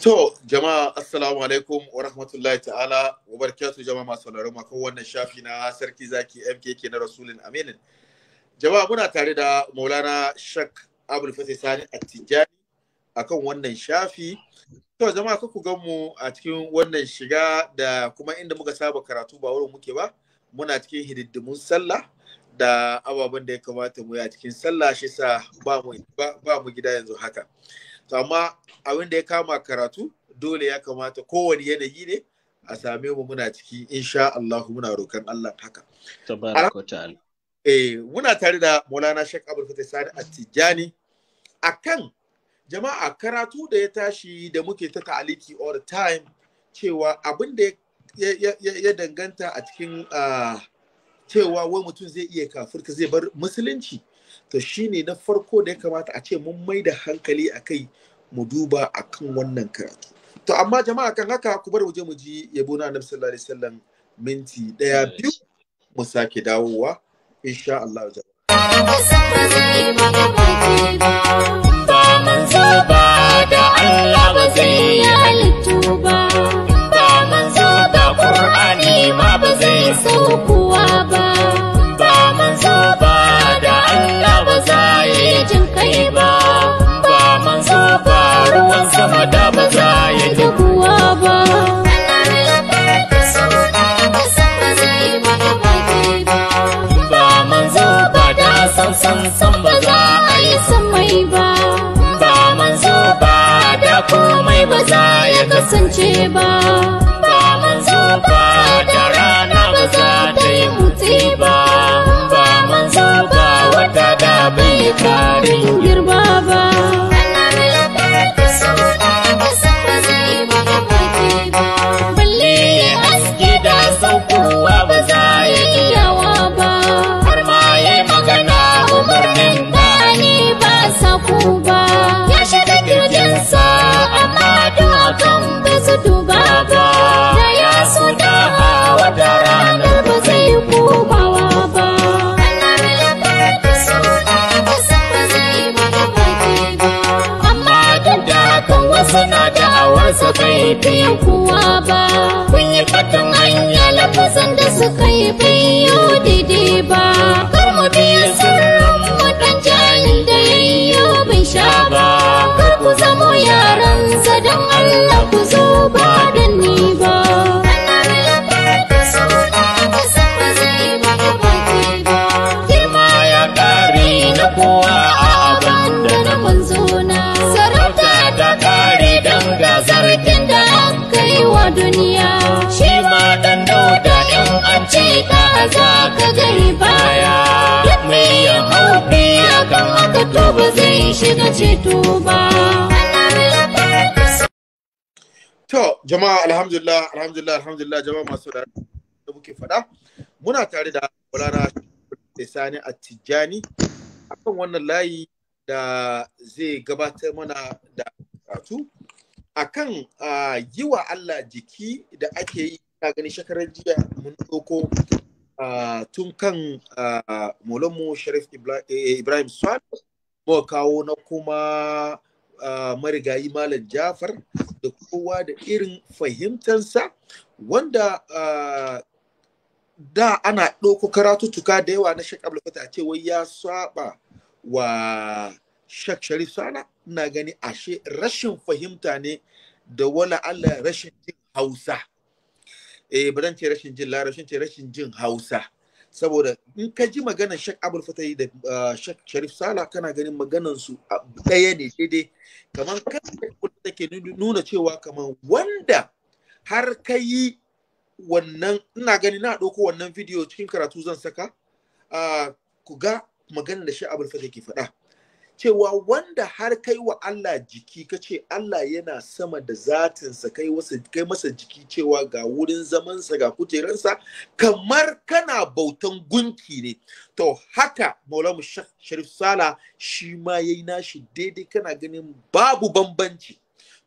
To, jama'a assalamu alaikum wa rahmatullahi ta'ala wa barkatu jama'a masu sauraron mako wannan shafi na sarki zaki MKK na Rasulun Aminin. Jama'a muna tare da Maulana Shak Abul Fasai Sani a tijjani akan wannan shafi. To, jama'a kuku ganmu a cikin wannan shiga da kuma inda muka saba karatu ba wurin muke ba, muna cikin hididdimun sallah da ababen da ya kamata mu yi a cikin sallah shi sa ba mu gida yanzu haka. to amma abin da ya kama karatu dole ya kamata kowane yanayi ne a same mu muna ciki insha Allah muna roƙon Allah haka tabaraka eh muna tare da Maulana Sheikh Abdul Fatah Sani At-Tijani akan jama'a karatu da ya tashi da muke ta ta'aliki all the time cewa abin da ya danganta a cikin ah, cewa wai mutum zai iya kafirka zai bar musulunci to ne na farko da ya kamata a ce mun mai da hankali a kai mu duba a kan wannan karatu to amma jama'a kan haka ku bar waje mu ji yabo na annabi sallallahu alaihi wasallam minti daya biyu mu sake dawowa insha Allah ba manzo ba da da ma ba zai ba ba ba jin kai ba ba so ba ruwan sama da ba za ya ji kuwa ba ba so ba da san san san ba za a yi samai ba ba so ba da komai ba za ya kasance ba ba manzo ba Karın bir baba. suna da su kai biyu kuwa ba kun yi fatan hanya lafazan da suka yi biyu daidai ba kar mu biyu za ka gani baya yadda ya hau biya kan haka to ba zai shiga ceto ba To jama'a alhamdulillah alhamdulillah alhamdulillah jama'a masu da da muke faɗa muna tare da Maulana Sani Attijani akan wannan layi da zai gabatar mana da karatu akan ah, yi wa Allah jiki da ake yi ta gani shekarar jiya mun doko. Ah, tun kan ah, mu sharif eh, ibrahim swan muka kawo na kuma ah, marigayi malam jafar da kowa da irin fahimtansa wanda da ana ɗauko karatuttuka da yawa na shakar Abdul ce wai ya saba wa Sheikh Sharif Sana ina gani ashe rashin fahimta ne da wala Allah rashin jin Hausa eh ba ce rashin jin larabci ce rashin jin hausa saboda in ka ji maganar shek abul fatahi da ah, shek sharif sala kana ganin maganar su ɗaya ne dai kamar kan da ke nuna cewa kamar wanda har ka yi wannan ina gani na ɗauko wannan bidiyo cikin karatu zan saka ah, ku ga maganar da shek abul fatahi ke faɗa cewa wanda har kai wa Allah jiki ka ce Allah yana sama da zatinsa kai masa jiki cewa ga wurin zamansa ga kujeransa kamar kana bautan gunki ne to haka maulamu sharif sala shi ma ya yi nashi daidai kana ganin babu bambanci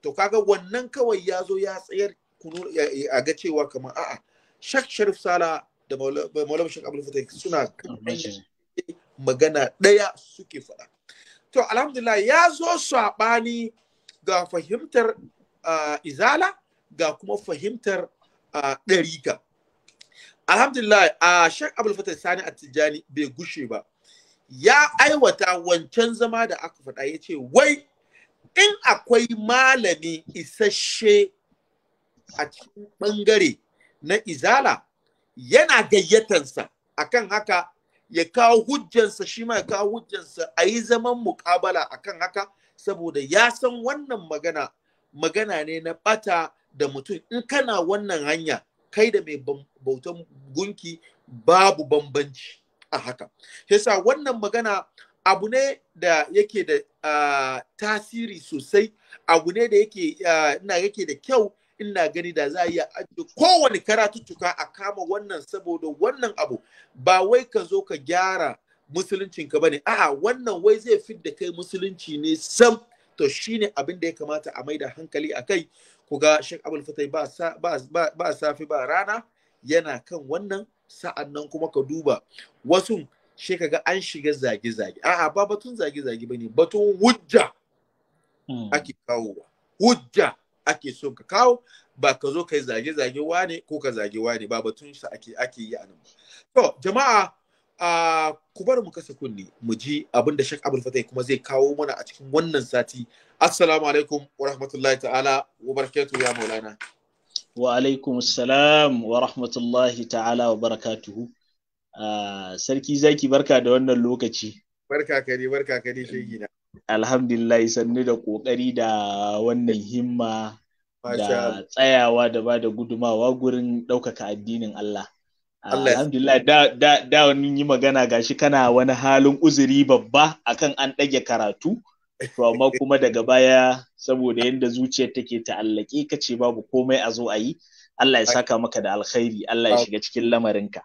to kaga wannan kawai ya zo ya tsayar kunu a ga cewa kamar a'a sharif sala da maulamu shak suna magana ɗaya suke faɗa to alhamdulillah ya zo saɓani ga fahimtar uh, izala ga kuma fahimtar uh, ɗarika alhamdulillah a uh, shek abul fatah sani tijjani bai gushe ba ya aiwata wancan zama da aka faɗa ya ce wai in akwai malami isasshe a cikin ɓangare na izala yana gayyatansa akan haka ya kawo hujjansa shi ma ya kawo hujjansa a yi zaman muƙabala kan haka saboda ya san wannan magana magana ne na ɓata da mutum in kana wannan hanya kai da mai bautan gunki babu bambanci a haka yasa wannan magana abu ne da yake da uh, tasiri sosai abu ne da yake uh, ah, na yake da kyau ina gani da za a iya ajiye kowane karatuttuka a kama wannan saboda wannan abu ba wai ka zo ka gyara musuluncin ka bane a'a wannan wai zai da kai musulunci ne sam to shine abin da ya kamata a maida hankali a kai ku ga Sheikh Abdul Fatai ba ba safi ba rana yana kan wannan sa'an nan kuma ka duba wasu shi kaga an shiga zage-zage a'a ba batun zage-zage bane batun hujja hmm. ake ba. hujja ake so ka kawo ba ka zo yi zage-zage wane ko ka zage wane ba batun sa ake ake yi a nan to jama'a a ku bar mu kasa kunni mu ji abin da Sheikh Abdul Fatai kuma zai kawo mana a cikin wannan sati assalamu alaikum wa rahmatullahi ta'ala wa barakatuhu ya maulana wa alaikum assalam wa rahmatullahi ta'ala wa barakatuhu sarki zaki barka da wannan lokaci barka kare barka kare shegina alhamdulillah sannu da kokari da wannan himma da tsayawa da ba da gudumawa gurin ɗaukaka addinin Allah. Ah, alhamdulillah da, da, da wani yi magana gashi kana wani halin uzuri babba akan an ɗage karatu, to amma kuma daga baya saboda yadda zuciyar take ta'allaki ka ce babu komai a zo a yi, Allah ya saka maka da alkhairi, Allah ya shiga cikin lamarinka.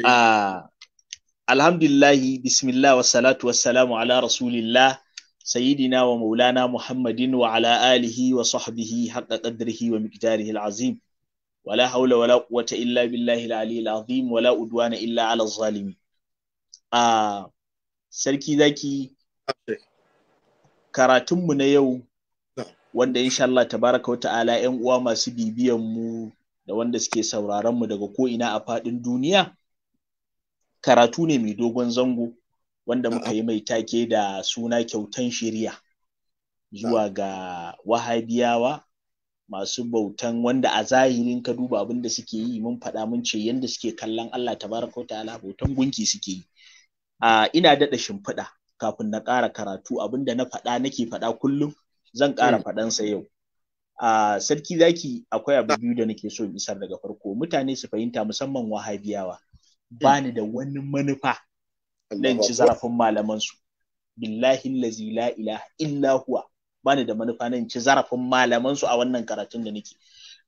Uh, alhamdulillahi bismillah wa salatu wa salamu ala rasulillah sayyidina wa maulana muhammadin wa ala alihi wa sahbihi haqqa qadrihi wa miqdarihi alazim wala haula la quwwata illa billahi alali alazim la udwana illa ala zalimi a sarki zaki karatun mu na yau wanda insha Allah tabaraka wa ta'ala yan uwa masu bibiyan mu da wanda suke sauraron mu daga ko ina a fadin duniya karatu ne mai dogon zango wanda muka yi mai take da suna kyautan shiriya zuwa ga wahabiyawa masu bautan wanda a zahirin ka duba abin da suke yi mun faɗa mun ce yadda suke kallon Allah tabaraka wa ta'ala bautan gunki suke yi a ina daɗa shimfiɗa kafin na ƙara karatu abin da na faɗa nake faɗa kullum zan ƙara mm. sa yau a sarki zaki akwai abu biyu da nake so in isar daga farko mutane su fahimta musamman wahabiyawa ba ni da wani manufa dan ci zarafin malaman su billahi allazi la ilaha illa huwa ba ni da manufa nan ci zarafin malaman su a wannan karatun da nake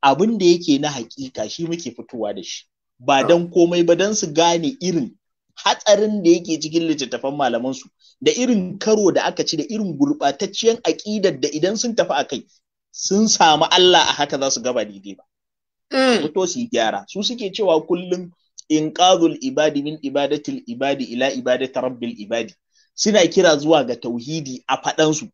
abin da yake na hakika shi muke fitowa da shi ba dan komai ba dan su gane irin hatsarin da yake cikin littattafan malaman su da irin karo da aka ci da irin gurɓatacciyar aƙidar da idan sun tafi a kai sun samu Allah a haka za su gaba daidai ba. Fito su yi gyara. Su suke cewa kullum inqazul ibadi min ibadatil ibadi ila ibadati rabbil ibadi suna kira zuwa ga tauhidi a faɗansu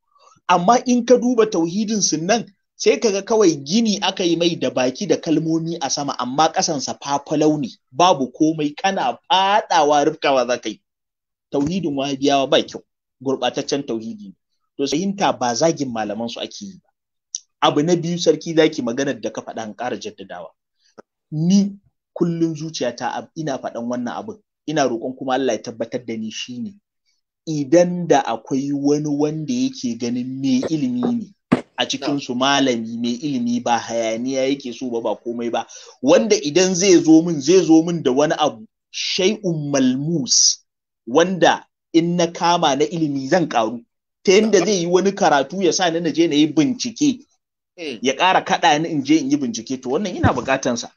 amma in ka duba tauhidin sun nan sai kaga kawai gini aka yi mai da baki da kalmomi a sama amma ƙasansa fafalau ne babu komai kana faɗawa rifkawa za ka yi tauhidin wahabiyawa ba kyau gurɓataccen tauhidi to fahimta ba zagin malaman su ake yi ba abu na biyu sarki zaki maganar da ka faɗa an ƙara jaddadawa ni kullum zuciyata ina faɗan wannan abun. ina roƙon kuma Allah ya tabbatar da ni shine idan da akwai wani wanda yake ganin me ilimi ne a cikin su malami mai ilimi ba hayaniya yake so ba ba komai ba wanda idan zai zo min zai zo min da wani abu shay'un malmus wanda in na kama na ilimi zan ƙaru, ta yadda zai yi wani karatu ya sa ni na je na yi bincike eh. ya ƙara kaɗa ni in je in yi bincike to wannan ina buƙatansa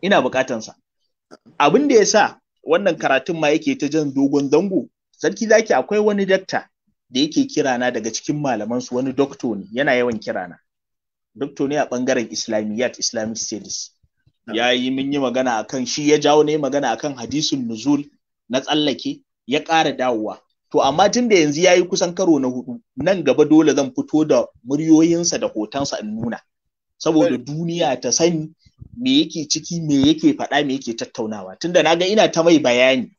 ina sa. abin da ya sa wannan karatun ma yake ta jan dogon zango sarki zaki akwai wani dakta da yake kirana daga cikin malaman su wani dokto ne yana yawan kirana dokto ne a bangaren islamiyat islamic studies ya yi mun yi magana akan shi ya jawo ne magana akan hadisin nuzul na tsallake ya ƙara dawowa to amma tun da yanzu ya yi kusan karo na hudu nan gaba dole zan fito da muryoyinsa da hotonsa in nuna saboda duniya ta sani me yake ciki me yake faɗa me yake tattaunawa tunda na ga ina ta mai bayani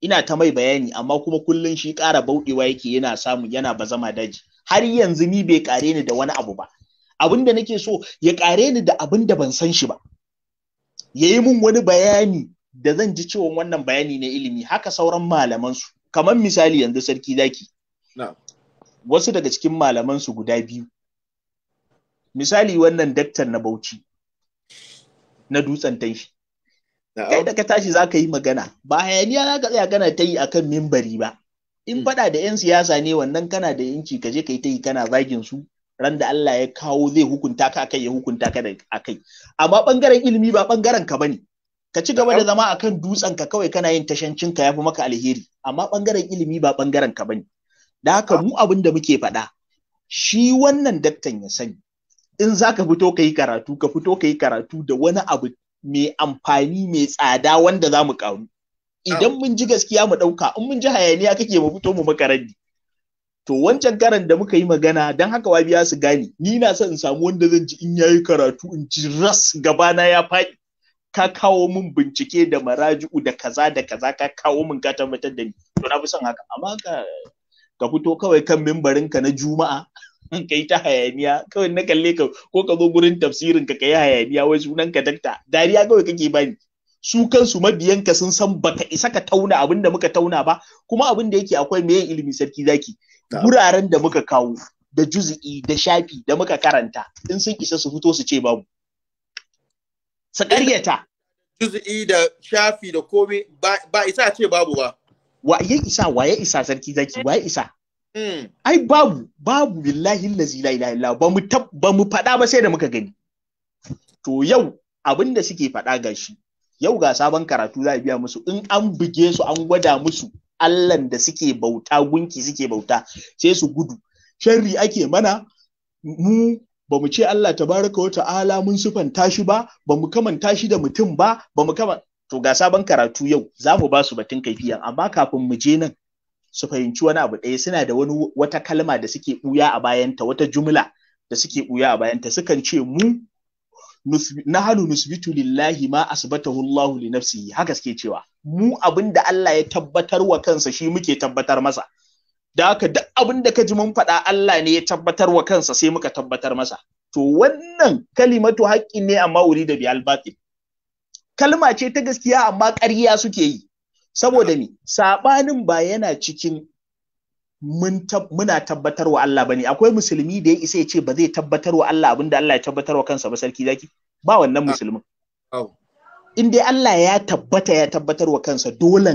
ina ta mai bayani amma kuma kullun shi ƙara bauɗewa yake yana samu yana bazama daji har yanzu ni bai ƙare ni da wani abu ba abin da nake so ya ƙare ni da abin da ban san shi ba ya yi mun wani bayani da zan ji cewa wannan bayani na ilimi haka sauran malaman su kamar misali yanzu sarki zaki wasu daga cikin malaman su guda biyu misali wannan daktar na bauchi na dutsen tashi. kai da ka tashi za ka yi magana ba hayaniya za ka tsaya kana ta yi akan mimbari ba in hmm. faɗa da 'yan siyasa ne wannan kana da yanci ka je ka yi ta yi kana zagin su ran da Allah ya kawo zai hukunta ka kai, ya hukunta ka a kai. amma ɓangaren ilimi ba bangaren ka bane ka ci gaba da zama akan dutsen ka kawai kana yin tashancin ka yafi maka alheri amma ɓangaren ilimi ba bangaren ka bane da haka ah. mu abin da muke faɗa shi wannan daktan ya sani in za ka fito ka yi karatu ka fito ka yi karatu da wani abu mai amfani mai tsada wanda za mu ƙaru idan mun ji gaskiya mu ɗauka in mun ji hayaniya kake mu fito mu makarandi to wancan karan da muka yi magana don haka wa biya su gane ni na son in samu wanda zan ji in yayi karatu in ji ras gabana ya faɗi ka kawo min bincike da maraji'u da kaza da kaza ka kawo min ka tabbatar da ni to na fi son haka amma ka fito kawai kan mimbarinka na juma'a ka yi ta hayaniya kawai na kalle ka ko ka zo gurin tafsirin ka yi hayaniya wai sunan ka dakta dariya kawai kake bani su kansu mabiyanka sun san baka isa ka tauna abin da muka tauna ba kuma abin da yake akwai me ilimi sarki zaki guraren da muka kawo da juzi'i da shafi da muka karanta in sun isa su fito su ce babu su ƙaryata juzi'i da shafi da komai ba isa ce babu ba wa ya isa wa ya isa sarki zaki wa ya isa Hmm. ai babu babu billahi lazi la ilaha illa ba mu ba faɗa ba sai da muka gani to yau abin da suke faɗa ga shi yau ga sabon karatu za a biya musu in an buge su an gwada musu allahn da suke bauta gunki suke bauta sai su gudu sharri ake mana mu ba mu ce Allah tabaraka wa ta'ala mun sufanta shi ba ba mu kamanta shi da mutum ba ba kama to ga sabon karatu yau za mu ba su batun kaifiyan amma kafin mu je nan su fahimci wani abu ɗaya suna da wani wata kalma da suke ɓuya a bayanta wata jumla da suke ɓuya a bayanta sukan ce mu nahanu nusbitu lillahi ma asbatahu Allahu li nafsihi haka suke cewa mu abinda Allah ya tabbatar wa kansa shi muke tabbatar masa da haka duk abinda ka ji mun faɗa Allah ne ya tabbatar wa kansa sai muka tabbatar masa to wannan kalimatu haƙƙi ne amma uri da biyal batil kalma ce ta gaskiya amma ƙarya suke yi saboda mi sabanin ba yana cikin muna tabbatar wa Allah ne. akwai musulmi da ya isa ya ce ba zai tabbatar wa Allah abinda Allah ya tabbatar wa kansa ba sarki zaki ba wannan musulmin in dai Allah ya tabbata ya tabbatar wa kansa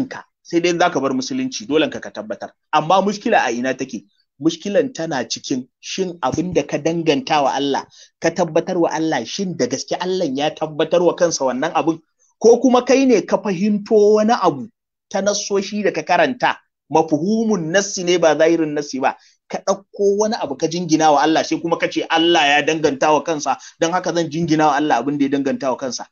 ka, sai dai zaka bar musulunci dolanka ka tabbatar amma mushkila a ina take mushkilan tana cikin shin abin da ka danganta wa Allah ka tabbatar wa Allah shin da gaske Allah ya tabbatar wa kansa wannan abin ko kuma kai ne ka fahimto wani abu ta nassoshi da ka karanta mafuhumun nassi ne ba zahirin nassi ba ka ɗauko wani abu ka jingina wa Allah sai kuma ka ce Allah ya danganta wa kansa don haka zan jingina wa Allah abin da ya danganta wa kansa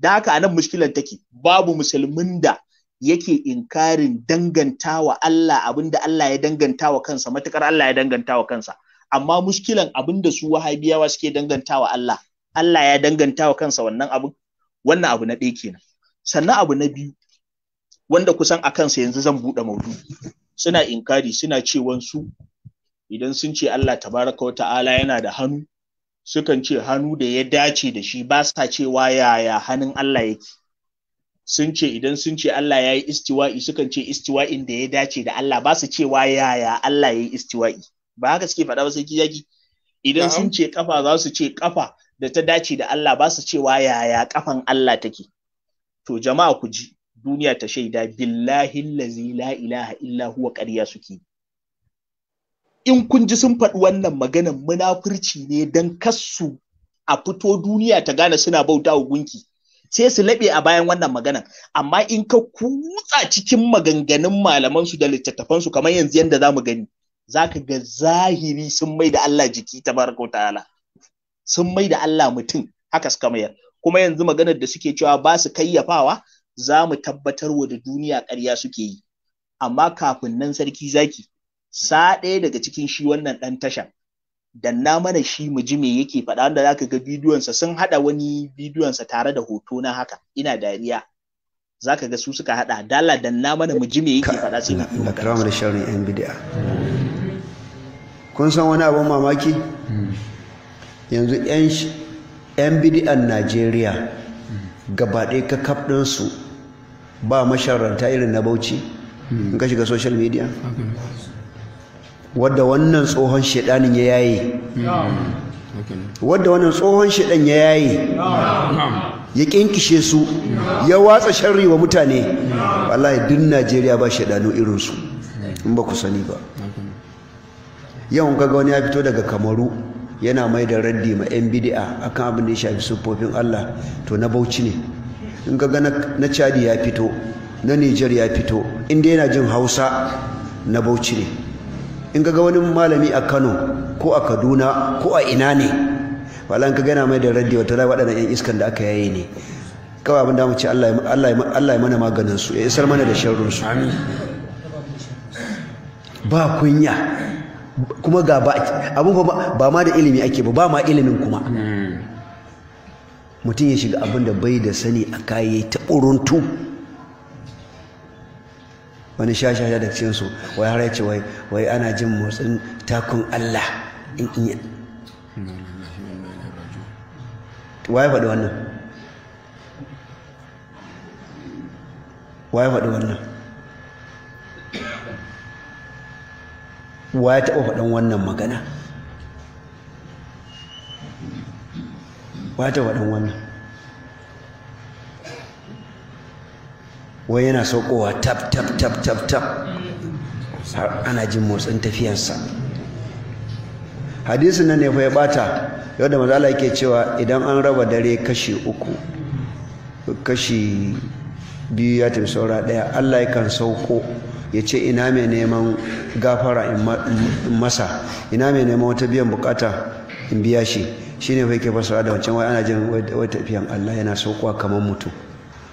don haka anan mushkilar take babu musulmin da yake inkarin danganta wa Allah abin da Allah ya danganta wa kansa matukar Allah ya danganta wa kansa amma mushkilan abin da su wahabiyawa suke danganta wa Allah Allah ya danganta wa kansa wannan abu wannan abu na ɗaya kenan sannan abu na biyu wanda kusan a kansa yanzu zan buɗe maudu suna inkari suna ce wansu. idan sun ce Allah tabaraka wa ta'ala yana da hannu sukan ce hannu da ya dace da shi ba sa cewa yaya hannun Allah yake sun ce idan sun ce Allah ya yi istiwa'i sukan ce istiwa'in da ya dace da Allah ba su cewa yaya Allah ya yi istiwa'i ba haka suke faɗa ba sai yaki idan sun ce kafa za su ce kafa da ta dace da Allah ba su cewa yaya kafan Allah take to jama'a ku ji duniya ta shaida billahi lazi la ilaha illa huwa ƙarya suke in kun ji sun faɗi wannan maganan munafurci ne don kassu a fito duniya ta gane suna bauta wa gunki sai su laɓe a bayan wannan maganan amma in ka kutsa cikin maganganun malamansu da littattafansu kamar yanzu yanda zamu gani zaka ga zahiri sun mai da Allah jiki tabaraka ta'ala sun mai da Allah mutum haka suka mayar kuma yanzu maganar da suke cewa ba su kayyafawa za mu tabbatar wa da duniya ƙarya suke yi amma kafin nan sarki zaki sa ɗaya daga cikin shi wannan ɗan da danna mana shi mu ji me yake faɗa wanda ka ga bidiyonsa sun haɗa wani bidiyonsa tare da hoto na haka ina dariya za ka ga su suka haɗa dala danna mana mu ji me yake faɗa sai na kama da yan bidiya. kun san wani abin mamaki yanzu yan bidiyan Najeriya gaba ɗaya kakaf ɗinsu ba masharanta irin na bauchi in ka shiga social media wadda wannan tsohon shedanin ya yayi wadda wannan tsohon shedan ya yayi ya kinkishe su ya watsa sharri wa mutane wallahi duk Najeriya ba shedanu irinsu, su in ba ku sani ba yawan kaga wani ya fito daga Kamaru yana mai da raddi ma yan bid'a akan abin da ya shafi siffofin Allah to na bauchi ne in ka ga na chadi ya fito na nijar ya fito inda yana jin hausa na bauchi ne in ga wani malami a kano ko a kaduna ko a ina ne wala in ka gana mai da radio ta waɗannan yan iskan da aka yaye ne kawai abin da mu ce Allah ya mana maganin su ya isar mana da sharrin ba kunya kuma ga ba abin ba ma da ilimi ake ba ba ma ilimin kuma hmm. mutum ya shiga abin da bai da sani a kayi ta ɓuruntu wani shashasha da cinsu su wai har ce wai wai ana jin motsin takun Allah in iya waye faɗi wannan waye faɗi wannan waye taɓa faɗin wannan magana ba ta faɗin wannan wai yana saukowa tap tap tap tap tap ana jin motsin tafiyansa hadisin nan ne fa ya bata yau da mazala yake cewa idan an raba dare kashi uku kashi biyu ya tafi saura ɗaya allah yakan sauko ya ce ina mai neman gafara in masa ina mai neman wata biyan bukata in biya shi Shi ne fai ke fassara da wancan wai ana jin wai tafiyan Allah yana saukowa kamar mutum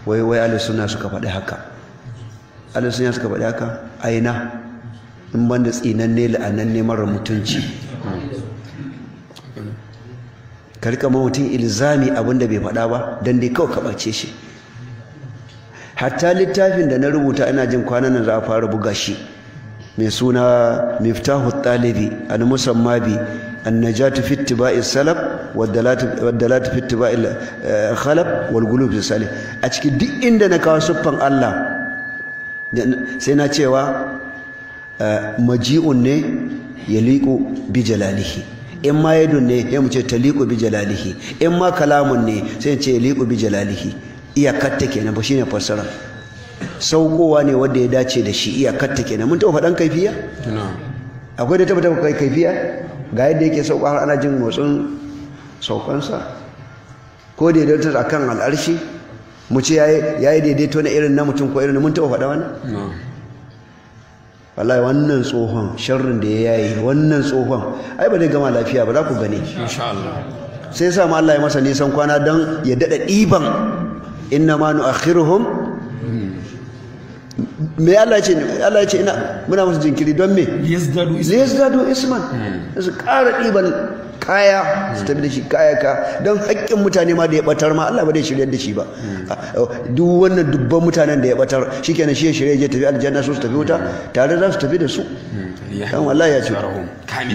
wai wai ahlus suka faɗi haka ahlus suna suka faɗi haka aina in ban ne tsinanne ne mara mutunci ka ma mutum ilzami abinda bai faɗa ba dan dai kawai ka ɓace shi hatta littafin da na rubuta ina jin kwanan nan za a fara buga shi mai suna miftahu talibi an musamma bi an najatu fi ittiba'i salaf wadda fi tiba'il eh, khalab wal gulub salih a ciki duk inda na kawo siffan Allah sai na cewa eh, maji'un ne yaliqu bi jalalihi in ma yadun ne ya mu ce taliqu bi jalalihi in ma kalamun ne sai ce yaliqu bi jalalihi iyakar ta kenan ba ne fassara saukowa ne wanda ya dace da shi iya ta kenan mun taɓa faɗan kaifiya akwai da taɓa taɓa kaifiya ga yadda yake sauka har ana jin motsin saukansa ko a kan al'arshi mu ce ya yi daidaito na irin na mutum ko irin mun taɓa faɗa wani wallahi wannan tsohon sharrin da ya yayi wannan tsohon ai ba zai gama lafiya ba za ku gane sai sa ma Allah ya masa nisan kwana don ya daɗa ɗiban inna ma nu'akhiruhum me Allah ce Allah ce ina muna musu jinkiri don me liyazdadu isman hmm. su ƙara ɗiban kaya su tafi da shi kaya ka don haƙƙin mutane ma da ya batar ma Allah ba zai shirya da shi ba duk wannan dubban mutanen da ya batar shikenan shi ya shirye je tafi aljanna su su tafi wuta tare za su tafi da su kan Allah ya ce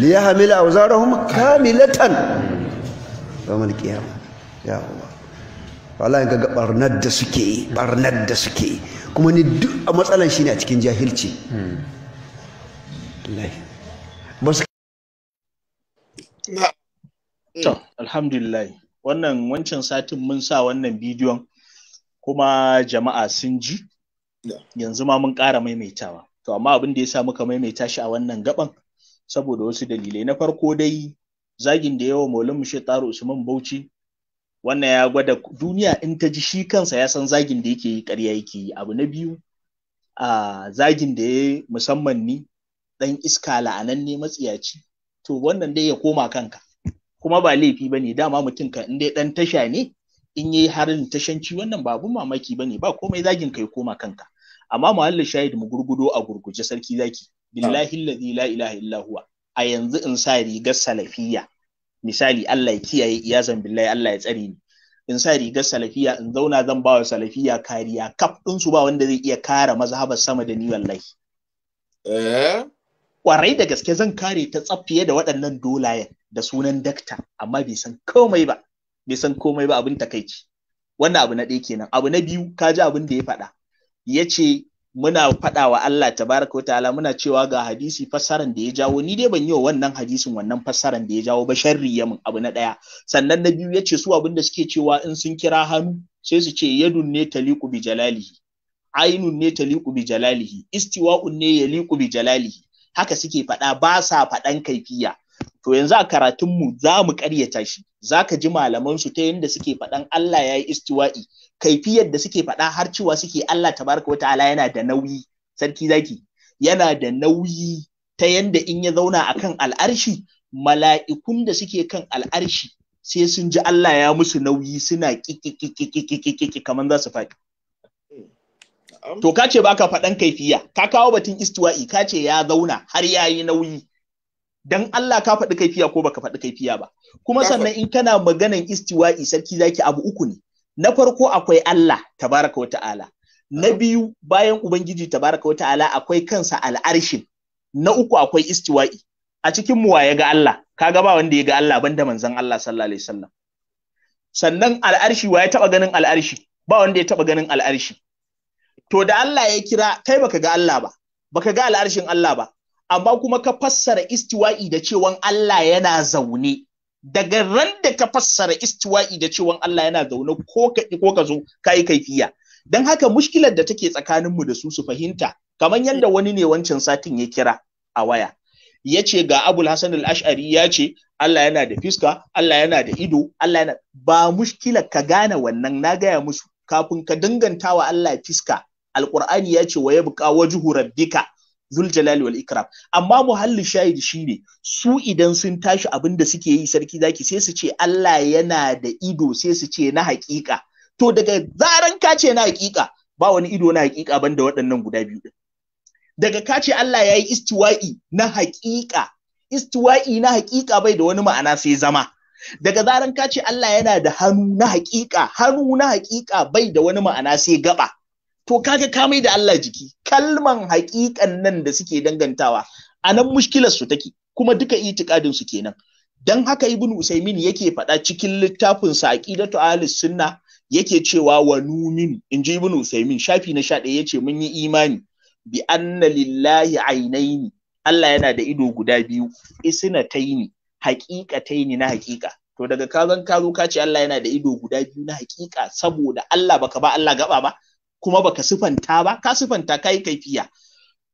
li yahmila awzarahum kamilatan yawmal qiyamah ya Allah wallahi ga barnar da suke yi barnar da suke yi kuma ni duk a matsalan shi ne a cikin jahilci hmm. ba su Eh. To, alhamdulillah. Wannan wancan satin mun sa wannan bidiyon kuma jama'a sun ji. Yanzu ma mun ƙara maimaitawa. To, amma abin da ya sa muka maimaita shi a wannan gaban saboda wasu dalilai. Na farko dai zagin da yawa Maulin Mushe Taro Usman Bauchi wannan ya gwada duniya in ta ji shi kansa ya san zagin da yake yi ƙarya yake yi. Abu na biyu a zagin da ya musamman ni ɗan iska la'ananne matsiyaci. To, wannan dai ya koma kanka. kuma ba laifi ba ne dama mutum ka in dai ɗan tasha ne in yi harin tashanci wannan ba abun mamaki ba ne ba komai zagin kai koma kanka amma muhallin shahid mu gurgudo a gurguje sarki zaki billahi allazi la ilaha illa huwa a yanzu in sa rigar salafiya. misali Allah ya kiyaye iyazan billahi Allah ya tsare ni in sa rigar salafiya in zauna zan ba wa salafiya kariya kaf din su ba wanda zai iya kare mazhabar sama da ni wallahi eh kwarai da gaske zan kare ta tsaffiye da waɗannan dolayen da sunan dakta amma bai san komai ba bai san komai ba abin takaici wannan abu na ɗaya kenan abu na biyu ka ji abin da ya faɗa ya ce muna faɗa wa Allah tabaraka wa ta'ala muna cewa ga hadisi fassaran da ya jawo ni dai ban yi wa wannan hadisin wannan fassaran da ya jawo ba sharri ya min abu na ɗaya sannan na biyu ya ce su abin da suke cewa in sun kira hannu sai su ce yadun ne taliqu bi jalalihi ainun ne taliqu bi jalalihi istiwa'un ne yaliqu bi jalalihi haka suke faɗa ba sa faɗan kaifiya to yanzu a karatunmu za mu ƙaryata shi za ka ji su ta yadda suke faɗan Allah ya yi istiwa'i kaifiyar da suke faɗa har cewa suke Allah tabaraka ta'ala yana da nauyi sarki zaki yana da nauyi ta yadda in ya zauna a kan al'arshi mala'ikun da suke kan al'arshi sai sun ji Allah ya musu nauyi suna kikikikikikikiki kaman za su faɗi. To ka ce baka faɗan kaifiya, ka kawo batun istiwa'i ka ce ya zauna har ya yi nauyi. dan Allah ka faɗi kaifiya ko baka faɗi kaifiya ba kuma sannan in kana maganan istiwa'i sarki zaki abu uku ne na farko akwai Allah tabaraka wa ta'ala na biyu bayan ubangiji tabaraka wa ta'ala akwai kansa al'arshin na uku akwai istiwa'i a cikin mu ya ga Allah kaga ba wanda ya ga Allah banda manzon Allah sallallahu alaihi wasallam sannan al'arshi wa ya taba ganin al'arshi ba wanda ya taba ganin al'arshi to da Allah ya kira kai baka ga Allah ba baka ga al'arshin Allah ba amma kuma ka fassara istiwa'i da cewan Allah yana zaune daga ran da ka fassara istiwa'i da cewan Allah yana zaune ko ka ko ka zo kai kaifiya dan haka mushkilar da take tsakanin mu da su su fahimta kamar yadda wani ne wancan satin ya kira a waya ya ce ga Abul Hasan al-Ash'ari ya ce Allah yana da fiska Allah yana da ido Allah yana ba mushkilar ka gane wannan na gaya musu kafin ka danganta wa Allah fiska alqur'ani ya ce wa yabqa wajhu rabbika zul jalali wal ikram amma muhallin shahid shine su idan sun tashi abin da suke yi sarki zaki sai su ce Allah yana da ido sai su ce na haƙiƙa to daga zaran ka ce na haƙiƙa ba wani ido na haƙiƙa banda waɗannan guda biyu daga ka ce Allah ya yi istiwa'i na haƙiƙa istiwa'i na haƙiƙa bai da wani ma'ana sai zama daga zaran ka ce Allah yana da hannu na haƙiƙa hannu na haƙiƙa bai da wani ma'ana sai gaba to kaga ka mai da Allah jiki kalman haƙiƙan nan da suke dangantawa a nan mushkilar su take kuma duka itikadin su kenan dan haka ibnu usaimin yake faɗa cikin littafin sa aqidatu ahlus sunna yake cewa wa numin inji ibnu usaimin shafi na 11 yace mun yi imani bi anna lillahi ainaini Allah yana da ido guda biyu taini haqiqataini na haqiqa to daga kazan kazo ka ce Allah yana da ido guda biyu na haqiqa saboda Allah baka ba Allah gaba ba kuma baka sifanta ba ka sifanta kai kaifiya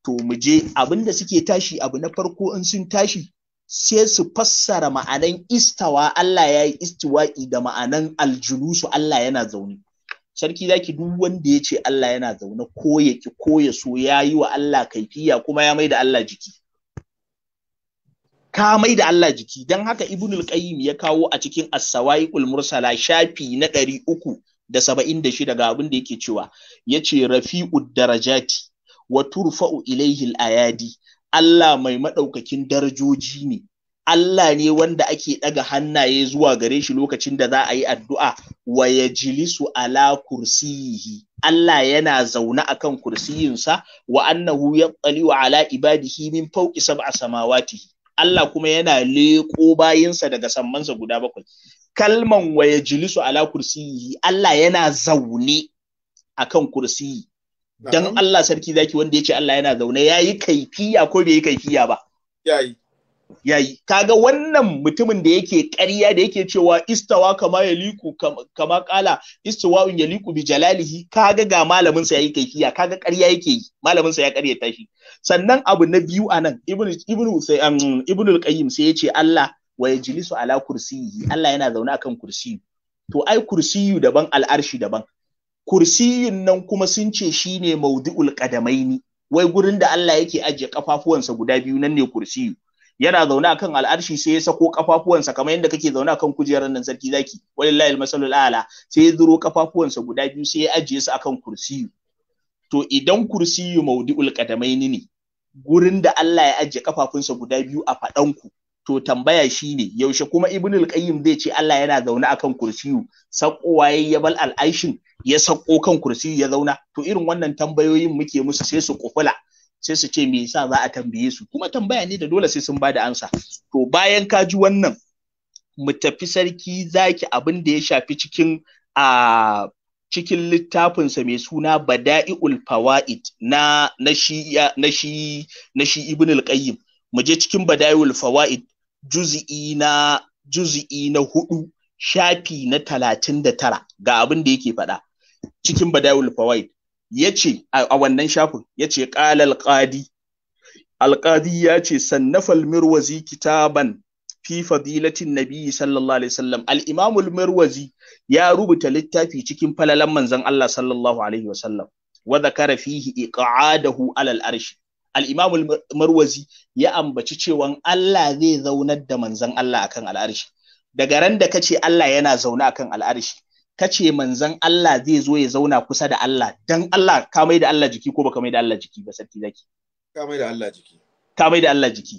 to mu je abin da suke tashi abu na farko in sun tashi sai su fassara ma'anan istawa Allah ya yi istiwa'i da ma'anan aljulusu Allah yana zaune sarki zaki duk wanda ya ce Allah yana zaune ko ya ki ko ya so ya yi wa Allah kaifiya kuma ya maida da Allah jiki ka mai da Allah jiki don haka ibnul qayyim ya kawo a cikin as-sawaiqul mursala shafi na ɗari uku da saba'in da shida ga abin da yake cewa ya ce rafi'ud darajati wa turfa'u ilaihil ayadi Allah mai maɗaukakin darajoji ne Allah ne wanda ake ɗaga hannaye zuwa gare shi lokacin da za a yi addu'a wa ya jilisu ala kursiyihi. Allah yana zaune a kan kursiyinsa wa annahu ya ala ibadihi min fauki sab'a samawatihi. Allah kuma yana leƙo bayinsa daga sammansa guda bakwai kalman wayajilisu jilisu ala kursiyi Allah yana zaune akan kursiyi Don Allah sarki zaki wanda ya ce Allah yana zaune ya yi kaifiya ko bai yi kaifiya ba yayi yayi kaga wannan mutumin da yake ƙarya da yake cewa istawa kama yaliku kama kala ya liku bi jalalihi kaga ga malaminsa ya yi kaifiya kaga ƙarya yake yi Malaminsa ya ya ƙaryata shi sannan abu na biyu anan nan ibnu um, sai ya ce qayyim sai yace Allah wa yajlisu ala kursiyi Allah yana zaune akan kursiyu to ai kursiyu daban al'arshi daban kursiyun nan kuma sun ce shine maudu'ul qadamaini wai gurin da Allah yake ajiye kafafuwansa guda biyu nan ne kursiyu yana zaune akan al'arshi sai ya sako kafafuwansa kamar yadda kake zaune akan kujerar nan sarki zaki walillahi almasalul ala sai ya zuro kafafuwansa guda biyu sai ya ajiye su akan kursiyu to idan kursiyu maudu'ul qadamaini ne gurin da Allah ya ajiye kafafunsa guda biyu a faɗanku to tambaya shi ne yaushe kuma ibnul qayyim zai ce Allah yana zaune akan kursiyu sakowa waye ya bal al'ashin ya sako kan kursiyu ya zauna to irin wannan tambayoyin muke musu sai su kufula sai su ce me yasa za a tambaye su kuma tambaya ne da dole sai sun bada ansa to bayan ka ji wannan mu tafi sarki zaki abin da ya shafi cikin a ah, cikin littafinsa mai suna Bada'i'ul Fawaid na na shi na shi Ibn al-Qayyim mu je cikin Bada'i'ul Fawaid juz'i na juz'i na hudu shafi na talatin da tara ga abin da yake faɗa cikin Bada'i'ul Fawaid yace a wannan shafin yace qala al-qadi al-qadi yace sannafal mirwazi kitaban fi fadilatin nabi sallallahu alaihi wasallam al-imam marwazi ya rubuta littafi cikin falalan manzon Allah sallallahu alaihi wasallam wa dhakara fihi iqa'adahu alal arshi al-imam al-marwazi ya ambaci cewan Allah zai zaunar da manzon Allah akan al'arshi daga ran da kace Allah yana zaune akan al'arshi kace manzon Allah zai zo ya zauna kusa da Allah dan Allah ka mai da Allah jiki ko baka mai da Allah jiki ba sarki zaki ka mai da Allah jiki ka mai da Allah jiki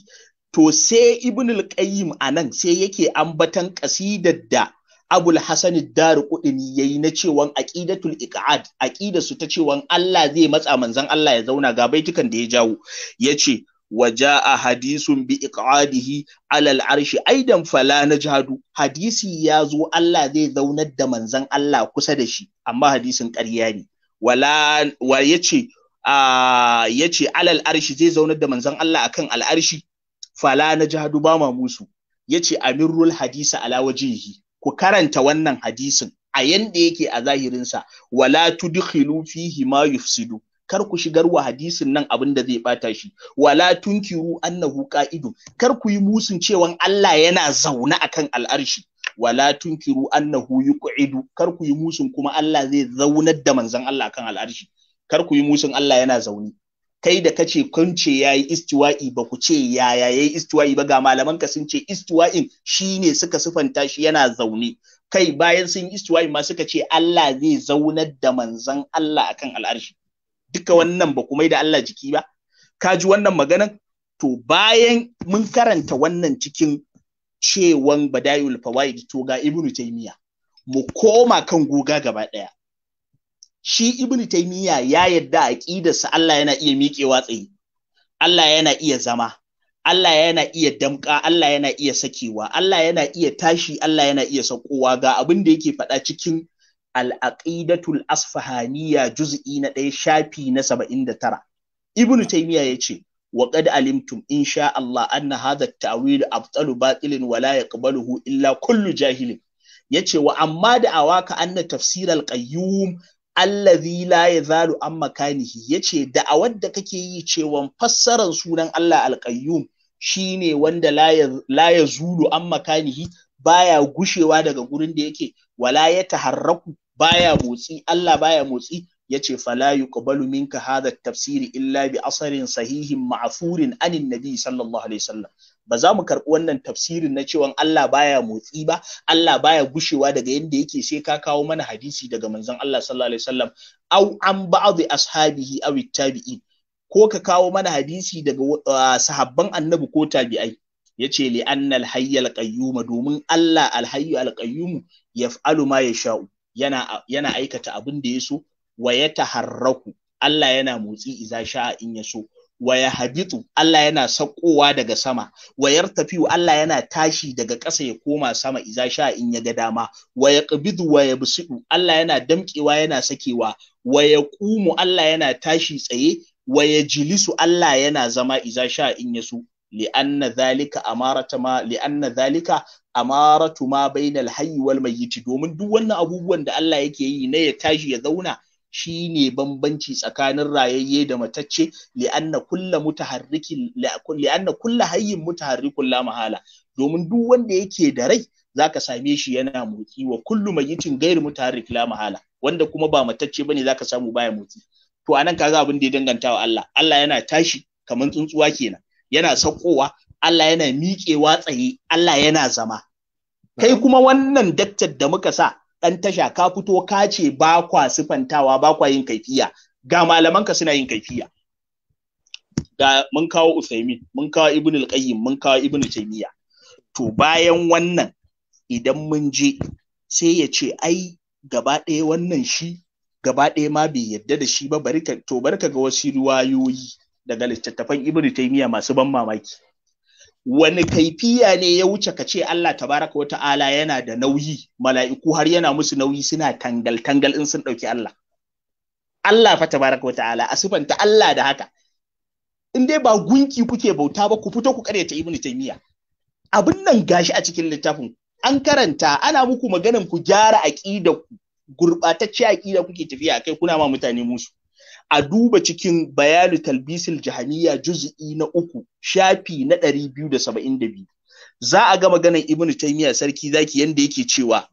to sai ibn al-qayyim anan sai yake ambatan kasidar da abul hasan daru kudini yayi na cewan aqidatul iqad aqida su ta cewan Allah zai matsa manzon Allah ya zauna ga baitukan da ya jawo yace a hadisun bi iqadihi alal arshi aidan fala jihadu, hadisi ya zo Allah zai zaunar da manzon Allah kusa da shi amma hadisin ƙarya ne wala wa yace a ah, yace alal arshi zai zaunar da manzon Allah akan al arshi fala na jihadu ba ma musu ya ce amirul hadisa ala wajihi ku karanta wannan hadisin a yanda yake a zahirinsa wala tudkhilu fihi ma yufsidu kar ku shigar wa hadisin nan abin da zai bata shi wala tunkiru annahu qa'idu kar ku yi musun cewan Allah yana zaune akan al'arshi wala tunkiru annahu yuq'idu kar ku yi musun kuma Allah zai zaunar da manzon Allah akan al'arshi kar ku yi musun Allah yana zaune kai da kace kun ce yayi istiwa'i ba ku ce yaya yayi istiwa'i ba ga malaman ka sun ce istiwa'in shine suka sufanta shi yana zaune kai bayan sun istiwa'i ma suka ce Allah zai zaunar da manzon Allah akan al'arshi duka wannan ba mai da Allah jiki ba ka ji wannan maganan to bayan mun karanta wannan cikin cewan badayul fawaid to ga ibnu taymiya mu koma kan guga gaba daya shi ibnu taymiya ya yadda aqidarsa Allah yana iya miƙewa tsaye Allah yana iya zama Allah yana iya damƙa Allah yana iya sakewa Allah yana iya tashi Allah yana iya sakowa ga abin da yake faɗa cikin al-aqidatul asfahaniya juz'i na ɗaya shafi na saba'in da tara ibnu taymiya ya ce wa qad alimtum insha Allah anna hadha at-ta'wil abtalu batilin wa la yaqbaluhu illa kullu jahilin yace wa amma da awaka anna tafsir al-qayyum allazi la yazalu an makanihi yace da'awar da kake yi cewa fassarar sunan Allah alqayyum shine wanda la yazulu an makanihi baya gushewa daga gurin da yake wala ya taharraku baya motsi Allah baya motsi yace fala yuqbalu minka hadha tafsiri illa bi asarin sahihin ma'furin anin nabi sallallahu alaihi wasallam ba za mu karɓi wannan tafsirin na cewa Allah baya motsi ba Allah baya gushewa daga yanda yake sai ka kawo mana hadisi daga manzon Allah sallallahu alaihi wasallam aw an ba'd ashabihi aw tabi'in ko ka kawo mana hadisi daga ah, sahabban annabi ko tabi'ai yace li annal hayyal qayyum domin Allah alhayyu alqayyum yaf'alu ma yasha'u yana yana aikata abin da yaso wa yataharraku Allah yana motsi iza sha'a in yaso Waya habitu Allah yana sakowa daga sama Wayar yartafiu Allah yana tashi daga ƙasa ya koma sama iza sha in ya ga dama Waya ƙabidu waya bisidu Allah yana damƙewa yana sakewa Waya ƙumu Allah yana tashi tsaye Waya jilisu Allah yana zama iza sha in ya so لأن ذلك أمارة ما لأن amaratu ma bainal hayy wal mayyit domin duk wannan abubuwan da Allah yake yi ne ya tashi ya zauna shi ne bambanci tsakanin rayayye da matacce li'anna kulla mutaharrikin li'anna hayyin mutaharrikun la mahala domin duk wanda yake da rai zaka same shi yana motsi wa kullu mayitin gairu mutaharrik la mahala wanda kuma ba matacce bane zaka samu baya motsi to anan kaga abin da ya danganta wa Allah Allah yana tashi kamar tsuntsuwa kenan yana saukowa Allah yana miƙewa tsaye Allah yana zama kai kuma wannan daktar da muka sa ɗan tasha ka fito ka ce ba kwa sifantawa ba kwa yin kaifiya ga malamanka suna yin kaifiya ga mun kawo Uthaymin mun kawo Ibn al-Qayyim mun kawo Ibn Taymiyyah to bayan wannan idan mun je sai ya ce ai gaba ɗaya wannan shi gaba ɗaya ma bai yarda da shi ba bari to barka ga wasu ruwayoyi daga littattafan Ibn Taymiyyah masu ban mamaki wani kaifiya ne ya wuce ka ce Allah tabaraka wata'ala yana da nauyi mala'iku har yana musu nauyi suna tangal tangal in sun ɗauki Allah Allah fa tabaraka wata'ala a sifanta Allah da haka in dai ba gunki kuke bauta ba ku fito ku karyata ibnu taymiya abin nan gashi a cikin littafin an karanta ana muku maganan ku gyara aqida ku gurbatacce aqida kuke tafiya kai kuna ma mutane musu a duba cikin bayanu talbisil jahaniya juz'i na uku shafi na ɗari biyu da saba'in da biyu za a ga maganar ibnu taimiyya sarki zaki yanda yake cewa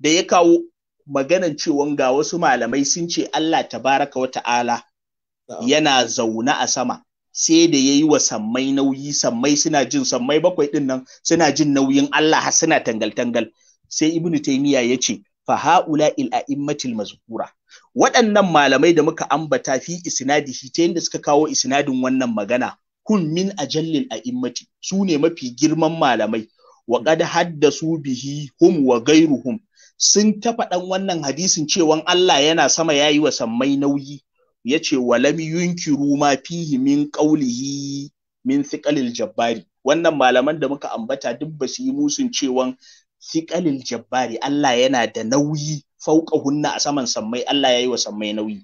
da ya kawo maganan cewa ga wasu malamai sun ce Allah tabaraka wa ta'ala yana zaune a sama sai da ya yi wa sammai nauyi sammai suna jin sammai bakwai din nan suna jin nauyin Allah har suna tangal-tangal sai ibnu taimiyya ya ce fa ha'ula il a'immatil mazkura waɗannan malamai da muka ambata fi shi ta yadda suka kawo isnadin wannan magana kun min a immati su ne mafi girman malamai wa qad haddasu bihi hum wa gairuhum sun tafa ɗan wannan hadisin cewan Allah yana sama yayi wa sammai nauyi yace walam yunkiru ma fihi min qawlihi min thiqalil jabbari wannan malaman da muka ambata duk ba su yi musun cewan thiqalil jabbari Allah yana da nauyi fauka hunna a saman sammai Allah ya yi wa sammai nauyi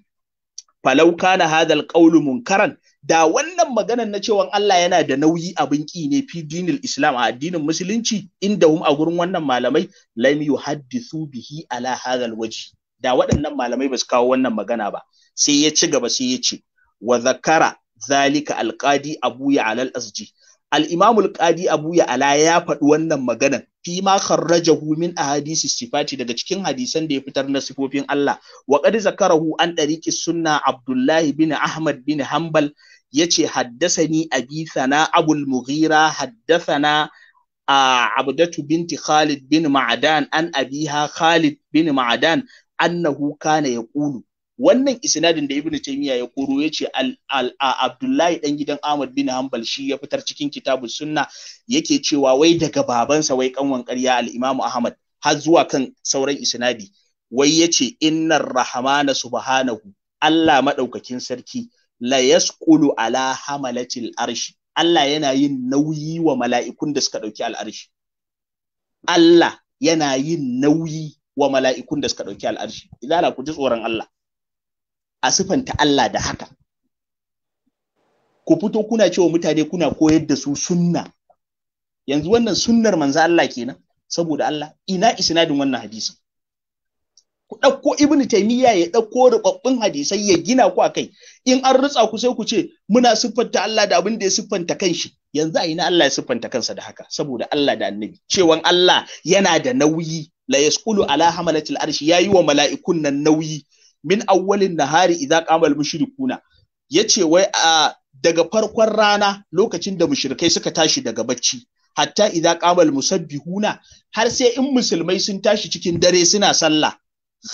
falau kana hadal ƙaulu munkaran da wannan maganar na cewa Allah yana da nauyi abin ƙi ne fi dinil islam a addinin musulunci inda hum a gurin wannan malamai lam yuhaddithu bihi ala hadal waji da waɗannan malamai ba su kawo wannan magana ba sai ya ci gaba sai ya ce wa zakara zalika alqadi abu ya alal asji al imamul al-qadi abu ala ya faɗi wannan maganan fi ma hu min ahadisi sifati daga cikin hadisan da ya fitar na sifofin Allah wa qad zakarahu an tariqi sunna Abdullahi bin Ahmad bin Hanbal yace haddasani abi sana abul mughira haddathana abdatu binti Khalid bin Ma'adan an abiha Khalid bin Ma'adan annahu kana yaqulu wannan isnadin da ibnu taymiya ya koro yace al, abdullahi dan gidan ahmad bin hanbal shi ya fitar cikin kitabu sunna yake cewa wai daga babansa wai kanwan ƙarya al imamu ahmad har zuwa kan sauran isnadi wai yace innar rahmana subhanahu Allah madaukakin sarki la yasqulu ala hamalatil arshi Allah yana yin nauyi wa mala'ikun da suka dauki al'arshi Allah yana yin nauyi wa mala'ikun da suka ɗauki al'arshi. Idala ku ji tsoron Allah. a sifanta Allah da haka ku fito kuna cewa mutane kuna koyar da su sunna yanzu wannan sunnar manzo Allah kenan saboda Allah ina isnadin wannan hadisin ku ɗauko Ibn Taymiyya ya ɗauko rubabbun hadisai ya gina ku akai in an rutsa ku sai ku ce muna siffanta Allah da abin da ya siffanta kanshi yanzu a ina Allah ya siffanta kansa da haka saboda Allah da annabi cewan Allah yana da nauyi la yasqulu ala hamalatil arshi yayi wa mala'ikun nan nauyi min awwalin nahari idza qama al-mushrikuna yace wai a daga farkon rana lokacin da mushrikai suka tashi daga bacci hatta idza qama al-musabbihuna har sai in musulmai sun tashi cikin dare suna sallah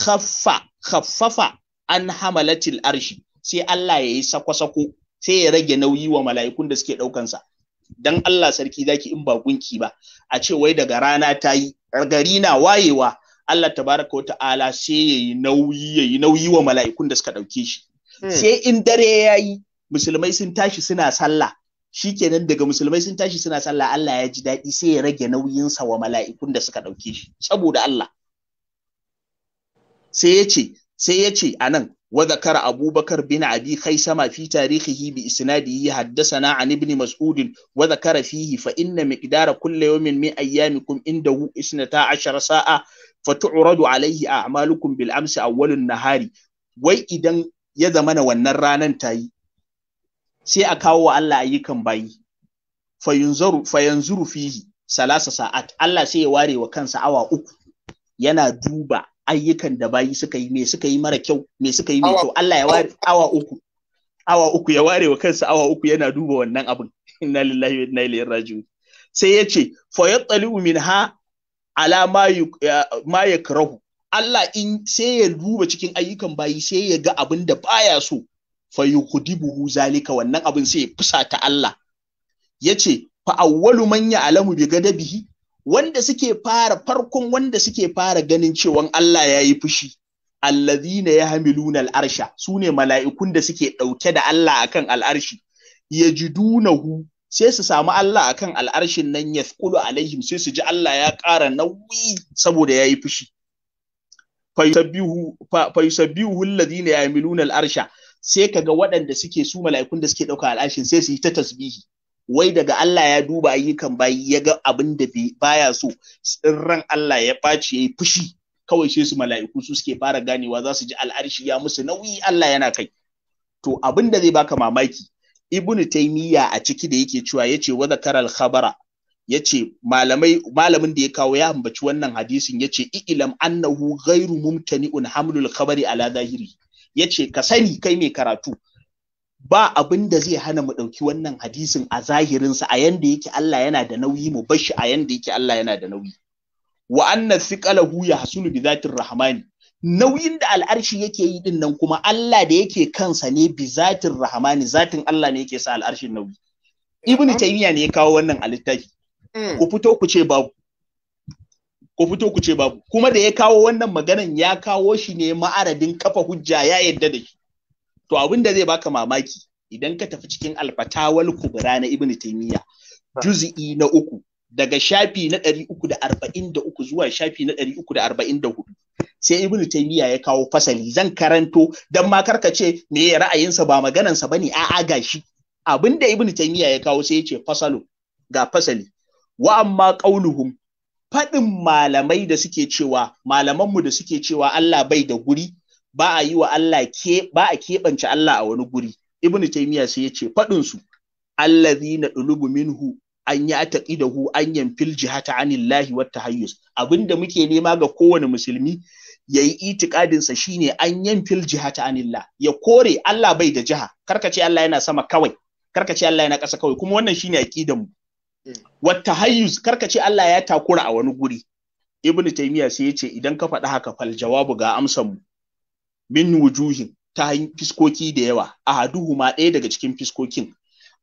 khaffa khaffafa an hamalatil arshi sai Allah yayi yi sako-sako sai ya rage nauyi wa mala'ikun da suke sa Dan Allah sarki zaki in ba gunki ba, a ce wai daga rana tayi gari na wayewa Allah tabaraka wa ta'ala sai yayi nauyi yayi nauyi wa mala'ikun da suka dauke shi hmm. sai in dare yayi musulmai sun tashi suna sallah shikenan daga musulmai sun tashi suna sallah Allah ya ji daɗi sai ya rage nauyinsa wa mala'ikun da suka ɗauke shi saboda Allah sai ya ce sai ya ce anan wa zakara abubakar bin abi khaisama fi tarihihi bi isnadihi haddathana an ibn mas'ud wa zakara fihi fa inna miqdara kulli yawmin min ayyamikum indahu 12 sa'a fatu'radu alaihi a'malukum bil amsi awwalun nahari wai idan ya zamana wannan ranan tayi sai a kawo wa Allah ayyukan bayi fayunzaru fayanzuru fihi salasa sa'at Allah sai ya ware wa kansa awa uku yana duba ayyukan da bayi suka yi me suka yi mara kyau me suka yi mai kyau Allah ya ware awa uku awa uku ya ware wa kansa awa uku yana duba wannan abin inna lillahi wa inna ilaihi raji'un sai ya ce fa yattali'u minha ala ma ya karahu Allah in sai ya duba cikin ayyukan bayi sai ya ga abin da baya so fa yukhdibuhu zalika wannan abin sai ya fusata Allah yace fa awwalu man alamu bi gadabihi wanda suke fara farkon wanda suke fara ganin cewan Allah ya yi fushi allazina yahmiluna al-arsha sune mala'ikun da suke dauke da Allah akan al'arshi yajidunahu sai su samu Allah akan al'arshin nan ya kulu alaihim sai su ji Allah ya ƙara nauyi saboda ya yi fushi. Fayusabbihu alladhina ya'miluna al'arsha sai kaga waɗanda suke su mala'ikun da suke ɗauka al'arshin sai su yi ta tasbihi. Wai daga Allah ya duba ayyukan bayi ya ga abin da baya so ran Allah ya ɓaci ya yi fushi kawai sai su mala'iku su suke fara ganewa za su ji al'arshi ya musu nauyi Allah yana kai. To abin da zai baka mamaki ibnu Taimiyya a ciki da yake cewa yace wa zakaral khabara yace malamai malamin da ya kawo ya ambaci wannan hadisin yace ilam annahu ghairu mumtani'un hamlul khabari ala zahiri yace ka sani kai mai karatu ba abin da zai hana mu ɗauki wannan hadisin a zahirinsa a yanda yake Allah yana da nauyi mu bar shi a yanda yake Allah yana da nauyi wa anna thiqalahu yahsulu bi dhatir rahmani nauyin da al'arshi yake yi din nan kuma Allah da yake kansa ne bi zatin rahmani zatin Allah ne yake sa al'arshin nauyi ibnu eh. taymiya ne ya kawo wannan a littafi mm. ku fito ku ce babu ku fito ku ce babu kuma da ya kawo wannan maganan ya kawo shi ne ma'aradin kafa hujja ya yadda da shi to abin da zai baka mamaki idan ka tafi cikin alfatawal kubra na ibnu taymiya ah. juz'i na uku daga shafi na 343 zuwa shafi na 344 sai ibnu taymiya ya kawo fasali zan karanto dan ma karka ce me ra'ayinsa ba maganansa bane a'a gashi abinda ibnu taymiya ya kawo sai ya ce fasalu ga fasali wa amma qauluhum faɗin malamai da suke cewa malaman mu da suke cewa Allah bai da guri ba a yi wa Allah ke ba a keɓance Allah a wani guri ibnu taymiya sai ya ce faɗin su allazina dulubu minhu an ya taqidahu an yamfil jihata anillahi wat tahayyus abinda muke nema ga kowane musulmi Yayi yi itikadinsa shine an jiha jihata anillah ya kore Allah bai da jiha karkace Allah yana sama kawai karkace Allah yana kasa kawai kuma wannan shine aqidan mu mm. wata hayyuz karkace Allah ya takura a wani guri ibnu taymiya sai ya ce idan ka faɗi haka fal jawabu ga amsan mu min wujuhin ta fiskoki da yawa ahaduhu ma ɗaya daga cikin fiskokin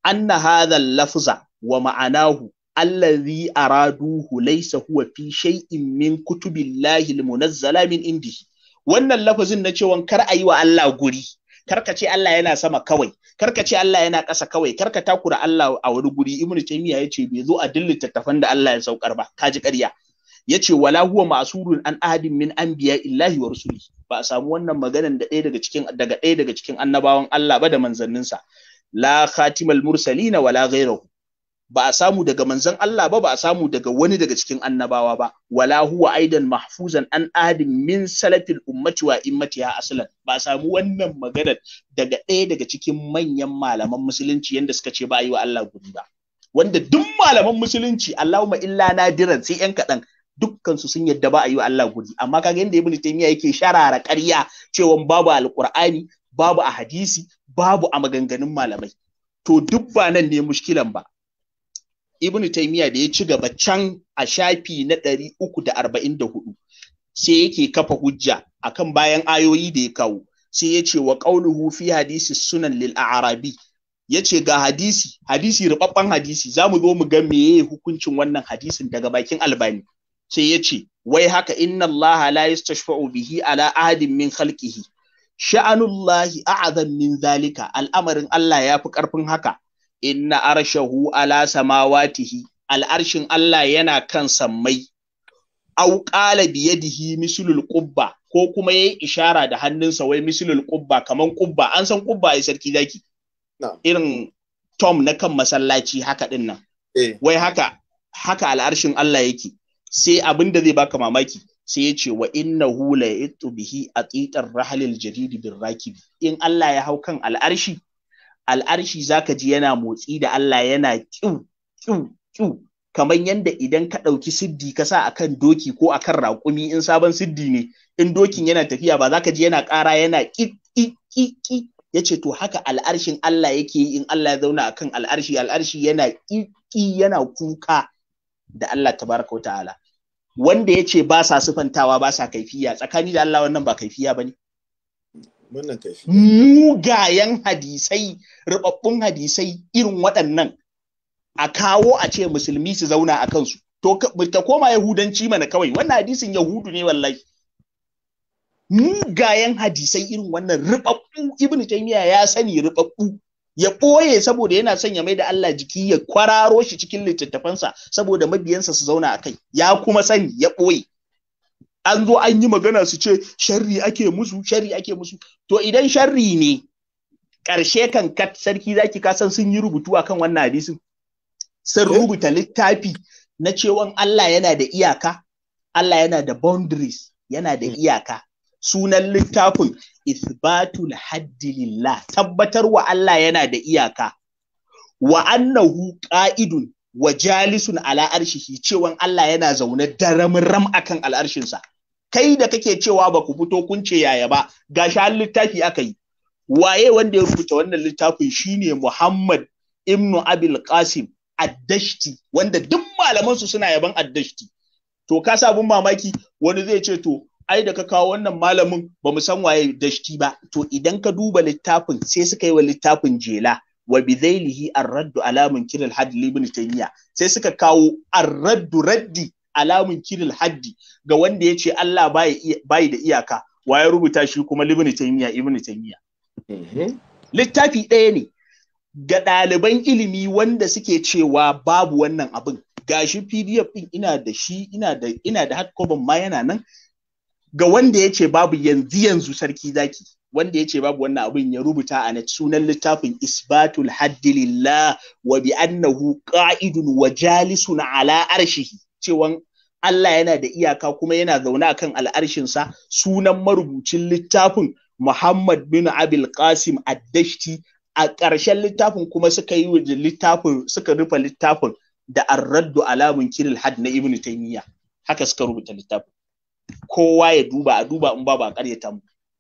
anna hadha lafza wa ma'anahu allazi araduhu laysa huwa fi shay'in min kutubillahi almunazzala min indihi wannan lafazin na cewa kar a yi wa Allah guri kar ka ce Allah yana sama kawai kar ka ce Allah yana kasa kawai kar ka takura Allah a wani guri ibnu taymiya yace bai zo a dillin tattafan da Allah ya saukar ba kaji ƙarya yace wala huwa ma'surun an ahadin min anbiya illahi wa rusuli ba a samu wannan maganan da ɗaya daga cikin daga ɗaya daga cikin annabawan Allah ba da manzanninsa la khatimal mursalina wala ghayruhu ba a samu daga manzon Allah ba ba a samu daga wani daga cikin annabawa ba wala huwa aidan mahfuzan an adin min salatil ummati wa ya aslan ba a samu wannan maganar daga ɗaya daga cikin manyan malaman musulunci yanda suka ce ba a Allah guri ba wanda duk malaman musulunci Allahumma illa nadiran sai yan kaɗan dukkan su sun yadda ba a wa Allah guri amma kaga yanda Ibn Taymiyyah yake sharara ƙarya cewa babu alqur'ani babu a hadisi babu a maganganun malamai to duk ba nan ne mushkilan ba ibnu Taymiyyah da ya ci gaba can a shafi na ɗari uku da da arba'in hudu, sai yake kafa hujja a kan bayan ayoyi da ya kawo sai ya ce wa qauluhu fi hadisi sunan lil a'rabi ya ce ga hadisi hadisi rubabban hadisi za mu zo mu ga meye hukuncin wannan hadisin daga bakin albani sai ya ce wai haka inna Allah la yastashfa'u bihi ala ahadin min khalqihi sha'anullahi a'zam min zalika al'amarin Allah ya fi karfin haka inna arshahu ala samawatihi al'arshin Allah yana kan sammai au qala bi yadihi mislul qubba ko kuma yayi ishara da hannunsa wai mislul qubba kaman qubba an san qubba ai sarki zaki irin tom na kan masallaci haka din nan eh. wai haka haka al'arshin Allah yake sai abinda zai baka mamaki sai ya ce wa inna hula ya bihi a tsitar rahalil jadidi bin rakibi in Allah ya hau kan al'arshi al'arshi za ka ji yana motsi da Allah yana ƙiu ƙiu ƙiu kamar yadda idan ka ɗauki siddi ka sa akan doki ko akan raƙumi in sabon siddi ne in dokin yana tafiya ba za ka ji yana ƙara yana ƙi ya ce to haka al'arshin Allah yake yi in Allah ya zauna akan al'arshi al'arshi yana ƙi yana kuka da Allah tabaraka ta'ala wanda ya ce ba sa sifantawa ba sa kaifiya tsakani da Allah wannan ba kaifiya ba ne mugayen hadisai rubabbun hadisai irin waɗannan a kawo a ce musulmi su zauna a kansu to ka koma yahudanci mana kawai wannan hadisin yahudu ne wallahi mugayen hadisai irin wannan rubabbu ibn taymiya ya sani rubabbu ya ɓoye saboda yana son ya mai da Allah jiki ya kwararo shi cikin littattafansa saboda mabiyansa su zauna a kai ya kuma sani ya ɓoye an zo an yi magana su ce sharri ake musu sharri ake musu to idan sharri ne ƙarshe kan kat sarki zaki kasan sun yi rubutu akan wannan hadisin sun eh? rubuta littafi na cewan Allah yana da iyaka Allah yana da boundaries yana da hmm. iyaka sunan littafin isbatul haddi lillah tabbatar wa Allah yana da iyaka wa annahu qa'idun wa jalisun ala arshihi cewan Allah yana zaune daramin ram akan al'arshinsa kai da kake cewa ba ku fito kun yaya ba gashi har littafi aka yi waye wanda ya rubuta wannan littafin shine Muhammad ibn Abil Qasim Addashti wanda duk malaman su suna yaban Addashti to ka sa bin mamaki wani zai ce to ai da ka kawo wannan malamin ba mu san waye Dashti ba to idan ka duba littafin sai suka yi wa littafin jela wa bidailihi ar-raddu ala munkiril hadli ibn Taymiyyah sai suka kawo ar-raddu raddi alamun kiril haddi ga wanda yace Allah bai da iyaka wa ya rubuta shi kuma ibn Taymiyyah ibn Taymiyyah Eh. littafi ɗaya ne ga ɗaliban ilimi wanda suke cewa babu wannan abin gashi pdf ɗin ina da shi ina da hard ma yana nan ga wanda ya ce babu yanzu yanzu sarki zaki wanda ya ce babu wannan abin ya rubuta a sunan littafin isbatul haddi wa bi annahu qa'idun wa jalisun ala arshihi cewan Allah yana da iyaka kuma yana zaune akan al'arshinsa sunan marubucin littafin Muhammad bin Abil Qasim Addashti a ƙarshen littafin kuma suka yi littafin suka rufe littafin da arraddu alamun kiril had na Ibn Taymiyyah haka suka rubuta littafin kowa ya duba a duba in ba ba ƙaryata mu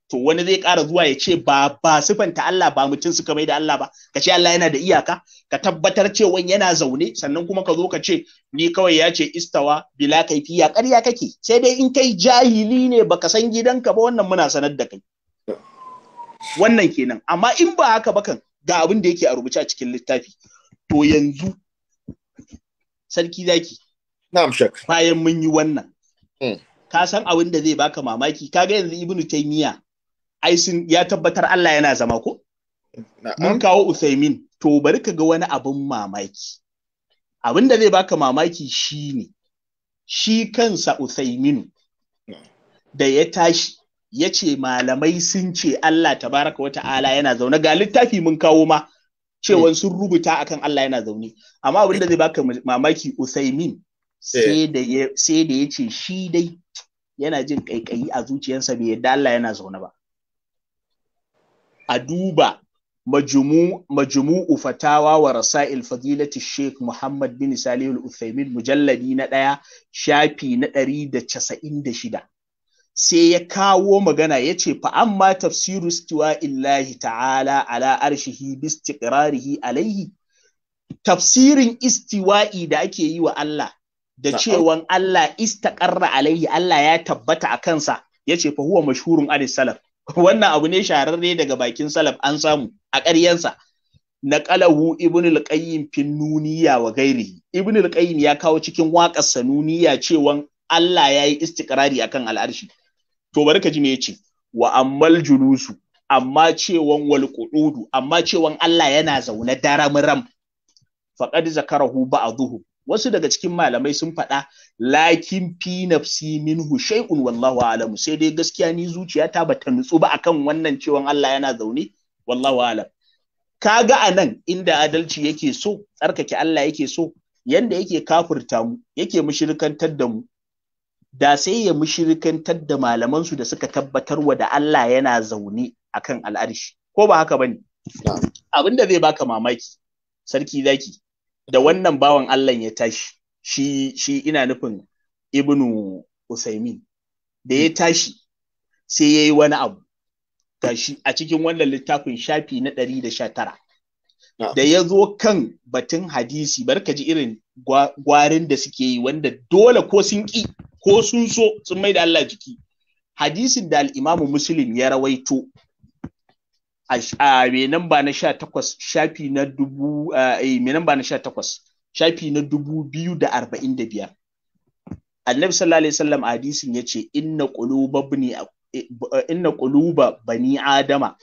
to wani zai ƙara zuwa ya ce ba ba sifanta Allah ba mutum suka mai da Allah ba ka ce Allah yana da iyaka ka tabbatar cewa yana zaune sannan kuma ka zo ka ce ni kawai ya ce istawa bila kaifiya ƙarya kake sai dai in kai jahili ne baka san gidanka ba wannan muna sanar da kai wannan kenan amma in ba haka ba kan ga abin da yake a rubuce a cikin littafi to yanzu sarki zaki na'am shak bayan mun yi wannan hmm. ka san abin da zai baka mamaki kaga yanzu ibnu taymiya ai sun ya tabbatar Allah yana zama ko mun kawo usaimin to bari ka ga wani abin mamaki abin da zai baka mamaki shine shi kansa usaimin hmm. da ya tashi ya ce malamai sun ce Allah Ta baraka wata ala yana zaune ga littafi mun kawo ma cewa eh. sun rubuta akan Allah yana zaune amma abin da zai baka mamaki Usaimin eh. sai da ya ce shi dai yana jin kaikayi a zuciyarsa bai yadda Allah yana zaune ba a duba Majumu ufatawa wa rasa'il fadilati Sheikh Muhammad bin Salih al-Uthaymin mujalladi na ɗaya shafi na ɗari da casa'in da shida sai ya kawo magana ya ce fa amma tafsiru istiwa illahi ta'ala ala arshihi bistiqrarihi alaihi tafsirin istiwa'i da ake yi wa Allah da cewan Allah istaqarra alaihi Allah ya tabbata a kansa ya ce fa huwa mashhurun anis salaf wannan abu ne shahararre daga bakin salaf an samu a ƙaryansa na qalahu ibn al-qayyim fin wa gairihi ibn al-qayyim ya kawo cikin waƙar sanuniya cewan Allah ya yi istiqrari akan al'arshi to bari ka ji me yace wa ammal julusu amma cewan wal qududu amma cewan Allah yana zaune daram ram faqad zakarahu ba'dhuhu wasu daga cikin malamai sun faɗa lakin fi nafsi minhu shay'un wallahu alam sai dai gaskiya ni zuciyata bata nutsu ba akan wannan cewan Allah yana zaune wallahu alam kaga anan inda adalci yake so tsarkake Allah yake so yanda yake kafirta mu yake mushrikantar da mu da sai ya mushirkantar da malamansu da suka tabbatar wa da Allah yana zaune akan al'arshi ko ba haka bane abin da zai baka mamaki sarki zaki da wannan bawan Allah ya tashi shi shi ina nufin ibnu usaimin da ya tashi sai ya yi wani abu Tashi a cikin wannan littafin shafi na ɗari da sha tara da ya zo kan batun hadisi barka ji irin gwarin da suke yi wanda dole ko sun ƙi ko sun so sun mai da Allah jiki hadisin da al'imamu muslim ya rawaito a mai namba na sha takwas shafi na dubu eh, mai namba na sha takwas shafi na dubu biyu da arba'in da biyar annabi sallallahu alaihi wasallam hadisin ya ce inna quluba bani eh, eh, inna quluba bani adama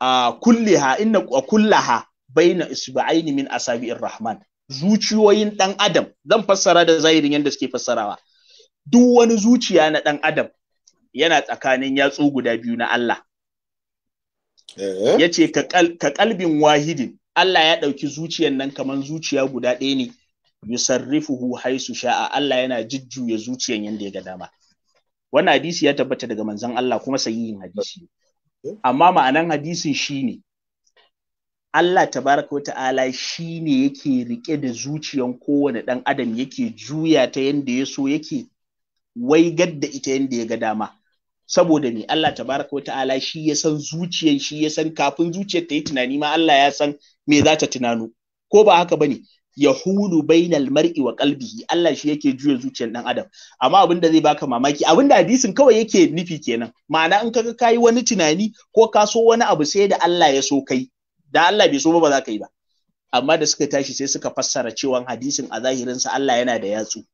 a kulliha inna kullaha baina isba'aini min asabi'ir rahman zuciyoyin dan adam zan fassara da zahirin yadda suke fassarawa duk wani zuciya na ɗan adam yana tsakanin yatsu guda biyu na Allah eh? ya ce ka kalbin wahidin Allah ya ɗauki zuciyan nan kamar zuciya guda ɗaya ne yusarrifuhu haisu sha'a Allah yana jujjuya zuciyan yanda ya ga dama wannan hadisi ya tabbata daga manzon Allah kuma sahihin hadisi eh? amma ma'anan hadisin shine Allah tabaraka wa ta'ala ne yake rike da zuciyan kowane ɗan adam yake juya ta yanda ya so yake Wai gadda ita yanda ya ga dama saboda ni Allah Ta baraka wa ta'ala shi ya san zuciyar shi ya san kafin zuciyar ta yi tunani ma Allah ya san me za ta tunano ko ba haka bane hulu bainal mar'i wa qalbihi Allah shi yake juya zuciyar dan adam amma abin da zai baka mamaki abin da hadisin kawai yake nufi kenan ma'ana in kaga kai wani tunani ko ka so wani abu sai da Allah ya so kai da Allah bai so ba ba za ka yi ba amma da suka tashi sai suka fassara cewa hadisin a zahirinsa Allah yana da yatsu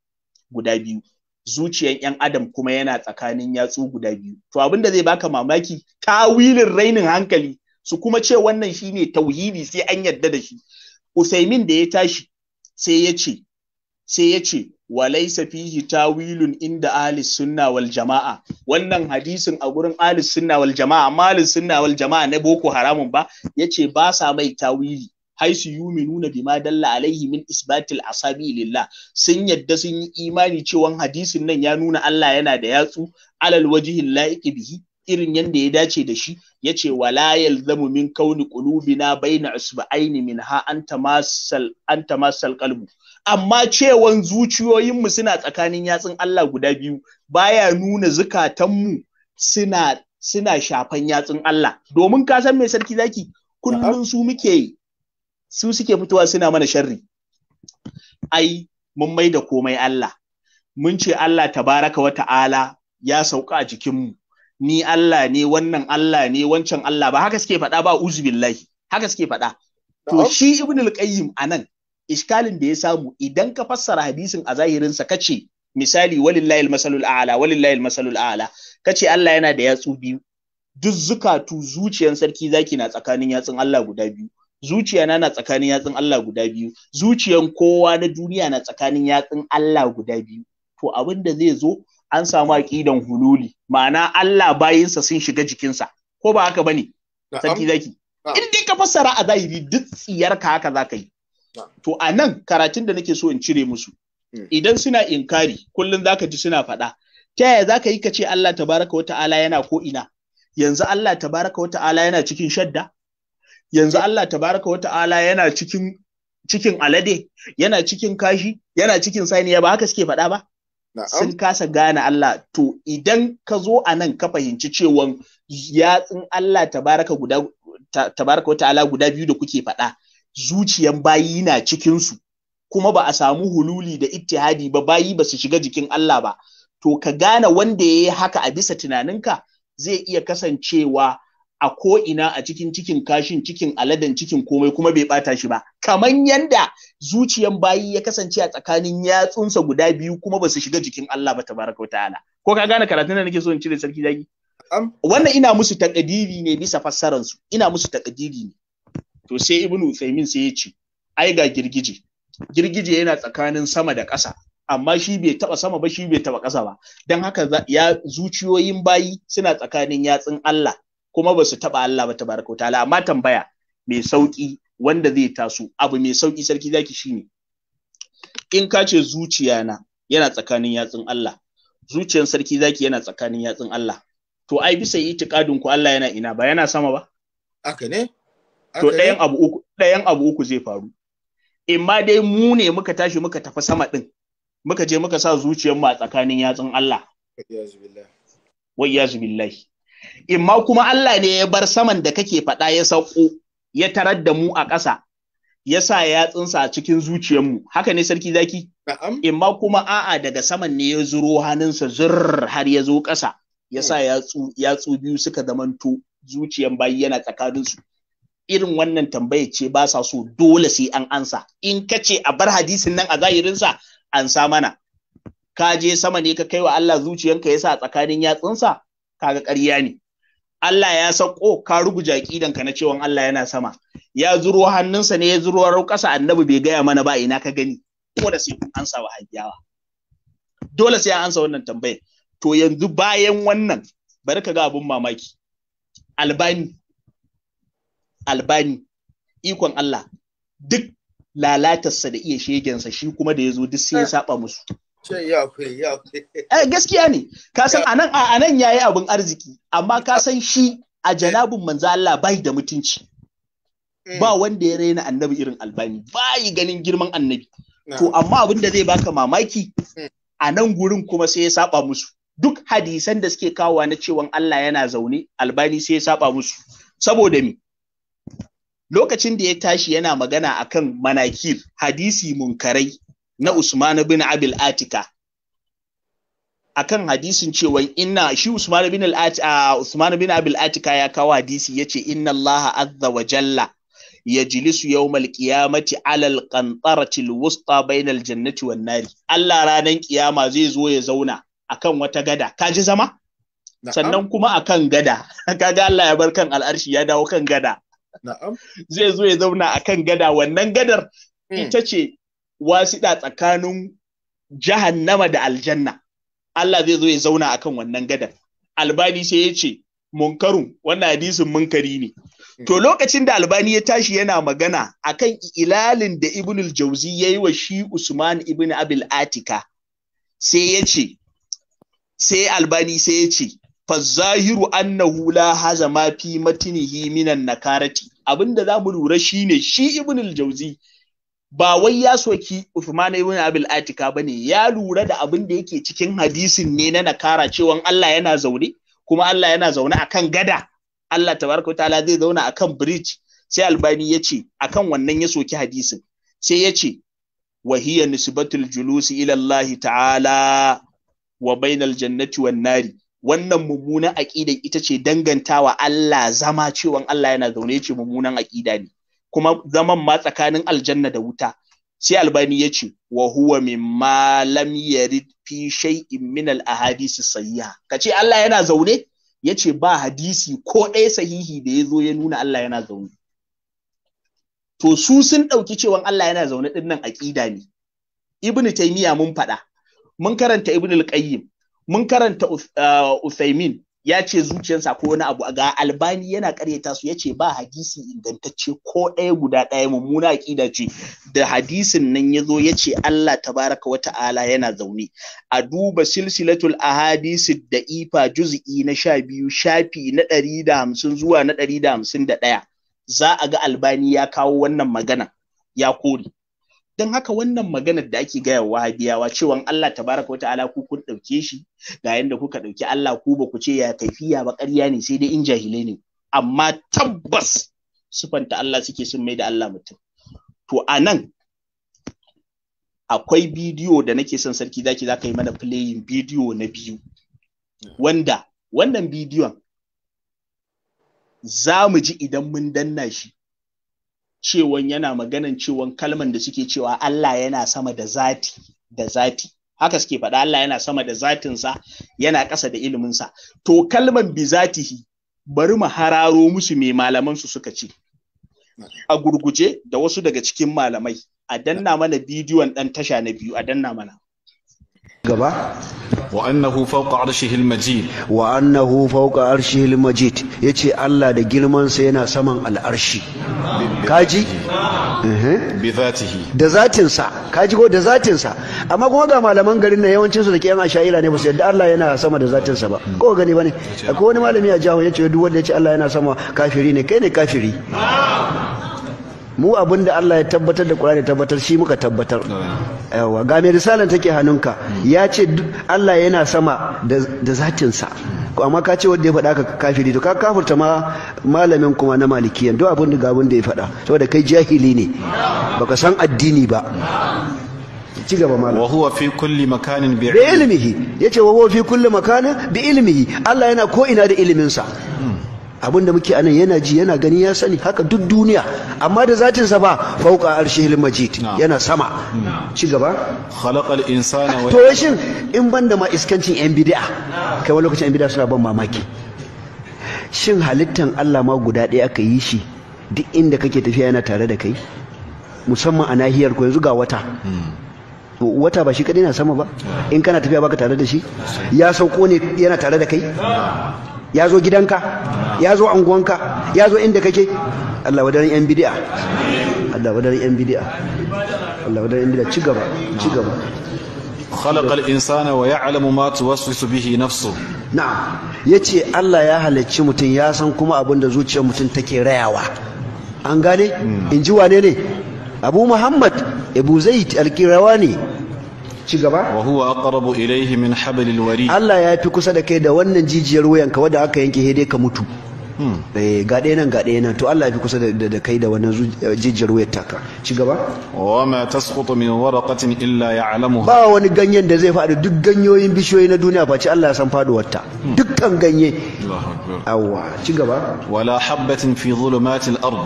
guda biyu zuciyan yan adam kuma yana tsakanin yatsu guda biyu to abin da zai baka mamaki tawilin rainin hankali su kuma ce wannan shine tauhidi sai an yadda da shi usaimin da ya tashi sai ya ce sai ya ce walaisa fihi tawilun inda ahli sunna wal jama'a wannan hadisin a gurin ahli sunna wal jama'a amma ahli sunna wal jama'a na boko haramun ba yace ba sa mai tawili mu nuna bima dalla alaihi min isbatil asabi lillah sun yadda sun yi imani cewa hadisin nan ya nuna Allah yana da yatsu alal wajihin la'iqi bihi irin yanda ya dace da shi yace wala yalzamu min kauni qulubina baina usba'aini min ha anta masal anta masal qalbu amma cewan zuciyoyinmu suna tsakanin yatsun Allah guda biyu baya nuna zukatanmu suna suna shafan yatsun Allah domin ka san me sarki zaki kullun su muke su suke fitowa suna mana sharri ai mun mai da komai Allah mun ce Allah tabaraka wa ta'ala ya sauka a jikinmu ni Allah ne wannan Allah ne wancan Allah ba haka suke faɗa ba uzubillahi haka suke faɗa to shi ibn al-qayyim anan iskalin da ya samu idan ka fassara hadisin a zahirinsa sa kace misali walillahi al-masalul a'la walillahi al-masalul a'la kace Allah yana da yatsu biyu duk zukatu zuciyan sarki zaki na tsakanin yatsun Allah guda biyu zuciya na na tsakanin yatsun Allah guda biyu zuciyan kowa na duniya na tsakanin yatsun Allah guda biyu to abin da zai zo an samu aqidan hululi ma'ana Allah bayinsa sun shiga jikinsa ko ba haka bane sarki zaki in dai ka fassara a zahiri duk tsiyar ka haka zaka yi to a nan karatun da nake so in cire musu hmm. idan suna inkari kullum zaka ji suna faɗa ta yaya zaka yi ka ce Allah tabaraka wa ta'ala yana ko ina yanzu Allah tabaraka wa ta'ala yana cikin shadda yanzu Allah tabaraka wa ta'ala yana cikin cikin alade yana cikin kashi yana cikin saniya ba haka suke faɗa ba sun kasa gane Allah to idan ka zo a nan ka fahimci cewan yatsun Allah tabaraka guda tabaraka wa ta'ala guda biyu da kuke faɗa zuciyan bayi na cikin su kuma ba a samu hululi da ittihadi ba bayi ba su shiga jikin Allah ba to ka gane wanda ya yi haka a bisa tunaninka zai iya kasancewa a ko ina a cikin cikin kashin cikin aladan cikin komai kuma bai bata shi ba kaman yanda zuciyan bayi ya kasance a tsakanin yatsunsa guda biyu kuma ba su shiga jikin Allah ba tabaraka wa ta'ala ko ka gane karatun da nake so in cire sarki zaki wannan ina musu takadiri ne bisa fassaran su ina musu takadiri ne to sai ibnu Uthaymin sai ya ce ai ga girgije girgije yana tsakanin sama da ƙasa amma shi bai taba sama ba shi bai taba ƙasa ba dan haka ya zuciyoyin bayi suna tsakanin yatsun Allah kuma ba su taɓa Allah ba tabaraka wa ta'ala amma tambaya mai sauƙi wanda zai taso abu mai sauƙi sarki zaki shine in ka ce zuciya na yana tsakanin yatsun Allah zuciyar sarki zaki yana tsakanin yatsun Allah to ai bisa itikadin ku Allah yana ina ba yana sama ba aka ne to ɗayan abu uku ɗayan abu uku zai faru in ma dai mu ne muka tashi muka tafi sama ɗin muka je muka sa zuciyar mu a tsakanin yatsun Allah wa iyazu billahi imma kuma Allah ne ya bar saman da kake faɗa ya sauko ya tarar da mu a ƙasa ya sa yatsunsa a cikin zuciyarmu haka ne sarki zaki imma kuma a'a daga saman ne ya zuro hannunsa zur har ya zo ƙasa ya sa hmm. yatsu yatsu biyu suka zamanto zuciyan bayi yana tsakaninsu irin wannan tambaya ce ba sa so dole sai an ansa in ka ce a bar hadisin nan a zahirinsa an sa mana ka je sama ne ka kai wa Allah zuciyanka ya sa tsakanin yatsunsa kaga ƙarya ne Allah ya sauko ka ruguja ka na cewa Allah yana sama ya zuro hannunsa ne ya zuro ƙasa annabi bai gaya mana ba ina ka gani ko da sai kun ansa wa hajjawa dole sai an ansa wannan tambayar to yanzu bayan wannan bari ka ga abun mamaki albani albani ikon Allah duk lalatarsa da iya shegensa shi kuma da ya zo duk sai ya saba musu Eh, gaskiya ne. Ka san anan a anan yayi abin arziki amma ka san shi a janabun manzo Allah bai da mutunci. Mm. Ba wanda ya raina annabi irin albani bai ganin girman annabi. To amma abin da zai baka mamaki mm. a nan gurin kuma sai ya saba musu. Duk hadisan da suke kawowa na cewan Allah yana zaune albani sai ya saba musu. Saboda me? Lokacin da ya tashi yana magana akan manakir hadisi munkarai na Usman bin Abil Atika akan hadisin cewa inna shi Usman bin al Usman bin Abil Atika ya kawo hadisi yace inna Allah azza wa jalla yajlisu yawmal qiyamati alal qantarati bayna al jannati wan nari Allah ranan kiyama zai zo ya zauna akan wata gada kaji zama sannan kuma akan gada kaga Allah ya bar kan al'arshi ya dawo kan gada zai zo ya zauna akan gada wannan gadar hmm. ita ce wasiɗa tsakanin jahannama da aljanna Allah zai zo ya zauna akan wannan gadar albani sai ya ce munkarun wannan hadisin munkari ne to hmm. lokacin da albani ya tashi yana magana akan ilalin da ibn al-jauzi yayi wa shi usman ibn abil atika sai ya ce sai albani sai ya ce fazahiru annahu la hazama fi matinihi minan nakarati abinda za mu lura shine shi ibn jauzi ba wai ya soki Uthman ibn Abil Atika bane ya lura da abin da yake cikin hadisin ne na nakara cewa Allah yana zaune kuma Allah yana zaune akan gada Allah tabaraka ta'ala zai zauna akan bridge sai Albani ya ce akan wannan ya soki hadisin sai ya ce wa hiya nisbatul julusi ila Allah ta'ala wa bainal jannati wan nari wannan mummunan aqida ita ce dangantawa Allah zama cewa Allah yana zaune ce mummunan aqida ne kuma zaman ma tsakanin aljanna da wuta sai albani ya ce wa huwa ma lam yarid fi shay'in min al ahadisi sayyiha kace Allah yana zaune yace ba hadisi ko ɗaya sahihi da ya zo ya nuna Allah yana zaune to su sun ɗauki cewa Allah yana zaune ɗin nan aƙida ne ibnu taymiya mun faɗa mun karanta ibnu al mun karanta uh, Uthaymin ya ce zuciyarsa ko wani abu ga albani yana karyata su ya ce ba hadisi ingantacce ko ɗaya guda ɗaya mummuna aƙida ce da hadisin nan ya zo ya ce Allah baraka wa ta'ala yana zaune a duba silsilatul ahadisi da ifa juz'i na sha biyu shafi na ɗari da hamsin zuwa na ɗari da hamsin da ɗaya za a ga albani ya kawo wannan magana ya kore don haka wannan maganar da ake gaya wa biyawa cewa Allah tabaraka wa ta'ala ku kun ɗauke shi ga yanda kuka ɗauki Allah ku ba ku ce ya kaifiya ba ƙarya ne sai dai in jahilai ne amma tabbas sufanta Allah suke sun mai da Allah mutum to a nan akwai bidiyo da nake son sarki zaki za yi mana playing bidiyo na biyu wanda wannan bidiyon za mu ji idan mun danna shi cewan yana maganan cewan kalman da suke cewa Allah yana sama da zati da zati haka suke faɗa Allah yana sama da zatinsa yana ƙasa da iliminsa to kalman bi zatihi bari mu hararo musu mai malaman su suka ce a gurguje da wasu daga cikin malamai a danna mana bidiyon ɗan tasha na biyu a danna mana gaba wa annahu fawqa arshihil majid wa annahu fawqa arshihil majid yace Allah da girman sa yana saman al'arshi kaji bi zatihi da zatin sa kaji ko da zatin sa amma kuma ga malaman garin nan yawancin su da kiyan asha'ira ne ba su yadda Allah yana sama da zatin sa ba ko gani bane akwai wani malami a jaho yace duk wanda yace Allah yana sama kafiri ne kai ne kafiri mu abin da Allah ya tabbatar da Qur'ani tabbatar shi muka tabbatar oh, yawa ga mai risalan take hannunka ya ce Allah yana sama da zatinsa amma ka ce wanda ya faɗa ka kafiri to ka kafirta ma malamin kuma na malikiyan duk abin da ga abin da ya faɗa saboda kai jahili ne baka san addini ba ci gaba malam wa huwa fi kulli makanin bi ilmihi yace wa huwa fi kulli makanin bi ilmihi Allah yana ko ina da ilimin sa hmm. abin da muke anan yana ji yana gani ya sani haka duk duniya amma da zatinsa ba fauka arshil majid yana sama ci gaba khalaqal insana wa to shin in banda ma iskancin yan bid'a kai wani lokacin yan bid'a suna ban mamaki shin halittan Allah ma guda ɗaya aka yi shi duk inda kake tafiya yana tare da kai musamman a nahiyar ko yanzu ga wata hmm. wata ba shi kadai na sama ba in kana tafiya baka tare da shi ya sauko ne yana tare da kai ya zo gidanka ya zo anguwanka ya zo inda kake Allah wadarin yan bid'a Allah wadarin yan bid'a Allah wadarin yan bid'a ci gaba ci gaba خلق الإنسان ويعلم ما توسوس به نفسه نعم yace Allah ya halicci mutum ya san kuma abin da zuciyar mutum take rayawa an gane in ji wane ne Abu Muhammad Abu Zaid al qirawani ci gaba wa huwa aqrabu ilayhi min hablil warid Allah ya fi kusa da kai da wannan jijiyar wayanka wanda aka yanke hede ka mutu hmm. eh, ga dai nan ga dai nan to Allah ya fi kusa da kai da wannan eh, jijiyar wayar taka ci gaba wa ma tasqutu min waraqatin illa ya'lamuha ba wani ganyen da zai faɗi duk ganyoyin bishiyoyi na duniya face Allah ya san faduwar ta hmm. dukkan ganye awwa ci gaba wala habatin fi zulumatil ard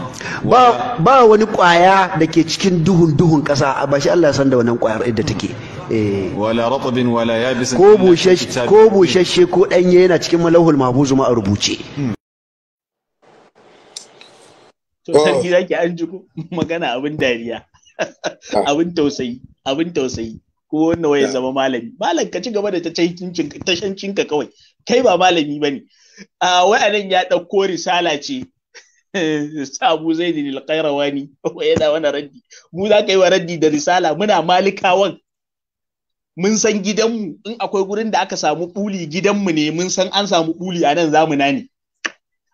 ba ba wani kwaya dake cikin duhun duhun kasa ba shi Allah ya san da wannan kwayar idda take Eh. wala ratabin wala yabis ko bushashe ko bushashe ko danye yana cikin malahul mabuzu ma a rubuce hmm. to sarki zaki an ji magana abin dariya ah. abin tausayi abin tausayi ko wannan waye ah. zama malami malam ka ci gaba da ta shancin ka kawai kai ba malami ba ne a wa'anan ya ɗauko risala ce sabu zai kairawa ni, yana wani raddi mu za ka yi wa raddi da risala muna malikawan mun san gidanmu in akwai gurin da aka samu ɓuli gidanmu ne mun san an samu ɓuli a nan zamuna ne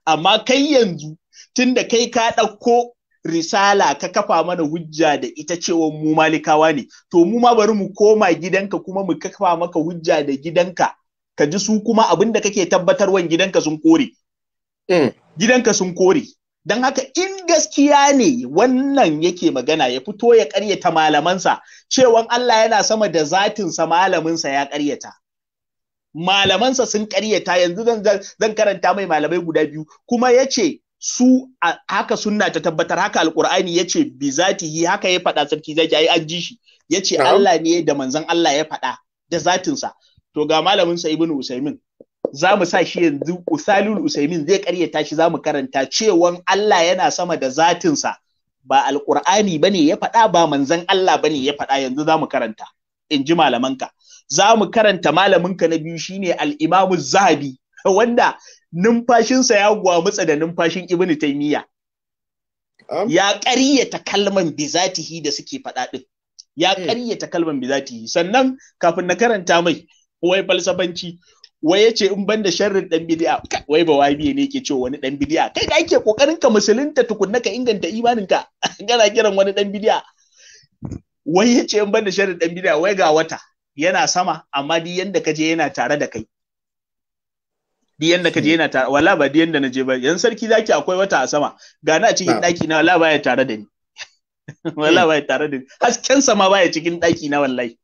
amma kai yanzu tun da kai ka ɗauko risala ka kafa mana hujja da ita cewa mu malikawa ne to mu ma bari mu koma gidanka kuma mu kafa maka hujja da gidanka ka ji su kuma abin da kake tabbatarwan gidanka sun kore mm. gidanka sun kore Don haka in gaskiya ne wannan yake magana ya fito ya ƙaryata malamansa, cewan Allah yana sama da zatinsa malaminsa ya ƙaryata. Malamansa sun ƙaryata yanzu zan karanta mai malamai guda biyu, kuma ya ce su haka sunna ta tabbatar haka alkur'ani ya ce bi zatihi haka ya faɗa sarki zai ai an ji shi ya ce Allah ne da manzon Allah ya faɗa da zatinsa to ga malamin sa ibnu usaimin za mu sa shi yanzu usalul usaimin zai karyata shi za mu karanta cewan Allah yana sama da zatinsa ba ba ne ya faɗa ba manzon Allah ba ne ya faɗa yanzu za mu karanta in ji malamanka za mu karanta malaminka na biyu shine al-imamu zahabi wanda numfashinsa ya gwamutsa da numfashin Ibn Taimiyya. ya ƙaryata kalman bizatihi da suke faɗa Ya hmm. ya ta kalman bizatihi sannan kafin na karanta mai wai falsafanci wai ya ce in ban da sharrin dan bidi'a wai ba wabi ne ke ce wani dan bidi'a kai da ake kokarin ka musulunta tukunna ka inganta imaninka kana kiran wani dan bidi'a wai ya ce in ban da sharrin dan bidi'a wai ga wata yana sama amma duk yanda ka je yana tare da kai duk yanda ka je yana tare wala ba duk yanda na je ba yan sarki zaki akwai wata a sama ga na a cikin daki na wala baya tare da ni wala hmm. baya tare da ni hasken sama baya cikin daki na wallahi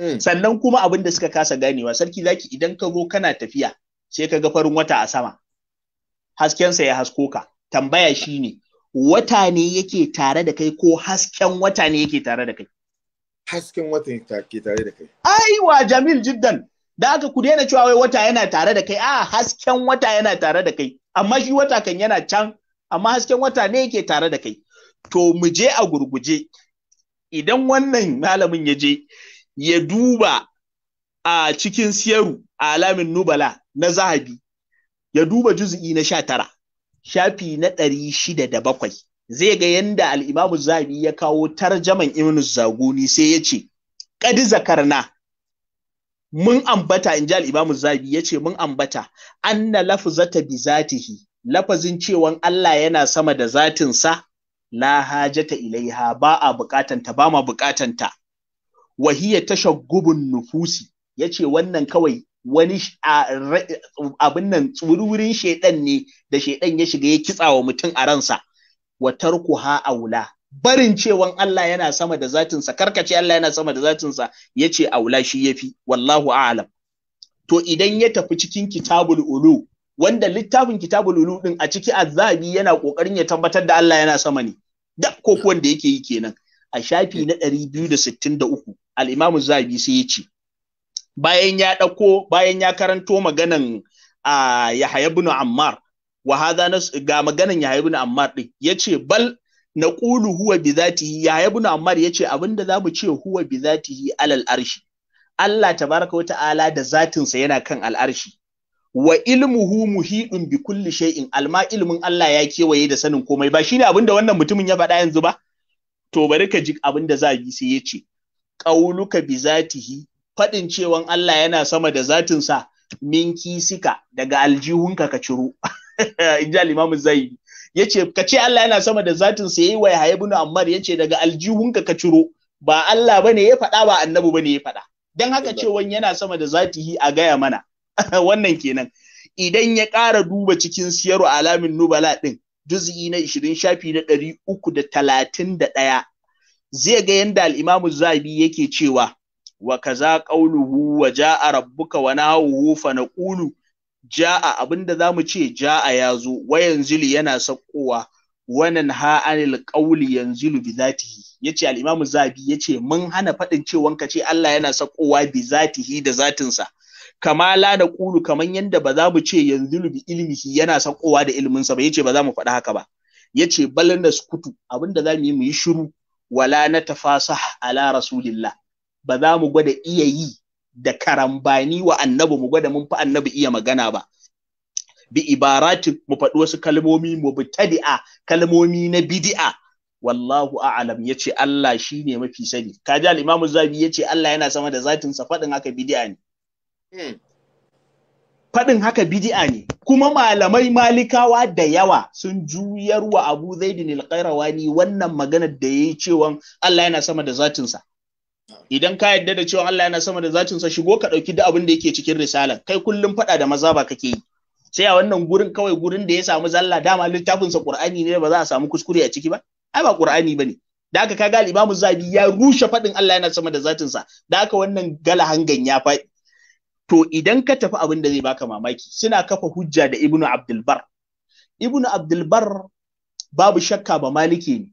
Hmm. sannan kuma abin da suka kasa ganewa sarki zaki idan ka zo kana tafiya sai ka ga farin wata a sama haskensa ya hasko ka tambaya shine wata ne yake tare da kai ko hasken wata ne yake tare da kai hasken wata ne yake tare da kai aiwa jamil jiddan da aka ku daina cewa wata yana tare da kai a hasken wata yana tare da kai amma shi wata kan yana can amma hasken wata ne yake tare da kai to mu je a gurguje idan wannan malamin ya je ya duba a cikin siyaru a alamin nubala na zahabi ya duba juzu'i na sha tara shafi na ɗari shida da bakwai zai ga yadda al'imamu zahabi ya kawo tarjaman imanu zagoni sai ya ce ƙadi zakarna mun ambata in ji al'imamu zahabi ya ce mun ambata anna lafzata bi zatihi lafazin cewan Allah yana sama da zatinsa la hajata ilaiha ba a bukatanta ba ma bukatanta wahiya gubun nufusi ya ce wannan kawai wani abin nan tsururin shaidan ne da shaidan ya shiga ya kitsa wa mutum a ransa wa ha aula barin cewan Allah yana sama da zatinsa karkace Allah yana sama da zatinsa ya yace aula shi yafi wallahu a'lam to idan ya tafi cikin kitabul ulu wanda littafin kitabul ulu din a ciki azabi yana kokarin ya tabbatar da Allah yana sama ne da kokon da yake yi kenan a shafi na 263 al'imamu zabi sai ya ce bayan ya ɗauko bayan ya karanto maganan a yahaya ibn ammar wa hadha ga maganan yahaya ibn ammar din yace bal naqulu huwa bi zatihi yahaya ibn ammar ya da abinda mu ce huwa bi zatihi alal arshi Allah Ta baraka wa ta'ala da zatinsa yana kan al'arshi wa ilmuhu muhidun bi kulli shay'in alma ilmin Allah ya kewaye da sanin komai ba shine abinda wannan mutumin ya faɗa yanzu ba to bari ka ji abinda bi sai ya ce. ƙauluka bi zatihi faɗin cewan Allah yana sama da zatinsa min kisika daga aljihunka ka ciro in ji al-Imam Zaidi yace ka ce Allah yana sama da zatinsa, ya yi wa Yahya Ammar yace daga aljihunka ka ciro ba Allah bane ya faɗa ba annabi bane ya faɗa dan haka cewan yana sama da zatihi a gaya mana wannan kenan idan ya ƙara duba cikin siyaru alamin nubala ɗin juz'i na 20 shafi na 331 zai ga yadda al Zabi yake cewa wa kaza qauluhu wa jaa rabbuka wa nahu fa naqulu jaa abinda zamu ce jaa yazo wa li yana sakkowa wannan ha anil qauli li bi zatihi yace al imamu Zabi yace mun hana fadin cewan ka ce Allah yana sakkowa bi zatihi da zatinsa kama la da kulu kaman yanda ba za mu ce yanzilu bi ilmihi yana sakkowa da sa ba yace ba za mu faɗi haka ba yace bal naskutu abinda za mu yi mu yi shiru wala na tafasah ala rasulillah ba za mu gwada iya yi da karambani wa annabi mu gwada mun fi annabi iya magana ba bi ibaratin mu faɗi wasu kalmomi mu bitadi'a kalmomi na bid'a wallahu a'lam yace Allah shine mafi sani kaji al-imamu zabi yace Allah yana sama da zatin sa faɗin haka bid'a ne hmm. faɗin haka bidi'a ne kuma malamai malikawa da yawa sun juyar wa abu zaidin alƙairawani wannan maganar da ya yi cewan Allah yana sama da zatinsa idan ka yadda da cewa Allah yana sama da zatinsa shigo ka ɗauki duk abin da yake cikin risalan kai kullum faɗa da maza ba kake yi sai a wannan gurin kawai gurin da ya samu zalla dama littafinsa qur'ani ne ba za a samu kuskure a ciki ba ai ba qur'ani bane da haka kaga al-imamu zabi ya rushe faɗin Allah yana sama da zatinsa da haka wannan galahangan ya faɗi to idan ka tafi abin da zai baka mamaki suna kafa hujja da ibnu abdulbar ibnu abdulbar babu shakka ba maliki ne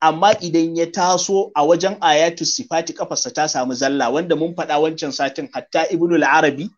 amma idan ya taso a wajen ayatu sifati kafarsa ta samu zalla wanda mun faɗa wancan satin hatta ibnu al-arabi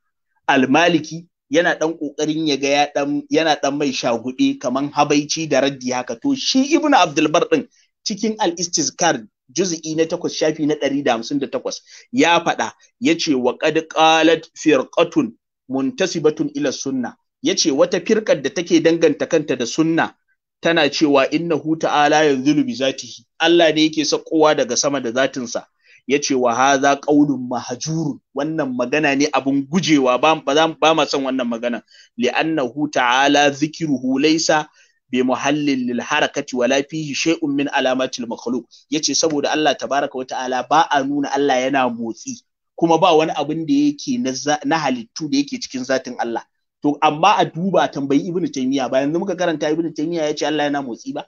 al-maliki yana dan kokarin ya ga yana dan mai shaguɗe kaman habaici da raddi haka to shi ibnu abdulbar din cikin al-istizkar juz'i na takwas shafi na ɗari da hamsin da takwas ya faɗa ya ce wa qad qalat firqatun muntasibatun ila sunna ya ce wata firkar da take danganta kanta da sunna tana cewa hu ta'ala yanzulu bi zatihi Allah ne yake sakowa daga sama da zatinsa ya ce wa haza qaulun mahajurun. wannan magana ne Abin gujewa ba ba ma son wannan magana li'annahu ta'ala zikiruhu laysa bi muhallin lil harakati wala fihi shay'un min alamatil makhluq yace saboda Allah tabaraka wa ta'ala ba a nuna Allah yana motsi kuma ba wani abin da yake na halittu da yake cikin zatin Allah to amma a duba tambayi ibnu taymiya bayan da muka karanta ibnu taymiya yace Allah yana motsi ba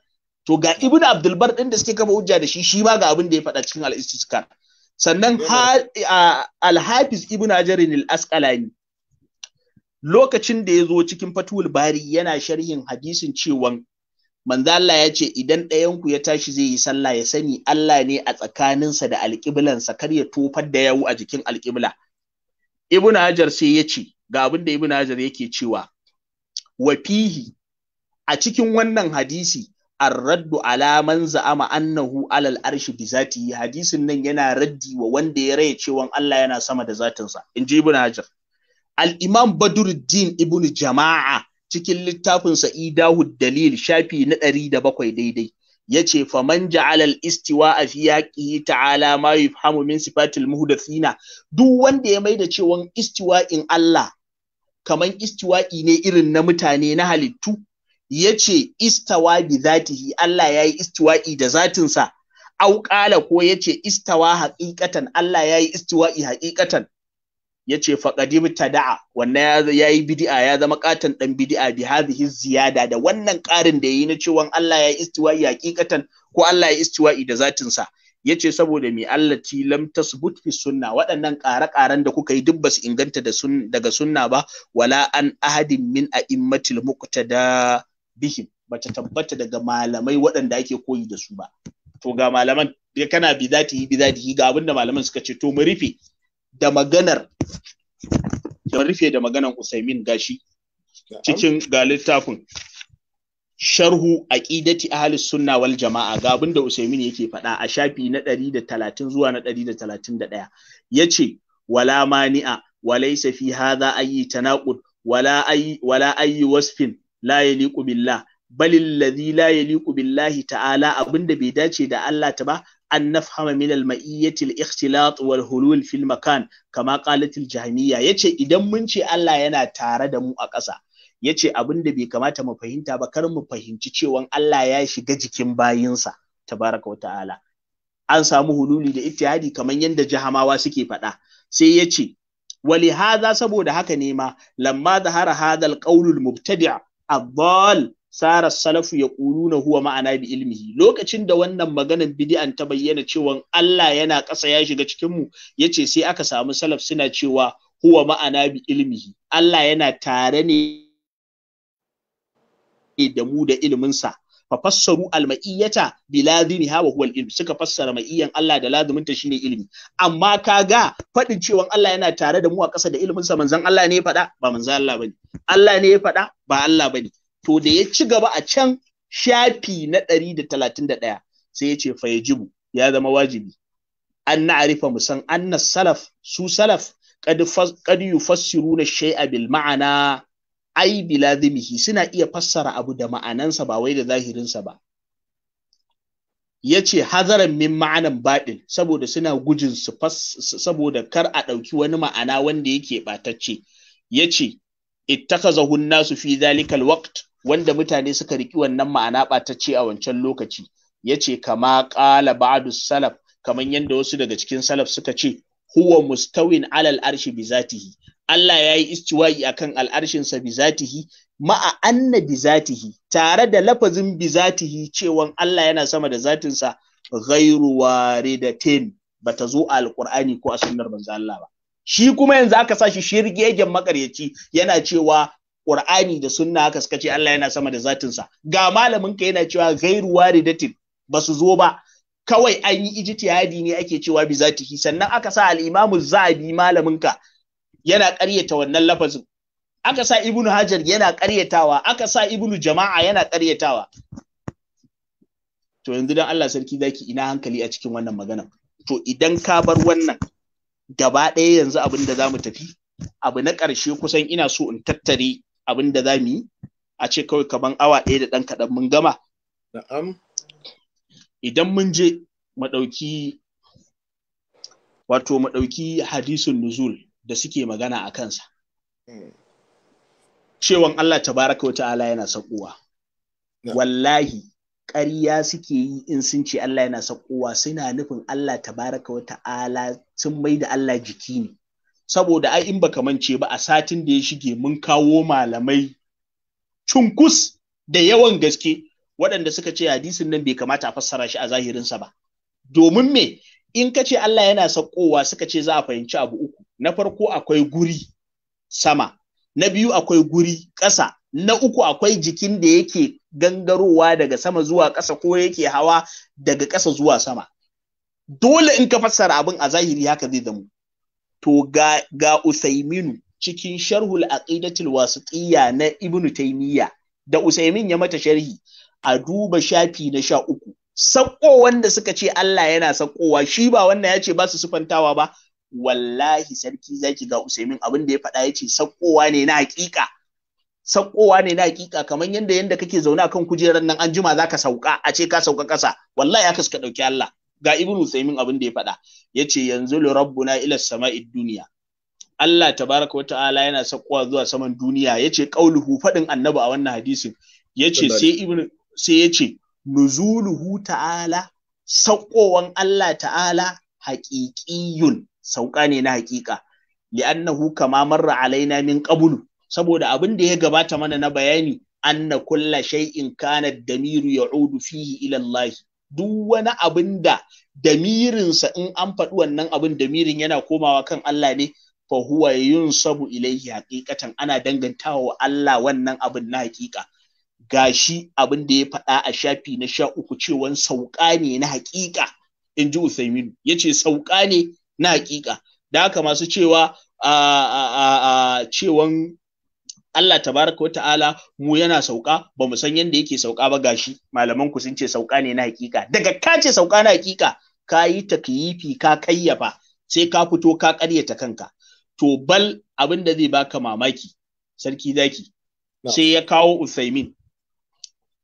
to ga ibnu abdul bar din da suke kafa hujja da shi shi ma ga abin da ya faɗa cikin al-istizkar sannan al-hafiz ibnu ajrin al-asqalani lokacin da ya zo cikin fatul bari yana sharhin hadisin cewan manzo Allah ya ce idan ɗayanku ya tashi zai yi sallah ya sani Allah ne a tsakaninsa da alƙiblansa kar ya tofar da yawu a jikin alƙibla ibnu hajar sai ya ce ga abin da ibnu hajar yake cewa wa fihi a cikin wannan hadisi arraddu ala man za'ama annahu alal arshi bi zatihi hadisin nan yana raddi wa wanda ya raye cewa Allah yana sama da zatinsa Inji Ibn ibnu hajar Al'imam Badruddin ibn Jama'a cikin littafin Idahud Dalil shafi na ɗari da bakwai daidai ya ce faman ja'alal istiwa a fiyaƙi ta ta'ala ma hamu min sifatil muhdathina duk wanda ya maida cewan istiwa in Allah kaman istiwa'i ne irin na mutane na halittu ya ce istawa bi zatihi Allah ya yi istiwa'i da zatinsa au ƙala ko ya ce istawa haƙiƙatan Allah ya yi istiwa'i haƙiƙatan ya ce faƙadi da'a wannan ya yi bidi'a ya zama katon ɗan bidi'a bi hadhihi ziyada da wannan ƙarin da ya yi na cewa Allah ya yi istiwa'i hakikatan ko Allah ya yi istiwa'i da zatinsa ya ce saboda mai Allah ti lam tasbut fi sunna waɗannan ƙare-ƙaren da kuka yi duk basu inganta da daga sunna ba wala an ahadin min a'immatil muqtada bihim bata tabbata daga malamai waɗanda ake koyi da su ba to ga malaman kana bi zati ga abinda malaman suka ce to mu rufe da maganar da rufe da maganar Usaimin gashi cikin ga littafin sharhu aqidati ahli sunna wal jama'a ga abin Usaimin yake faɗa a shafi na 130 zuwa na 131 yace wala mani'a walaysa fi hadha ayi tanaqud wala ayi wala ayi wasfin la yaliqu billah bal alladhi la yaliqu billahi ta'ala abinda bai dace da Allah ta ba An min أن نفهم من المئية الاختلاط والهلول في jahmiya yace idan mun ce allah yana tare da mu a ƙasa yace abin da bai kamata mu fahimta ba kar mu fahimci cewan Allah ya shiga jikin bayinsa tabaraka wa ta'ala an samu hululi da ittihadi kamar yadda jahamawa suke faɗa sai yace wali hadha saboda haka ne ma lamma zahara hadha alqawl mubtadi' ad sara salafu ya na huwa ma'ana bi ilmihi lokacin da wannan maganar bidi'an ta bayyana cewa Allah yana ƙasa ya shiga cikin mu ce sai aka samu salaf suna cewa huwa ma'ana bi ilmihi Allah yana tare ne da mu da iliminsa fa fassaru alma'iyyata bi ladini hawa huwa ilm suka fassara ma'iyyan Allah da ta shine ilmi amma kaga fadin cewa Allah yana tare da mu a ƙasa da iliminsa manzon Allah ne ya faɗa ba manzon Allah bane Allah ne ya faɗa ba Allah bane to da ya ci gaba a can shafi na ɗari da talatin da ɗaya sai ya ce fayajibu ya zama wajibi an na'arifa mu san anna salaf su salaf kad yufassiruna shay'a bil ma'ana ai bilazimihi suna iya fassara abu da ma'anansa ba wai da zahirinsa ba ya ce hazaran min ma'anan baɗin saboda suna gujin su saboda kar a ɗauki wani ma'ana wanda yake ɓatacce ya ce ittakazahu nasu fi zalikal waqt wanda mutane suka riki wannan ma'ana ɓatacce a wancan lokaci ya ce kama ƙala Ba'adu salaf kamar yadda wasu daga cikin salaf suka ce huwa mustawin alal arshi bi zatihi Allah ya yi istiwa'i kan al'arshinsa bi zatihi ma'a anna bi zatihi tare da lafazin bi zatihi cewan Allah yana sama da zatinsa ghairu waridatin bata zo a Alƙur'ani ko a sunnar manzo Allah ba shi kuma yanzu aka sa shi shirgegen makaryaci yana cewa Qur'ani da sunna haka suka ce Allah yana sama da zatin sa ga malamin ka yana cewa ghairu waridatin ba su zo ba kawai an yi ijtihadi ne ake cewa bi zatihi sannan aka sa al imam Zabi malamin ka yana ƙaryata wannan lafazin aka sa Ibnu Hajar yana ƙaryatawa aka sa Ibnu Jama'a yana ƙaryatawa to yanzu dan Allah sarki zaki ina hankali a cikin wannan magana to idan ka bar wannan gaba ɗaya yanzu abin da zamu tafi abu na ƙarshe kusan ina so in tattare abin da za mu yi a ce kawai kaman awa ɗaya da ɗan kaɗan mun gama na'am idan mun je mu ɗauki wato mu ɗauki hadisun nuzul da suke magana a kansa hmm. cewan Allah tabaraka wa ta'ala yana wallahi ƙarya suke yi in sun ce Allah yana sakowa suna nufin Allah tabaraka wa ta'ala sun mai da Allah jiki ne saboda ai in baka mance ba a satin da ya shige mun kawo malamai cunkus da yawan gaske waɗanda suka ce hadisin nan bai kamata a fassara shi a zahirinsa ba domin me in ka ce Allah yana sakowa suka ce za a fahimci abu uku na farko akwai guri sama na biyu akwai guri ƙasa na uku akwai jikin da yake gangarowa daga sama zuwa ƙasa ko yake hawa daga ƙasa zuwa sama dole in ka fassara abin a zahiri haka zai zamo to ga, ga Usaiminu cikin sharhul aqidatul wasiqiyya na Ibn Taymiya, da Usaimin ya mata sharhi a duba shafi na sha uku sakko wanda suka ce Allah yana sakkowa shi ba wannan ya ce ba su sufantawa ba wallahi sarki zaki ga Usaimin abin da ya faɗa ya ce sakkowa ne na hakika sakowa ne na hakika kamar yadda yanda kake zaune kan kujerar nan anjima zaka sauka a ce ka sauka kasa wallahi aka suka dauki Allah ga ibnu saimin abin da ya faɗa yace yanzu li rabbuna ila sama'i duniya Allah tabaraka wata'ala yana sakkowa zuwa saman duniya yace qauluhu faɗin annabi a wannan hadisin yace sai ibnu sai yace nuzuluhu ta'ala sakowan Allah ta'ala haƙiƙiyun sauka ne na haƙiƙa li'annahu kama marra alaina min qablu saboda abin da ya gabata mana na bayani anna kulla shay'in kana damiru ya'udu fihi ila Allah duk wani abin da damirinsa in an faɗi wannan abin damirin yana komawa kan Allah ne fa huwa sabu ilaihi haqiqatan ana dangantawa Allah wannan abin na haƙiƙa gashi abin da ya faɗa a shafi na sha uku cewan sauƙa ne na haƙiƙa in ji Usaimin yace sauƙa ne na haƙiƙa da haka masu cewa a a a cewan Allah tabaraka wa ta'ala mu yana sauka ba mu san yanda yake sauka ba gashi malaman ku sun ce sauka ne na hakika daga ka ce sauka na hakika ka yi takyifi ka kayyafa sai ka fito ka ƙaryata kanka to bal abin da zai baka mamaki sarki zaki sai ya kawo usaimin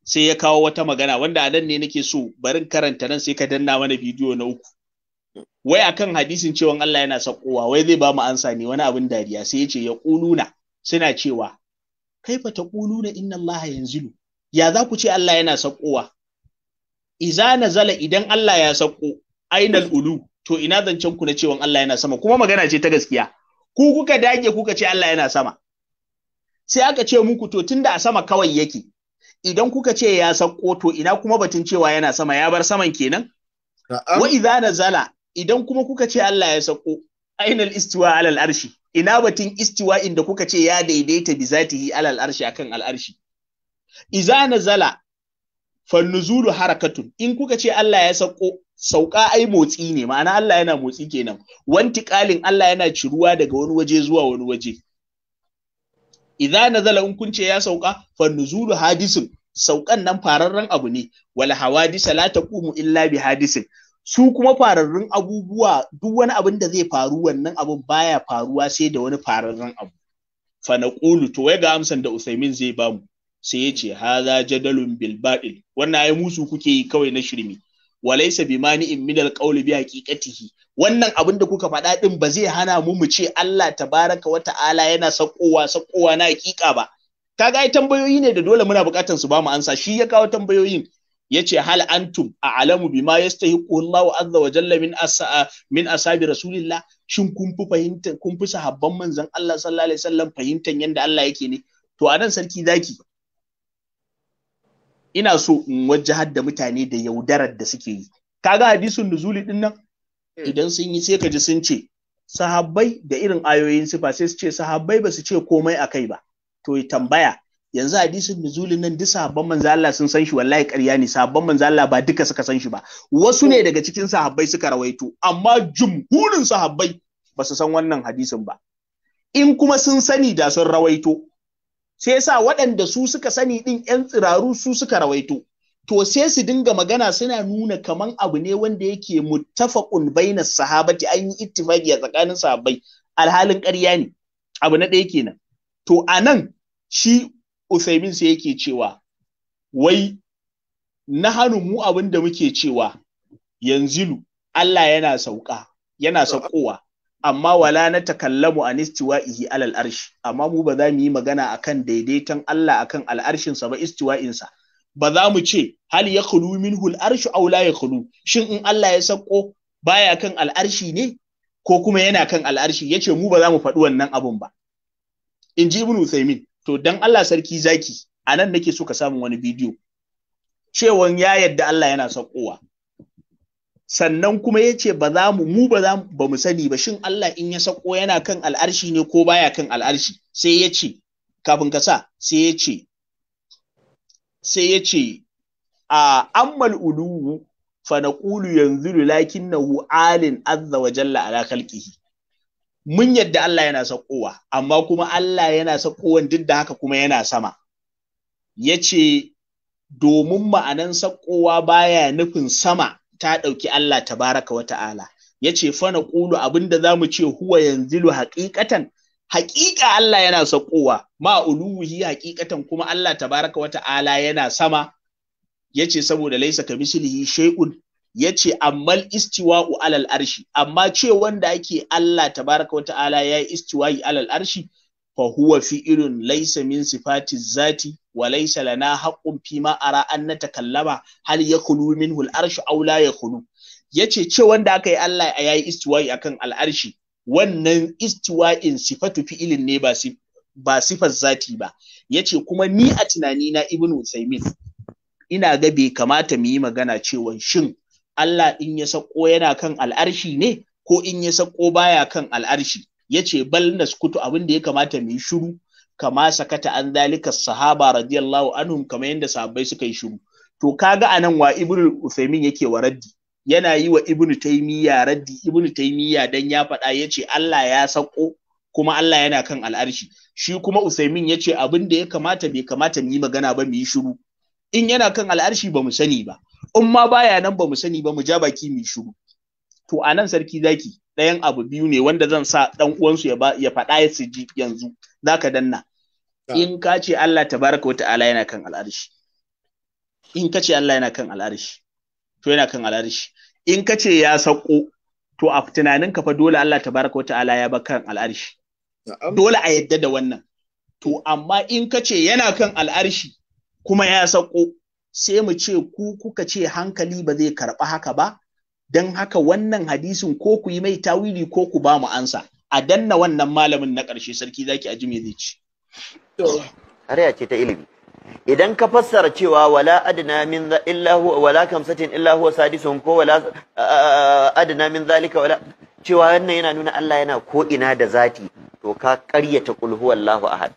sai ya kawo wata magana wanda a nan ne nake so barin karanta nan sai ka danna mana bidiyo na uku wai akan hadisin cewa Allah yana sakowa wai zai ba mu ansa ne wani abin dariya sai ya ce ya kuluna suna cewa kaifa na inna allaha yanzilu ya za ku ce Allah yana saƙowa? iza nazala idan Allah ya saƙo ainal ulu to ina zancen ku na cewa Allah yana sama kuma magana ce ta gaskiya ku kuka dage kuka ce Allah yana sama sai aka ce muku to tunda a sama kawai yake idan kuka ce ya saƙo to ina kuma batun cewa yana sama ya bar saman kenan wa na nazala idan kuma kuka ce Allah ya saƙo ainal istiwa alal arshi ina batun Istiwa inda kuka ce ya daidaita bi zatihi alal arshi akan al arshi iza nazala fannuzulu harakatun in kuka ce Allah ya sauko sauka ai motsi ne ma'ana Allah yana motsi kenan wanti kalin Allah yana ciruwa daga wani waje zuwa wani waje idza nazala in kun ce ya sauka fannuzulu hadisin saukan nan fararren abu ne wal hawadisa la taqumu illa bi hadisin su kuma fararrun abubuwa duk wani abin da zai faru wannan abin baya faruwa sai da wani fararrun abu fa qulu to wai ga amsan da Usaimin zai bamu sai ya ce jadalun bil ba'il wannan ai musu kuke yi kawai na shirmi walaysa bimani in al qawli bi haqiqatihi wannan abin da kuka faɗa din ba zai hana mu mu ce Allah tabaraka wa ta'ala yana sakowa sakowa na haƙiƙa ba kaga ai tambayoyi ne da dole muna buƙatar su ba mu ansa shi ya kawo tambayoyin yace hal antum a'lamu bima yastahiqu Allahu azza wa jalla min as'a min asabi rasulillah shin kun fi fahimta kun fi sahabban manzon Allah sallallahu alaihi wasallam fahimtan yanda Allah yake ne to anan sarki zaki ina so in wajahar da mutane da yaudarar da suke yi kaga hadisin nuzuli din nan eh. idan sun yi sai ji sun ce sahabbai da irin ayoyin sifa sai su ce sahabbai ba su ce komai akai ba to tambaya yanzu hadisin nuzulin nan duk sahabban manzo Allah sun san shi wallahi ƙarya ne sahabban manzo Allah ba duka suka san shi ba wasu ne daga cikin sahabbai suka rawaito amma jumhurin sahabbai ba su san wannan hadisin ba in kuma sun sani da sun rawaito sai yasa waɗanda su suka sani din yan tsiraru su suka rawaito to sai su dinga magana suna nuna kaman abu ne wanda yake muttafaqun bainas sahabati an yi ittifaqi a tsakanin sahabbai alhalin ƙarya ne abu na ɗaya kenan to anan shi Usaimin sai yake cewa wai na hannu mu abin da muke cewa yanzun. Allah yana sauka yana saukowa amma wala na takallamu an istiwa'ihi alal arshi amma mu ba za mu yi magana akan daidaiton Allah akan al'arshin sa ba istiwa'in sa ba za mu ce hal ya khulu minhu al'arshu aw la ya khulu shin in Allah ya sauko baya kan al'arshi ne ko kuma yana kan al'arshi yace mu ba za mu faɗi wannan abun ba in ji ibnu Usaimin to dan Allah sarki zaki a nan nake so ka samu wani bidiyo cewan ya yadda Allah yana sakowa sannan kuma ya ce ba za mu mu ba za ba mu sani ba shin Allah in ya sauko yana kan al'arshi ne ko baya kan al'arshi sai ya ce kafin ka sa sai ya ce sai ya ce a ammal uluwu fa naqulu yanzuru lakinnahu alin azza wa jalla ala khalqihi mun yadda Allah yana sakowa amma kuma Allah yana sakowan duk da haka kuma yana sama ya ce domin ma'anan sakowa baya nufin sama ta ɗauki Allah tabaraka wa ta'ala ya ce fana ƙulu abinda za mu ce huwa yanzilu haƙiƙatan haƙiƙa Allah yana sakowa ma uluhi haƙiƙatan kuma Allah tabaraka wa ta'ala yana sama ya ce saboda laisa ka mislihi shay'un ya ce ammal istiwa'u alal arshi amma ce wanda ake Allah tabaraka wa ta'ala ya yi istiwa'i alal arshi fa huwa fi irin laisa min sifati zati wa laisa lana haqqun fi ma ara an natakallama hal yakulu minhu al arshu aw la yakulu yace ce wanda aka yi Allah ya yi istiwa'i akan al arshi wannan istiwa'in sifatu fi'ilin ne ba ba sifar zati ba yace kuma ni a tunani na ibnu usaimin ina ga bai kamata mu yi magana cewa shin Allah in ya sako yana kan al'arshi ne ko in ya sako baya kan al'arshi yace bal naskutu abin da ya kamata mu yi shiru kama sakata an zalika sahaba radiyallahu anhum kamar yadda sahabbai suka yi shiru to kaga anan wa ibnu Uthaymin yake wa raddi yana yi wa ibnu Taymiya raddi ibnu Taymiya dan ya faɗa yace Allah ya sako kuma Allah yana kan al'arshi shi kuma Uthaymin yace abin da ya kamata bai kamata mu yi magana ba mu yi shiru in yana kan al'arshi ba mu sani ba in ma baya nan ba mu sani ba mu ja baki mu shiru to a nan sarki zaki ɗayan abu biyu ne wanda zan sa ɗan uwansu ya ya faɗa ya su ji yanzu zaka danna in ka ce Allah tabaraka wa ta'ala yana kan al'arshi in ka ce Allah yana kan al'arshi to yana kan al'arshi in ka ce ya sako to a tunanin ka fa dole Allah tabaraka wa ta'ala ya ba kan al'arshi dole a yadda da wannan to amma in ka ce yana kan al'arshi kuma ya sako sai mu ce ku kuka ce hankali ba zai karɓi haka ba don haka wannan hadisin ko ku yi mai tawili ko ku ba mu ansa a danna wannan malamin na ƙarshe sarki zaki a jimi zai ci. ce ta ilimi. Idan ka fassara cewa wala adna min illahu wala kamsatin illa huwa sadisun ko wala adna min zalika wala cewa wannan yana nuna Allah yana ko ina da zati to ka ƙaryata kulhuwallahu "Wallahu ahad.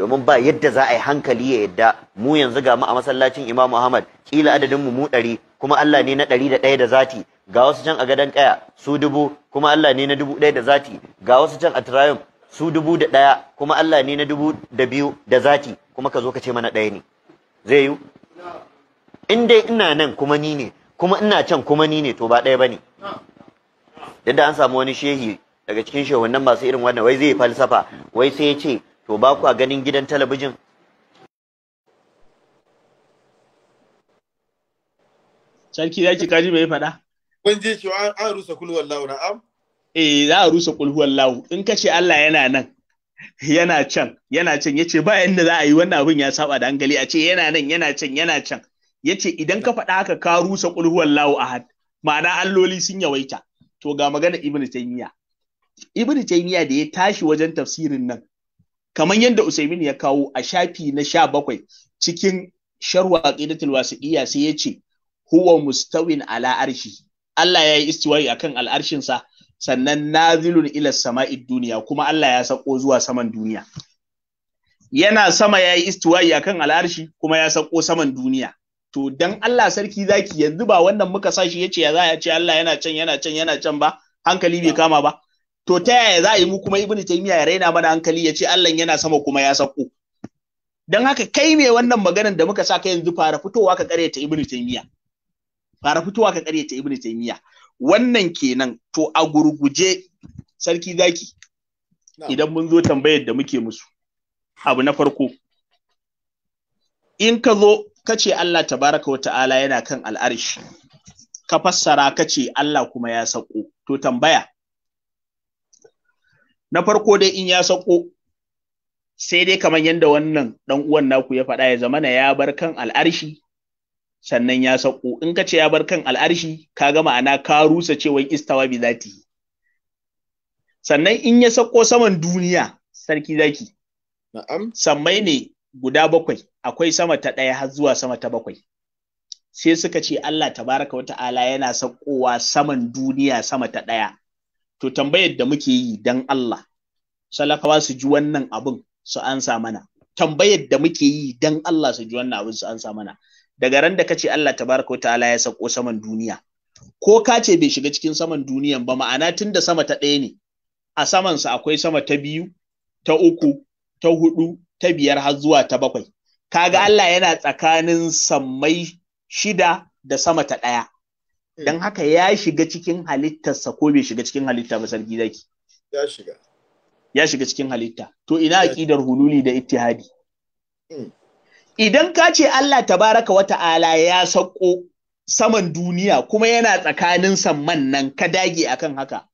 domin ba yadda za a yi hankali ya yadda mu yanzu ga mu a masallacin Imam Ahmad kila adadin mu mu ɗari kuma Allah ne na ɗari da ɗaya da zati ga wasu can a gadon ƙaya su dubu kuma Allah ne na dubu ɗaya da zati ga wasu can a Tirayum su dubu da ɗaya kuma Allah ne na dubu da biyu da zati kuma ka zo ka ce mana ɗaya ne zai yiwu in dai ina nan kuma ni ne kuma ina can kuma ni ne to ba ɗaya ba duk da an samu wani shehi daga cikin shehunan masu irin wannan wai zai falsafa wai sai ya ce to ba ku a ganin gidan talabijin sarki zaki kaji mai faɗa kun je shi an rusa kulhuwar na am eh za a rusa kulhuwar lawu in ka ce Allah yana nan yana can yana can yace ba yanda za a yi wannan abin ya saba da hankali a ce yana nan yana can yana can yace idan ka faɗa haka ka rusa kulhuwar a ahad ma'ana alloli sun yawaita to ga magana ibnu taymiya ibnu taymiya da ya tashi wajen tafsirin nan kamar yadda Usaimin ya kawo a shafi na sha bakwai cikin sharwa aqidatul wasiqiyya sai ya ce huwa mustawin ala arshi Allah ya yi istiwa'i akan al'arshinsa sannan nazilun ila sama'i duniya kuma Allah ya sako zuwa saman duniya yana sama ya yi istiwa'i akan al'arshi kuma ya sako saman duniya to dan Allah sarki zaki yanzu ba wannan muka sashi yace ya za ya ce Allah yana can yana can yana can ba hankali bai kama ba to ta yaya za a yi mu kuma ibnu taymiya ya raina mana hankali ya ce Allah yana sama kuma ya sako dan haka kai me wannan maganar da muka saka yanzu fara fitowa ka karyata ibnu taymiya fara fitowa ka karyata ibnu taymiya wannan kenan to a gurguje sarki zaki idan mun zo tambayar da muke musu abu na farko in ka zo ka ce Allah tabaraka wa ta'ala yana kan al'arshi ka fassara ka ce Allah kuma ya sako to tambaya na farko dai in ya sako sai dai kamar yadda wannan dan uwan naku ya faɗa ya zama na ya bar kan al'arshi sannan ya sako in ka ce ya bar kan al'arshi ka ga ma'ana ka rusa cewa istawa bi zati sannan in ya sako saman duniya sarki zaki na'am sammai ne guda bakwai akwai sama ta ɗaya har zuwa sama ta bakwai sai suka ce Allah tabaraka wa ta'ala yana sakowa saman duniya sama ta ɗaya to tambayar da muke yi dan Allah salakawa su ji wannan abun su ansa mana tambayar da muke yi dan Allah su ji wannan abin su ansa mana daga ran da kace Allah tabaraka ta'ala ya sako saman duniya ko ka ce bai shiga cikin saman duniyan ba ma'ana tun da sama ta ɗaya ne a saman sa akwai sama ta biyu ta uku ta hudu ta biyar har zuwa ta bakwai kaga Allah yana tsakanin sammai shida da sama ta ɗaya Hmm. don haka ya shiga cikin halittarsa ko bai shiga cikin halitta ba sarki zaki ya shiga ya shiga cikin halitta to ina aqidar hululi da ittihadi hmm. idan ka ce Allah tabaraka wa ta'ala ya sako saman duniya kuma yana tsakanin samman nan ka dage akan haka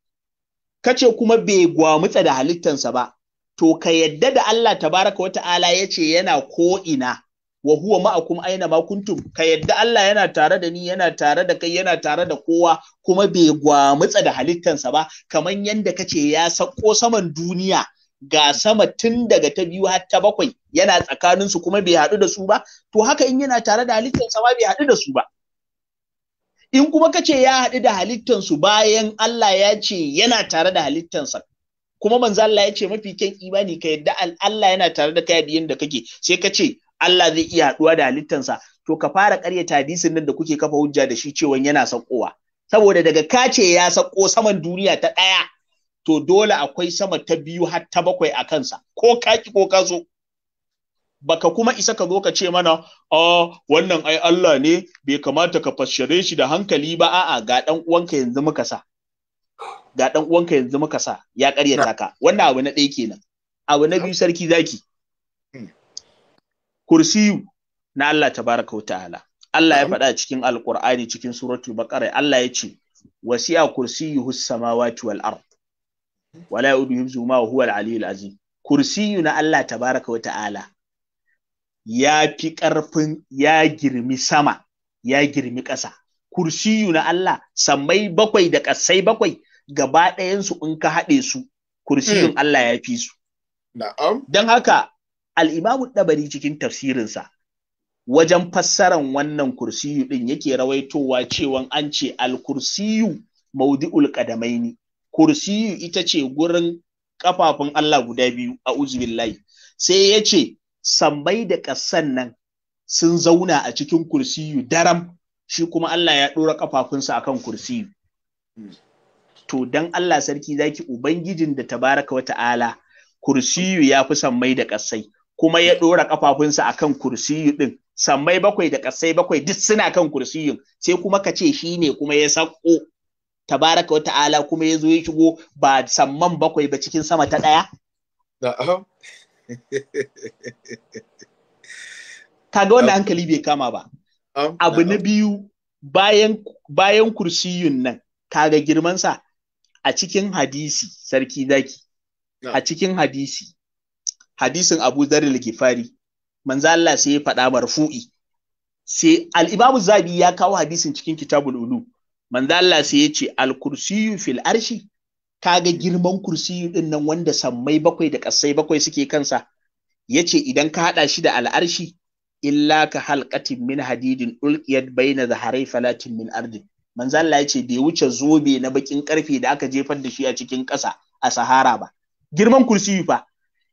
ka ce kuma bai gwamutsa da halittansa ba to ka yadda da Allah tabaraka wa ta'ala ya ce yana ko ina wa huwa ma'akum aina ma kuntum ka yadda Allah yana tare da ni yana tare da kai yana tare da kowa kuma bai gwamutsa da halittansa ba kamar yanda kace ya sako saman duniya ga sama tun daga ta biyu har ta bakwai yana tsakanin su kuma bai haɗu da su ba to haka in yana tare da halittansa ba bai hadu da su ba in kuma kace ya haɗu da halittansu bayan Allah ya ce yana tare da halittansa kuma manzo Allah ya ce mafi kyan imani ka yadda Allah yana tare da kai biyan da kake sai ka ce Allah zai iya haɗuwa da halittansa to ka fara ƙaryata hadisin nan da kuke kafa hujja da shi cewa yana sakkowa saboda daga kace ya sakko saman duniya ta ɗaya to dole akwai sama ta biyu har ta bakwai a kansa ko kaki ko ka so baka kuma isa ka zo ka ce mana a ah, wannan ai Allah ne bai kamata ka fashare shi da hankali ba a'a ga dan uwanka yanzu muka sa ga dan uwanka yanzu muka sa ya ƙaryata ka wannan abu na ɗaya kenan abu na biyu sarki zaki hmm. kursiyu na Allah tabaraka wa ta'ala Allah ya faɗa cikin alkur'ani cikin suratul baqara Allah ya ce wasi'a kursiyuhu samawati wal ard wala yauduhu ma huwa al aliyyul azim kursiyu na Allah tabaraka wa ta'ala ya fi ƙarfin ya girmi sama ya girmi ƙasa kursiyu na Allah sammai bakwai da ƙasai bakwai gaba ɗayansu in ka haɗe su kursiyun hmm. Allah ya fi su. Don haka al'imamu ɗabari cikin tafsirinsa wajen fassaran wannan kursiyu ɗin yake rawaitowa cewa an ce al-kursiyu maudi'ul ƙadamaini kursiyu ita ce gurin ƙafafun Allah guda biyu a uzubillahi sai ya ce sambai da ƙasan nan sun zauna a cikin kursiyu daram shi kuma Allah ya ɗora ƙafafunsa a kan kursiyu to dan Allah sarki zaki ubangijin da tabaraka wa ta'ala kursiyu ya fi da ƙasai kuma ya ɗora kafafunsa kan kursiyu ɗin. sammai bakwai da ƙasai bakwai duk suna kan kursiyun sai kuma ka ce shi ne kuma ya sako tabaraka wa ta'ala kuma ya zo ya shigo ba samman bakwai ba cikin sama ta ɗaya? Kaga wanda hankali bai kama ba. Abu na biyu bayan, bayan kursiyun nan kaga girmansa a cikin hadisi sarki zaki a cikin hadisi hadisin Abu Dharr Gifari manzo Allah sai ya faɗa marfu'i sai al-Imam Zabi ya kawo hadisin cikin Kitabul Ulu manzo Allah sai ya ce al-kursiyu fil arshi kaga girman kursiyu din nan wanda sammai bakwai da kasai bakwai suke kansa yace idan ka haɗa shi da al'arshi illa ka halqatin min hadidin ulqiyat baina zaharai falatin min ardin manzo Allah yace bai wuce zobe na bakin karfe da aka jefar da shi a cikin ƙasa a sahara ba girman kursiyu fa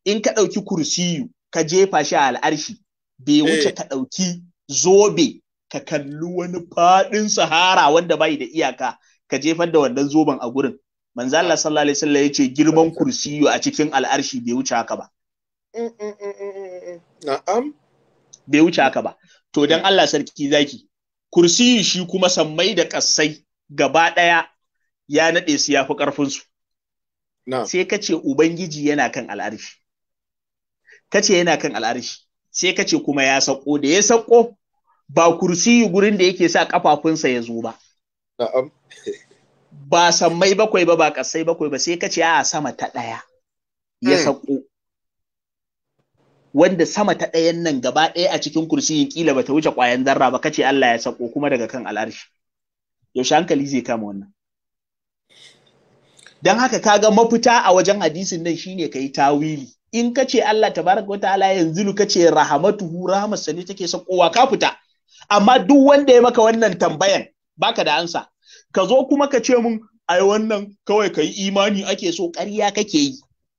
in ka ɗauki kursiyu ka jefa shi a al'arshi bai wuce eh. ka ɗauki zobe ka kalli wani faɗin sahara wanda bai da iyaka ka jefar da wannan zoben a gurin manzo Allah sallallahu alaihi wasallam yace girman kursiyu a cikin al'arshi bai wuce haka ba mm, mm, mm, na'am bai wuce haka ba to dan eh. Allah sarki zaki kursiyu shi kuma sammai da kassai gaba ɗaya ya naɗe su ya fi ƙarfinsu. Sai ka ce Ubangiji yana kan al'arshi. kace yana kan al'arshi sai kace kuma ya sako da ya saƙo ba kursiyu gurin da yake sa kafafunsa ya zo ba ba sammai bakwai ba ba kasai bakwai ba sai kace a sama ta ɗaya ya hmm. sauko wanda sama ta ɗayan nan gaba ɗaya a cikin kursi kursiyin kila bata wuce ƙwayan zarra ba kace Allah ya sauko kuma daga kan al'arshi yaushe hankali zai kama wannan don haka ka ga mafita a wajen hadisin nan shine kai tawili in ka ce Allah tabaraka wa ta'ala yanzu ka ce rahamatuhu rahamarsa ne take sakowa ka fita amma duk wanda ya maka wannan tambayan baka da ansa ka zo kuma ka ce mun ai wannan kawai ka imani ake so ƙarya kake yi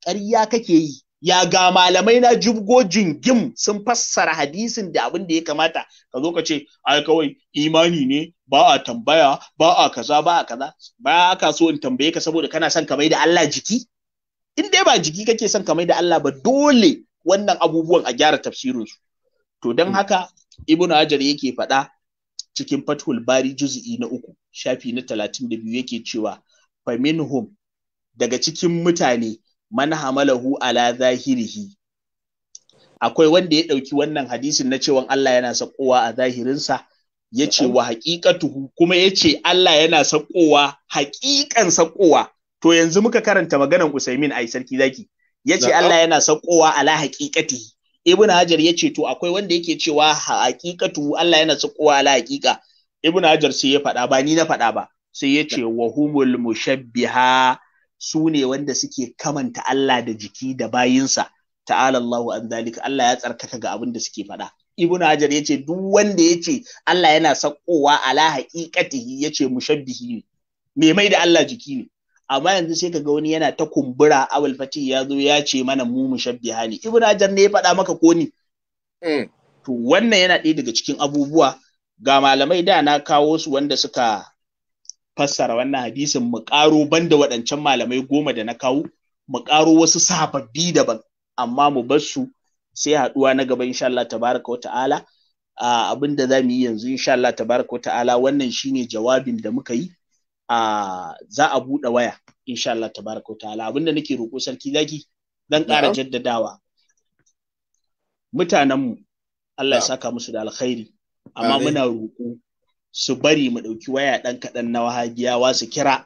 ƙarya kake yi ya ga malamai na jibgo jingim sun fassara hadisin da abin da ya kamata ka zo ka ce ai kawai imani ne ba a tambaya ba a kaza ba a kaza ba ka so in tambaye ka saboda kana son ka bai da Allah jiki in dai ba jiki kake son kamar da Allah ba dole wannan abubuwan a gyara tafsirin su to don hmm. haka ibn hajar yake faɗa cikin fathul bari juz'i na uku shafi na talatin da biyu yake cewa faminhum daga cikin mutane man hamalahu ala zahirihi akwai wanda ya ɗauki wannan hadisin na cewa Allah yana sakowa a zahirinsa ya ce wa haƙiƙatuhu kuma ya ce Allah yana sakowa haƙiƙan sakowa to yanzu muka karanta maganan Usaimin ai sarki zaki yace Allah yana saukowa ala haqiqati Ibn Hajar yace to akwai wanda yake cewa haqiqatu Allah yana saukowa ala haqiqa Ibn Hajar sai ya faɗa ba ni na faɗa ba sai yace humul mushabbiha su ne wanda suke kamanta Allah da jiki da bayinsa ta'ala Allahu an dalika Allah ya tsarkaka ga abin da suke faɗa Ibn Hajar yace duk wanda yace Allah yana sakowa ala haqiqatihi yace mushabbihi ne me mai da Allah jiki ne amma yanzu sai kaga wani yana ta kumbura awal fati ya zo ya ce mana mu mu shabbi ne ibn jar ne ya faɗa maka ko ni eh. to wannan yana ɗaya daga cikin abubuwa ga malamai da na kawo su wanda suka fassara wannan hadisin mu ƙaro banda waɗancan malamai goma da na kawo mu karo wasu sababbi daban amma mu bar su sai haɗuwa na gaba insha Allah tabaraka wa ta'ala ah, abin da za mu yi yanzu insha Allah tabaraka wa ta'ala wannan shine jawabin da muka yi za a buɗe waya insha Allah tabaraka wa ta'ala abinda nake roƙo sarki zaki dan ƙara jaddadawa mutanenmu Allah ya saka musu da alkhairi amma muna roƙo su bari mu ɗauki waya ɗan kaɗan na wahagiyawa su kira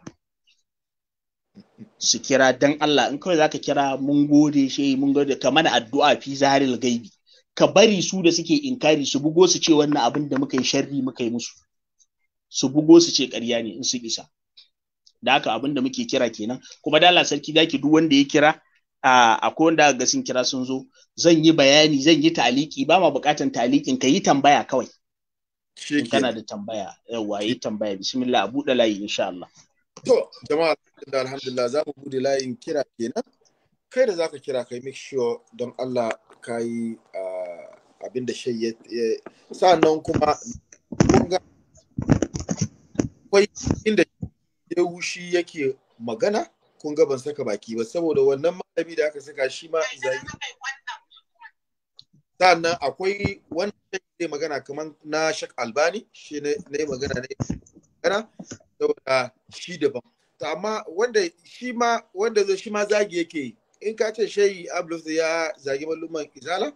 su kira dan Allah in kawai zaka kira mun gode shehi mun gode ka mana addu'a fi zaharil gaibi ka bari su da suke inkari su bugo su ce wannan abin da muka yi sharri muka yi musu su bugo su ce ƙarya ne in su isa da haka abin da muke kira kenan kuma dala sarki zaki duk wanda ya kira akwai wanda ga sun kira sun zo zan yi bayani zan yi taliki ba ma buƙatan talikin ka yi tambaya kawai kana da tambaya yawa yi tambaya bismillah a buɗe layi insha Allah to jama'a alhamdulillah za mu buɗe layin kira kenan kai da zaka kira kai make sure don Allah ka yi abin da shayyar sa'annan kuma ga akwai inda ya wushi yake magana kun ga ban saka baki ba saboda wannan malami da aka saka shi ma zagi sannan akwai wanda ya magana kamar na shak albani shi ne magana ne magana saboda shi daban amma wanda shi ma wanda zai shi ma zagi yake in ka ce shayi abdul ya zagi malluman izala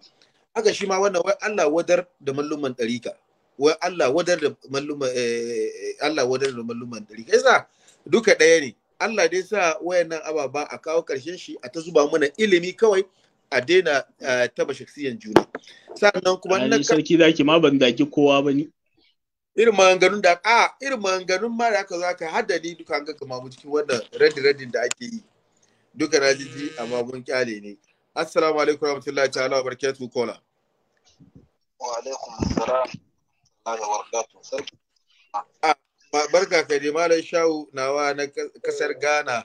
haka shi ma wannan wai Allah wadar da malluman ɗarika wa Allah wadar da malluma eh, eh, Allah wadar da malluman dari kaisa duka ɗaya ne Allah dai sa wayannan ababa a kawo ƙarshen shi a ta zuba mana ilimi kawai a daina eh, taba shaksiyan juna sannan kuma nan sarki zaki ma ban ki kowa ba ni irin maganganun da a irin maganganun ma da aka zo aka haddadi duka an ga kama cikin wannan radin-radin da ake yi duka na jiji amma mun kyale ne assalamu alaikum warahmatullahi ta'ala wa barakatuhu kola wa alaikum assalam Barka ka dai Malam Shawu nawa na kasar Ghana.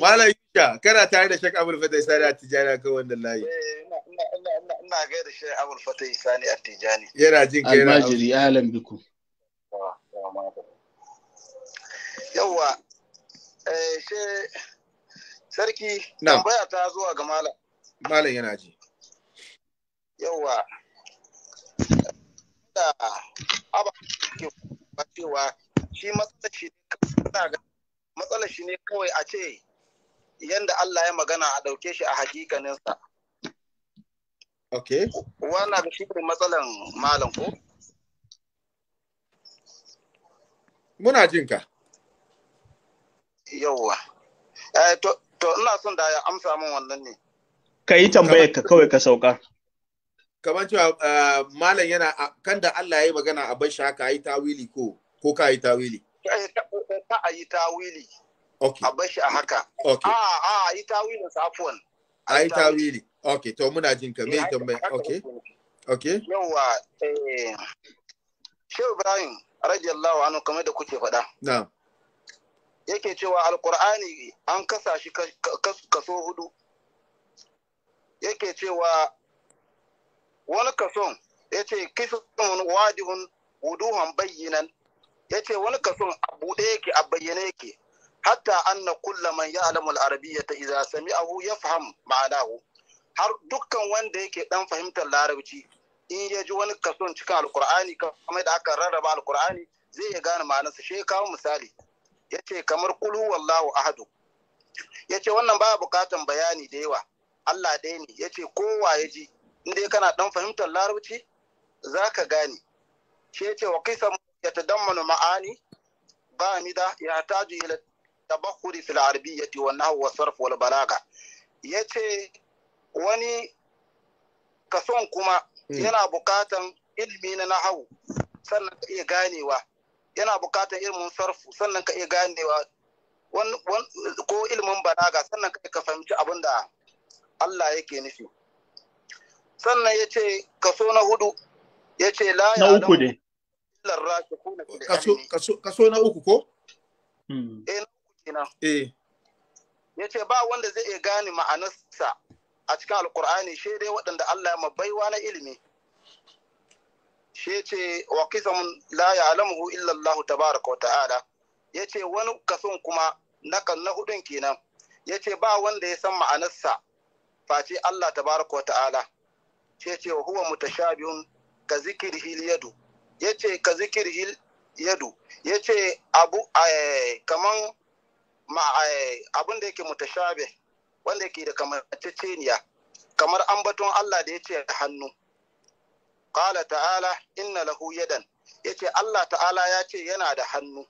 Malam Yusha, kana tare da Shek Abul Fatai Sani a Tijani kan wannan layi. Ina ga da Shek Abul Fatai Sani a Tijani. Yana jin kai na Almajiri ahlan biku. Yawwa, she sarki tambaya ta zuwa ga malam. Malam yana ji. Yawwa, da aba ke cewa shi matsala shi ne kawai a ce yadda Allah ya magana a ɗauke shi a hakikaninsa. Ok. Wannan shi ne matsalan malam ko? Muna jin ka. Yawwa. Eh, to, to ina son da ya amsa min wannan ne. Ka yi tambayar ka kawai ka sauka. kamar cewa eh, malam yana kan da Allah ya yi magana a bar shi haka yi tawili ko ko ka yi tawili ka eh, a yi tawili a bar shi a haka a a yi tawili safwan a yi tawili okay to muna jin ka mai eh, tambaya okay okay yawa eh Shehu Ibrahim radiyallahu anu kamar da kuke faɗa Na. yake cewa alkur'ani an kasa shi kaso hudu yake cewa wani kason ya ce kisan wadihun wuduhan bayyanan ya ce wani kason a buɗe yake a bayyane yake hatta anna kulla man ya'lamu al-arabiyya ta idza sami'ahu yafham ma'anahu har dukkan wanda yake dan fahimtar larabci in ya ji wani kason cikin alkur'ani kamar da aka rarraba alkur'ani zai iya gane ma'anarsa shi kawo misali ya ce kamar kulu wallahu ahadu ya ce wannan ba bukatan bayani da yawa Allah ɗaya ne ya ce kowa ya ji in dai kana dan fahimtar larabci za ka gane shi ce wa ya ta dammanu ma'ani da ya ta ji ila tabakuri fil arabiyyati wan nahw wa sarf wal balaga yace wani kason kuma hmm. yana bukatan ilimi na nahawu sannan ka iya ganewa yana bukatan ilimin sarfu sannan ka iya ganewa ko ilimin balaga sannan ka fahimci abin da Allah yake nufi sannan ya ce kaso na hudu ya ce la ya uku ne kaso na uku ko hmm. eh na eh ya ce ba wanda zai gane ma'anarsa a cikin alkur'ani shi dai waɗanda Allah ya baiwa na ilimi shi ce wa kisamun la ya'lamuhu illa illallahu tabaraka wa ta'ala ya ce wani kason kuma na kan na hudun kenan ya ce ba wanda ya san ma'anarsa face Allah tabaraka wa ta'ala sai ce wa huwa mutashabihun ka hil yadu yace ka hil yadu yace abu eh, kaman ma eh, abin da yake mutashabe wanda yake da kamar kamanceceniya kamar ambaton Allah da yace hannu qala ta'ala inna lahu yadan yace Allah ta'ala ya ce yana da hannu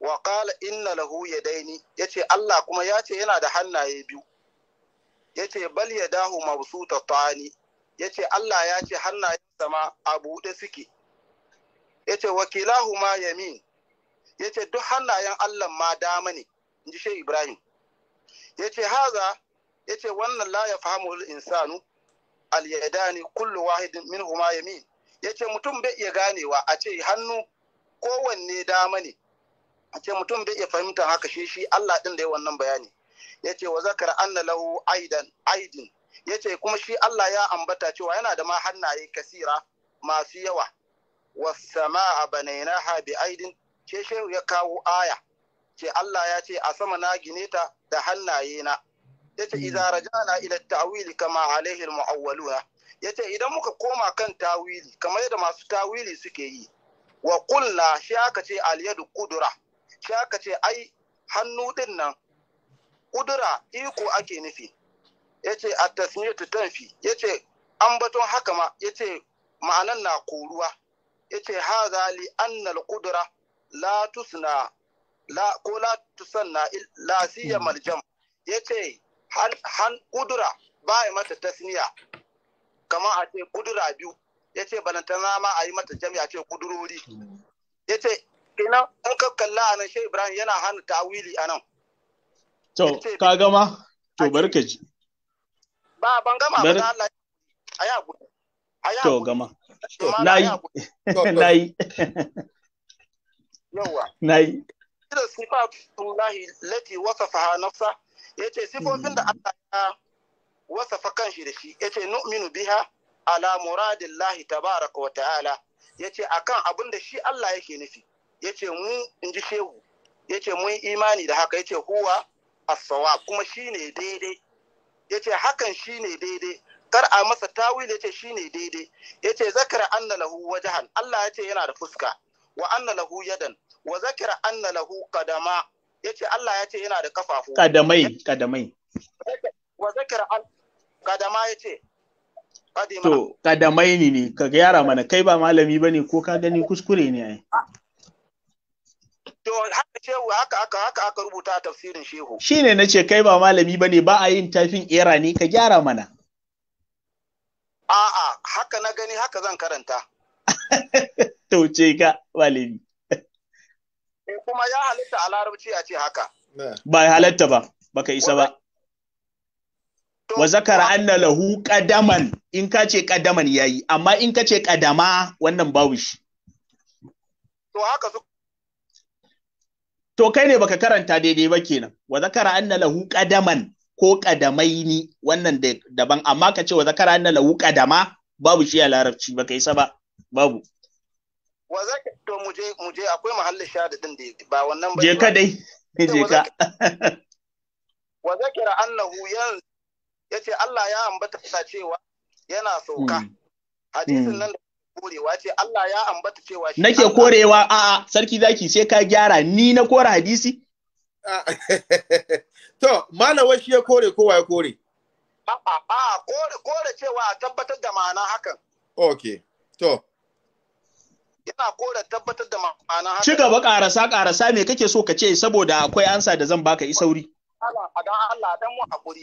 wa qala inna lahu yadaini yace Allah kuma ya ce yana da hannaye biyu yace bal ya dahu yadahu ya yace Allah ya ce hannayen sama a buɗe suke yace wakilahu ma yamin yace duk hannayen Allah ma dama ne in ji shai Ibrahim yace haza yace wannan la ya fahimu insanu al ne kullu wahidin minhuma yamin yace mutum bai iya ganewa a ce hannu kowanne dama ne a ce mutum bai iya fahimtar haka shi shi Allah din da ya wannan bayani yace wa Zakar anna lahu aidan aidin yace kuma shi Allah ya ambata cewa yana da ma hannaye kasira masu yawa wasama'a banainaha bi aidin ce shi ya kawo aya ce Allah ya ce a sama na gine ta da hannaye na yace hmm. idza rajana ila ta'wili kama alaihi al ya yace idan muka koma kan tawili kamar yadda masu tawili suke yi wa kulla shi aka ce aliyadu kudura shi aka ce ai hannu din nan kudura iko ake nufi Ya ce a tasmiyar tasmiyatu tanfi an ambaton haka ma Ya ce ma'anan na koruwa Ya ce ha zali al kudura la la ko latusan na lasiyar maljam Ya ce han kudura baya mata tasmiya. kamar a ce kudura biyu Ya yace balantana ma a yi mata jami'a ce kudurori Ya hmm. yace kenan an kakkalla nan shi Ibrahim yana hana tawili nan To, ka gama? To, bari ka ji. Ba, ban gama ba Allah. Aya To, gama. Na yi. Na yi. Na yi. Ida sifatullahi lati nafsa yace sifofin da Allah ya wasafa kanshi da shi yace nu'minu biha ala muradillahi tabaraka wa ta'ala yace akan abin da shi Allah yake nufi yace mu inji shehu yace mun imani da haka yace huwa asawa kuma shine daidai yace hakan shine daidai kar a masa tawil yace shine daidai yace zakara anna lahu wajhan Allah yace yana da fuska wa anna lahu yadan wa zakara anna lahu qadama yace Allah yace yana da kafafu kadamai kadamai wa zakara an kadama yace to kadamai ne ne ka gyara mana kai ba malami bane ko ka gani kuskure ne ai To haka shehu haka haka haka aka rubuta a tafsirin shehu. Shine na ce kai ba malami ba ne ba a yin tafin era ne ka gyara mana. A'a haka na gani haka zan karanta. to ce ka malami. Eh, kuma ya halitta a larabci a ce haka. Ba halatta ba, baka isa ba. Wa zakara anna lahu qadaman in ka ce qadaman yayi amma in ka ce qadama wannan babu shi. To haka su to kai ne baka karanta daidai ba kenan wa zakara anna lahu qadaman ko qadamaini wannan daban amma ka ce wa zakara anna lahu qadama babu shi a larabci baka isa ba babu wa zaka to mu je mu je akwai mahallin din da ba wannan ba je ka dai je ka wa zakara annahu yan yace Allah ya ambata cewa yana sauka hmm. hadisin nan da korewa ce Allah ya ambata cewa shi nake korewa a a sarki zaki sai ka gyara ni na kore hadisi ah. to malawai shi ya kore kowa ya kore a a a kore kore cewa tabbatar da ma'ana hakan okay to yana kore tabbatar da ma'ana hakan ci gaba karasa karasa me kake so ka ce saboda akwai ansa da zan baka isauri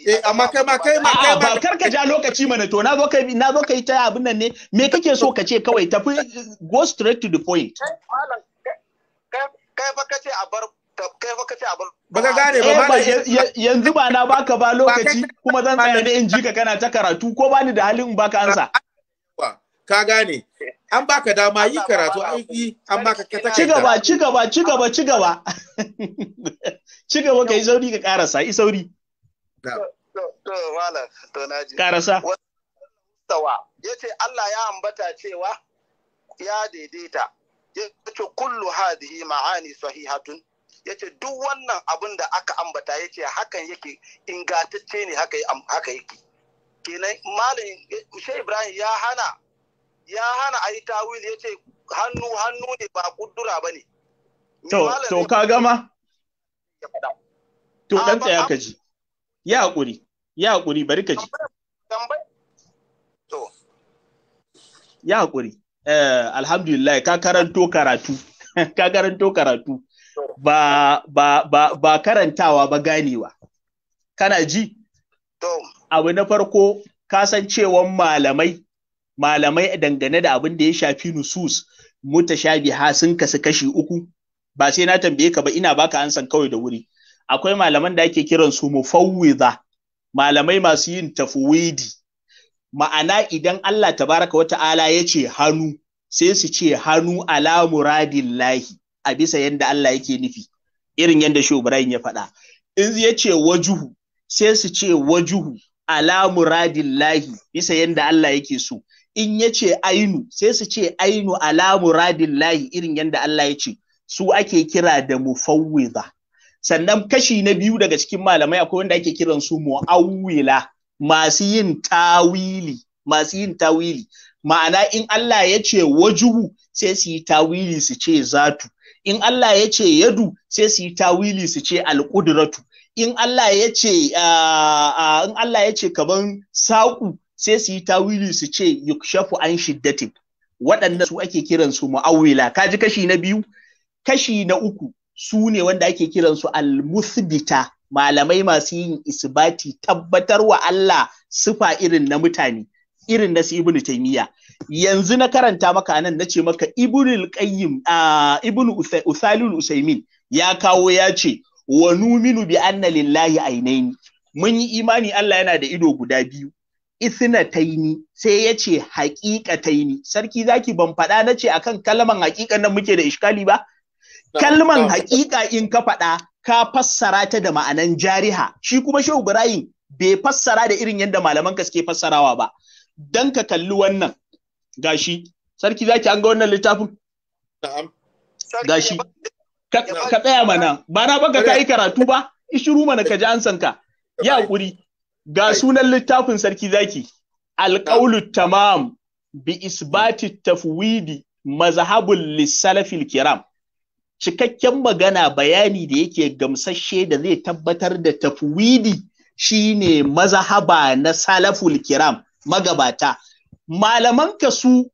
Eh, amma kai ma kai ma kai ma kar ka ja lokaci mana to na zo kai na zo kai ta abin nan ne me kake so ka ce kawai tafi go straight to the point kai fa kace a bar kai fa kace a bar baka gane ba eh, ba yanzu ba na baka ba lokaci kuma zan tsaya da in ji ka kana ta karatu ko bani da halin baka ansa ka gane an baka dama yi karatu aiki an baka kata ci gaba ci gaba ci gaba ci gaba ci gaba ka yi sauri ka karasa yi sauri to malam to naji karasa tawa yace Allah ya ambata cewa ya daidaita yace kullu hadhihi ma'ani sahihatun yace duk wannan abin da aka ambata yace hakan yake ingantacce ne haka haka yake kenan malam shi Ibrahim ya hana ya hana a yi tawil ya ce hannu hannu ne ba kudura ba ne. To, ka gama? To, ɗan tsaya ka ji. Ya haƙuri, ya haƙuri, bari ka ji. Ya haƙuri. Eh, alhamdulillah ka karanto karatu. ka karanto karatu. Ba, ba, ba, ba karantawa ba ganewa. Kana ji? Abu na farko, kasancewan malamai malamai dangane da abin da ya shafi nusus muta ha sun kasu kashi uku ba sai na tambaye ka ba ina baka ansan kawai da wuri akwai malaman da ake kiran su mufawwidha malamai masu yin tafwidi ma'ana idan Allah tabaraka wa ta'ala ya ce hannu sai su ce hannu ala muradillahi a bisa yadda Allah yake nufi irin yadda Shehu Ibrahim ya faɗa in ya ce wajuhu sai su ce wajuhu ala muradillahi bisa yadda Allah yake so in ya ce ainu sai su ce ainu ala muradin layi irin yadda Allah ya ce su ake kira da mufawwiza sannan kashi na biyu daga cikin malamai akwai wanda ake kiran su mu'awwila masu yin tawili masu yin tawili ma'ana in Allah ya ce wajuhu sai su yi tawili su ce zatu in Allah ya ce yadu sai su yi tawili su ce alƙudratu in Allah ya ce ah, ah, in Allah ya ce kaman saƙu sai su yi tawili su ce yukshafu an shiddatin waɗannan su ake kiransu su mu'awwila kaji kashi na biyu kashi na uku su ne wanda ake kiransu su al-musbita malamai masu yin isbati tabbatar wa Allah sufa irin na mutane irin na su ibnu taymiya yanzu na karanta maka nan nace maka ibnu qayyim ibnu ya kawo ya ce wa numinu bi anna lillahi ainaini mun yi imani Allah yana da ido guda biyu taini sai ya ce taini sarki zaki ban faɗa na ce akan kalman haƙiƙan nan muke da ishkali ba kalman haƙiƙa in ka faɗa ka fassara ta da ma'anan jariha shi kuma shehu ibrahim bai fassara da irin yadda malaman ka suke fassarawa ba dan ka kalli wannan gashi sarki zaki an ga wannan littafin gashi ka tsaya mana ba na baka ka yi karatu ba ishiru mana ka ji an ya ga sunan littafin sarki zaki alƙaulu tamam bi isbati tafwidi mazhabul lisalafil kiram cikakken magana bayani da yake gamsashe da zai tabbatar da tafwidi shine mazhaba na salaful kiram magabata malaman ka su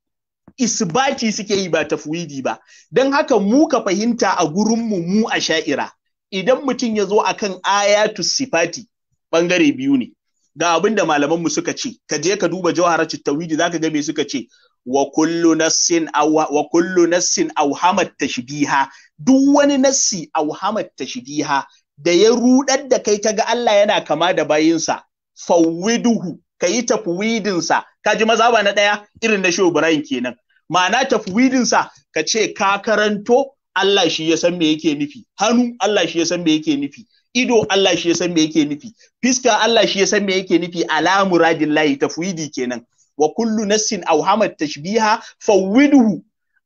isbati suke yi ba tafwidi ba don haka mu ka fahimta a gurinmu mu a sha'ira idan mutum ya zo akan ayatu sifati bangare biyu ne ga abin da malaman mu suka ce ka je ka duba jawharat tawhid zaka ga me suka ce wa kullu nassin aw wa kullu nassin awhamat tashbiha duk wani nassi awhamat tashbiha da ya rudar da kai kaga Allah yana kama da bayinsa fawwiduhu kayi tafwidinsa kaji maza ba na daya irin na Shehu Ibrahim kenan ma'ana tafwidinsa ka ce ka karanto Allah shi ya san me yake nufi hannu Allah shi ya san me yake nufi ido Allah shi ya san me yake nufi fiska Allah shi ya san me yake nufi ala muradillahi tafwidi kenan wa kullu nassin aw hamat tashbiha Fawwidu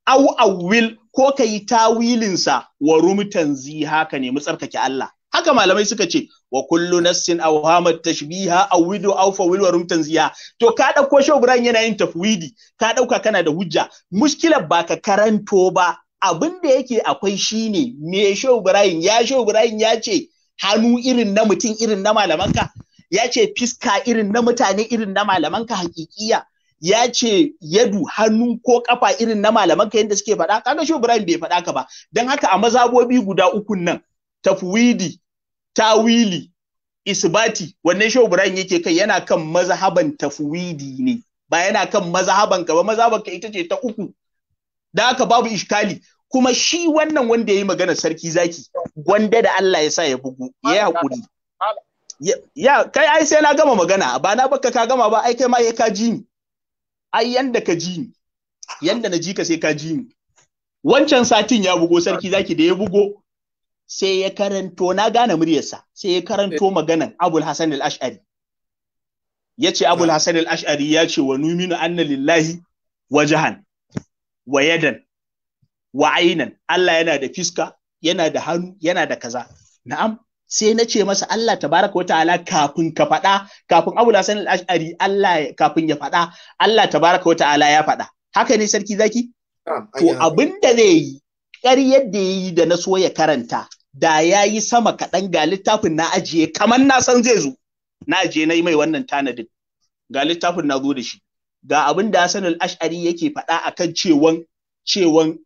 aw awwil ko kai tawilin sa wa rumtan ziha ka nemi mutsarkake Allah haka malamai suka ce wa kullu nassin aw hamat tashbiha awwidu aw fawil wa rumtan ziha to ka dauko shi Ibrahim yana yin tafwidi ka dauka kana da hujja mushkilar ba ka karanto ba abinda yake akwai shine me Shehu Ibrahim ya Shehu Ibrahim ya ce hannu irin na mutum irin na malamanka ya ce fiska irin na mutane irin na malamanka hakikiya ya ce yadu hannu ko kafa irin na malamanka yadda suke faɗa kaga shi Ibrahim bai faɗa ka ba don haka a mazabobi guda ukun nan tafwidi tawili isbati wannan shi Ibrahim yake kai yana kan mazhaban tafwidi ne ba yana kan mazhaban ka ba mazhaban ka ita ce ta uku da haka babu iskali kuma shi wannan wanda ya yi magana sarki zaki gwanda da Allah ya sa ya bugu ya yi haƙuri ya kai ai sai na gama magana ba na baka ka gama ba ai kai ma ka ji ni ai yanda ka ji ni yanda na ji ka sai ka ji ni wancan satin ya bugo sarki zaki da ya bugo sai ya karanto na gane muryarsa sai ya karanto maganan Abul Hasan al-Ash'ari yace Abul Hasan al-Ash'ari yace wa numinu anna lillahi wajahan wa yadan wa Allah yana da fiska yana da hannu yana da kaza na'am sai na ce masa Allah tabaraka wa ta'ala kafin ka faɗa kafin Abu Hasan al-Ash'ari Allah kafin ya faɗa Allah tabaraka wa ta'ala ya faɗa haka ne sarki zaki to abin da zai yi ƙaryar da yayi da na so ya karanta da ya yi sama kaɗan ga littafin na ajiye kamar na san zai zo na ajiye na yi mai wannan tanadin ga littafin na zo da shi ga abin da al-Ash'ari yake faɗa akan cewan cewan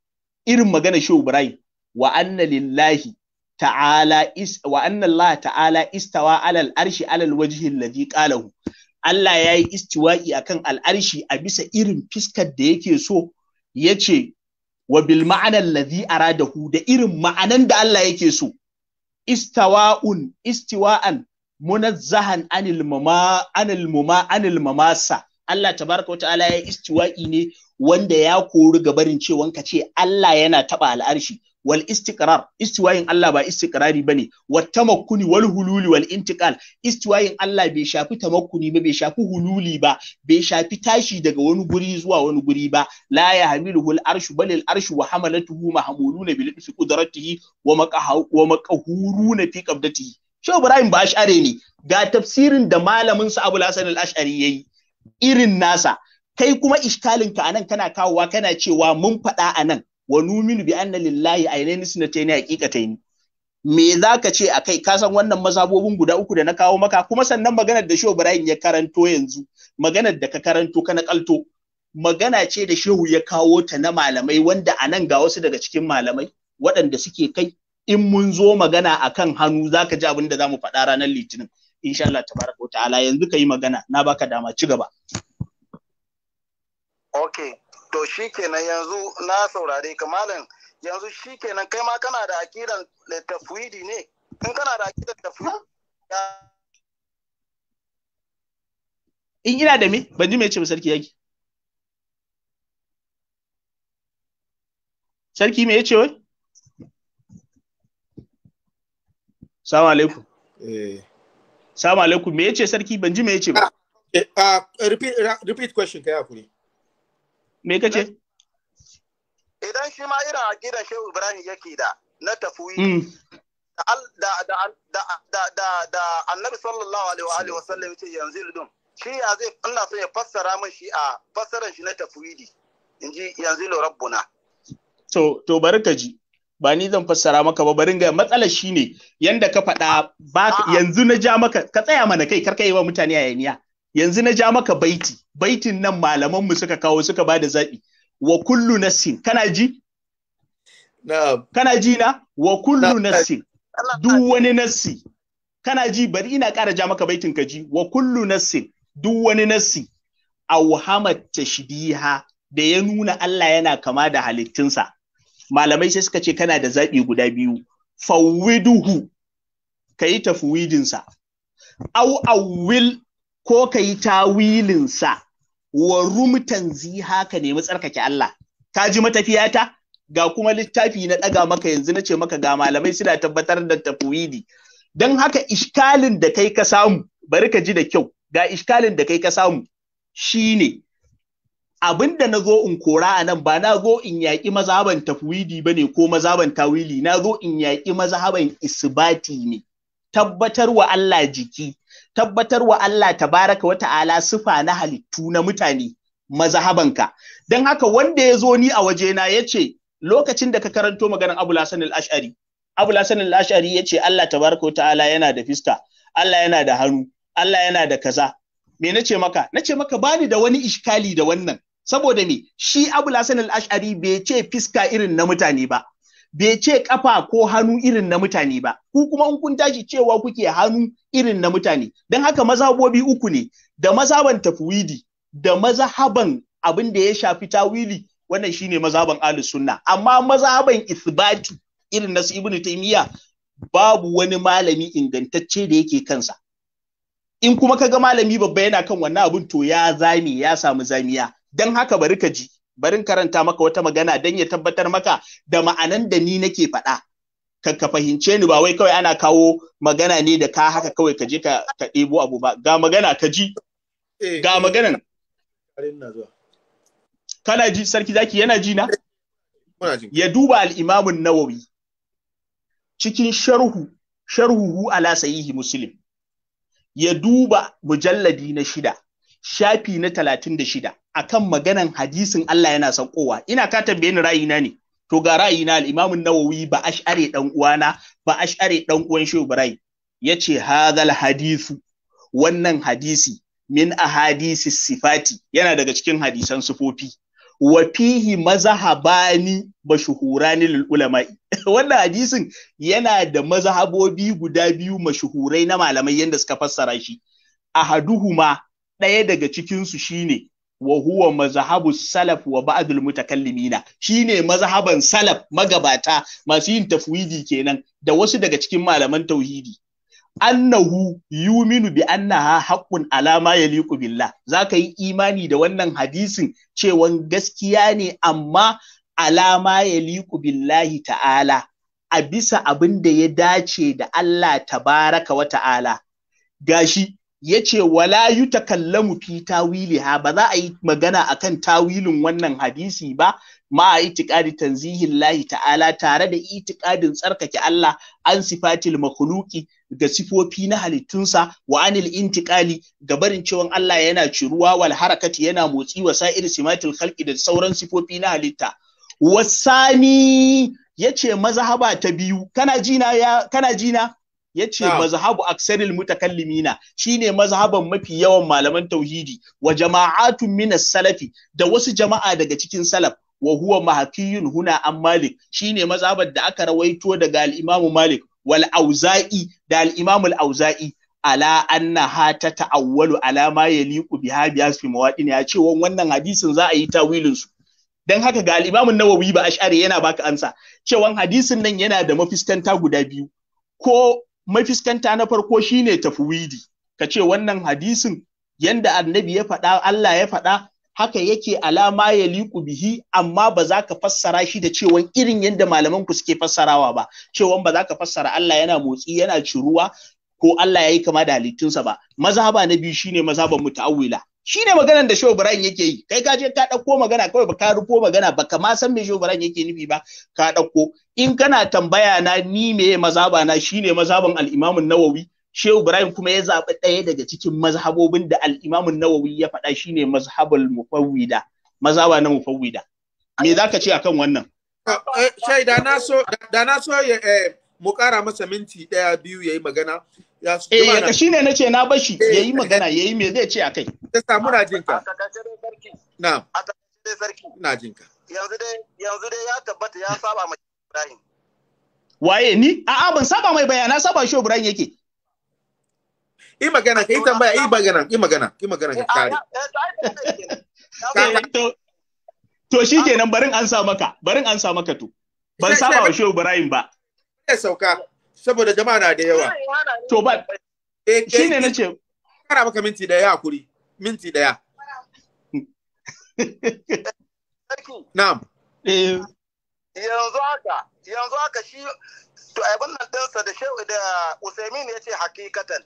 irin magana shehu ibrahim wa anna lillahi ta'ala is wa anna allah ta'ala istawa alal arshi alal wajhi alladhi qalahu Allah yayi yi istiwa'i akan al'arshi a bisa irin fiskar da yake so yace wa bil ma'anar ladhi aradahu da irin ma'anan da Allah yake so istawa'un istiwa'an munazzahan anil mama anil mama anil mamasa Allah tabaraka wa ta'ala yayi istiwa'i ne wanda ya kori gabarin cewan ka ce Allah yana taba al'arshi wal istiqrar istiwayin Allah ba istiqrari bane wat tamakkuni wal hululi wal intiqal istiwayin Allah bai shafi tamakkuni ba bai shafi hululi ba bai shafi tashi daga wani guri zuwa wani guri ba la yahmiluhu al arshu bal al arshu wa hamalatuhu mahmuluna bil ismi qudratihi wa maqahu wa maqahuruna fi qabdatihi sho Ibrahim ba ash'ari ne ga tafsirin da malamin sa abul Hasan al-Ash'ari yayi irin nasa kai kuma iskalin ka anan kana kawowa kana cewa mun faɗa anan wa numinu bi anna lillahi ainihin sunatayn ni me zaka ce a kai san wannan mazabobin guda uku da na kawo maka kuma sannan maganar da shehu ibrahim ya karanto yanzu maganar da ka karanto ka kalto magana ce da shehu ya kawo ta na malamai wanda a nan ga wasu daga cikin malamai waɗanda suke kai in mun zo magana akan hannu zaka ji abin da za mu faɗa ranar litinin insha Allah tabaraka wa ta'ala yanzu ka magana na baka dama ci gaba ok to shikenan yanzu na saurare kamalin yanzu shikenan kai ma kana da akidan tafwidi ne in kana da akidan tafwidi in ina da mi ban ji me ce sarki yaki sarki me yace wai salamu alaikum eh salamu alaikum me yace sarki ban ji me yace ba ah, eh, ah, repeat repeat question kai hakuri me kace idan shi ma irin aqidar shehu ibrahim yake da na tafuyi mm. da annabi sallallahu alaihi wa sallam yace yanzu lidun shi ya zai Allah sai ya fassara min shi a fassaran shi na tafwidi inji yanzu lo rabbuna to to bari ka ji ba ni zan fassara maka ba bari ga matsalar shine yanda ka faɗa ba yanzu na ja maka ka tsaya mana kai karka yi wa mutane hayaniya yanzu na ja maka baiti baitin nan mu suka kawo suka ba da zaɓi wa kullu nassin kana ji kana ji na wa kullu nassin duk wani nassi kana ji bari ina ƙara ja maka baitin ka ji wa kullu nassin duk wani nassi awhamat tashbiha da ya nuna Allah yana kama da halittunsa malamai sai suka ce kana da zaɓi guda biyu fawwiduhu ka yi tafwidinsa au awwil ko ka yi tawilinsa wa rumtan haka ne nemi tsarkake Allah ka ji matafiyata ga kuma littafi na ɗaga maka yanzu na ce maka ga malamai suna tabbatar da tafwidi don haka ishkalin da kai ka samu bari ka ji da kyau ga iskalin da kai ka samu shi ne. abin da na zo in kora a nan ba na zo in yaƙi mazaban tafwidi ba ne ko mazaban tawili na zo in yaƙi mazaban isbati ne tabbatar wa Allah jiki tabbatar wa Allah tabaraka wa ta'ala sifa na halittu na mutane mazahabanka don haka wanda ya zo ni a wajena ya ce lokacin da ka karanto maganar Abu lasan al-Ash'ari Abu lasan al-Ash'ari ya ce Allah tabaraka wa ta'ala yana da fiska Allah yana da hannu Allah yana da kaza me nace maka nace maka bani da wani iskali da wannan saboda me shi Abu lasan al-Ash'ari bai ce fiska irin na mutane ba bai ce kafa ko hannu irin na mutane ba ku kuma in kun tashi cewa kuke hannu irin na mutane don haka mazabobi uku ne da mazaban tafwidi da mazahaban abin da ya shafi tawili wannan shine mazaban ahlus sunna amma mazaban isbati irin na Ibn taymiya babu wani malami ingantacce da yake kansa in kuma kaga malami babba yana kan wannan abin to ya zame ya samu zamiya dan haka bari ka ji barin karanta maka wata magana don ya tabbatar maka da ma'anan da ni nake faɗa ka fahimce ni ba wai kawai ana kawo magana ne da ka haka kawai ka je ka ɗebo abu ba ga magana ka ji eh, ga eh. maganan kana ji sarki zaki yana ji na ya duba al'imamun nawawi cikin sharhu sharhuhu ala sahihi muslim ya duba mujalladi na shida shafi na talatin da shida akan maganan hadisin Allah yana saukowa ina ka tambaye ni ra'ayina ne to ga ra'ayina na nawawi ba a ash'ari dan uwana ba a ash'ari ɗan uwan Shehu ya ce hadhal hadisu wannan hadisi min ahadisi sifati yana daga cikin hadisan sufofi wa fihi mazahabani shuhura ni ulama'i wannan hadisin yana da mazahabobi guda biyu mashuhurai na malamai yadda suka fassara shi ahaduhuma ɗaya daga cikinsu shine wa huwa mazhabu salaf wa ba'dul mutakallimina shine mazhaban salaf magabata masu yin tafwidi kenan da wasu daga cikin malaman tauhidi annahu yuminu bi annaha haqqun ala ma yaliqu billah zaka yi imani da wannan hadisin cewan gaskiya ne amma ala ma yaliqu billahi ta'ala a bisa abin da ya dace da Allah tabaraka wa ta'ala gashi Yace ce wala yu takallamu fi ha ba za a yi magana akan tawilin wannan hadisi ba ma a itiqadi tanzihin lahi ta'ala tare da itiqadin tsarkake Allah an sifatil makhluqi ga sifofi na halittunsa wa anil intiqali ga barin cewan Allah yana ciruwa wal harakati yana motsi wa sa'ir simatil khalqi da sauran sifofi na halitta wasani yace mazhaba ta biyu kana jina ya kana jina yace mazhabu aksaril mutakallimina shine mazhaban mafi yawan malaman tauhidi wa jama'atun minas salafi da wasu jama'a daga cikin salaf wa huwa mahakiyun huna an malik shine mazhabar da aka rawaito daga al-imam malik wal auza'i da al-imam al-auza'i ala annaha ta ta'awwalu ala ma yaliqu biha bi fi mawadin ya ce wannan hadisin za a yi tawilin su dan haka ga al-imam an-nawawi ba ash'ari yana baka ansa Cewa hadisin nan yana da mafiskanta guda biyu ko mafiskanta na farko shine tafwidi ka ce wannan hadisin yanda annabi ya faɗa Allah ya faɗa haka yake alama ya liku bihi amma ba za ka fassara shi da cewa irin yadda malaman ku suke fassarawa ba cewa ba za ka fassara Allah yana motsi yana ciruwa ko Allah ya yi kama da halittunsa ba mazhaba na biyu shine mazhaban muta'awwila shine maganar da Shehu Ibrahim yake yi kai ka je ka dauko magana kawai ba ka rufo magana ba ka ma san me Shehu Ibrahim yake nufi ba ka dauko in kana tambaya na ni me mazhaba na shine mazhaban al-Imam nawawi Shehu Ibrahim kuma ya zaɓi ɗaya daga cikin mazhabobin da al-Imam nawawi ya faɗa shine mazhabul mufawwida mazhaba na mufawwida me zaka ce akan wannan shai da na so da na so ya eh, mu kara masa minti ɗaya biyu yayi magana ya su eh ka shine nace na bashi yayi eh, magana yayi me zai ce akai ta samu na jinka na'am sarki na jinka yanzu dai yanzu dai ya tabbata ya saba mai Ibrahim. Waye ni? A'a ban saba mai bayana saba shi Ibrahim yake. Yi magana ka yi tambaya yi magana yi magana yi magana ka kare. Eh, to shi ke nan barin an sa maka barin an sa maka to. Ban saba wa Shehu Ibrahim ba. Ya sauka saboda jama'a na da yawa. To ba eh, eh, shi ne na ce. Kara maka minti daya hakuri minti daya. Na'am. yanzu haka yanzu haka shi to abin nan dinsa da shehu da usaimin ya ce hakikatan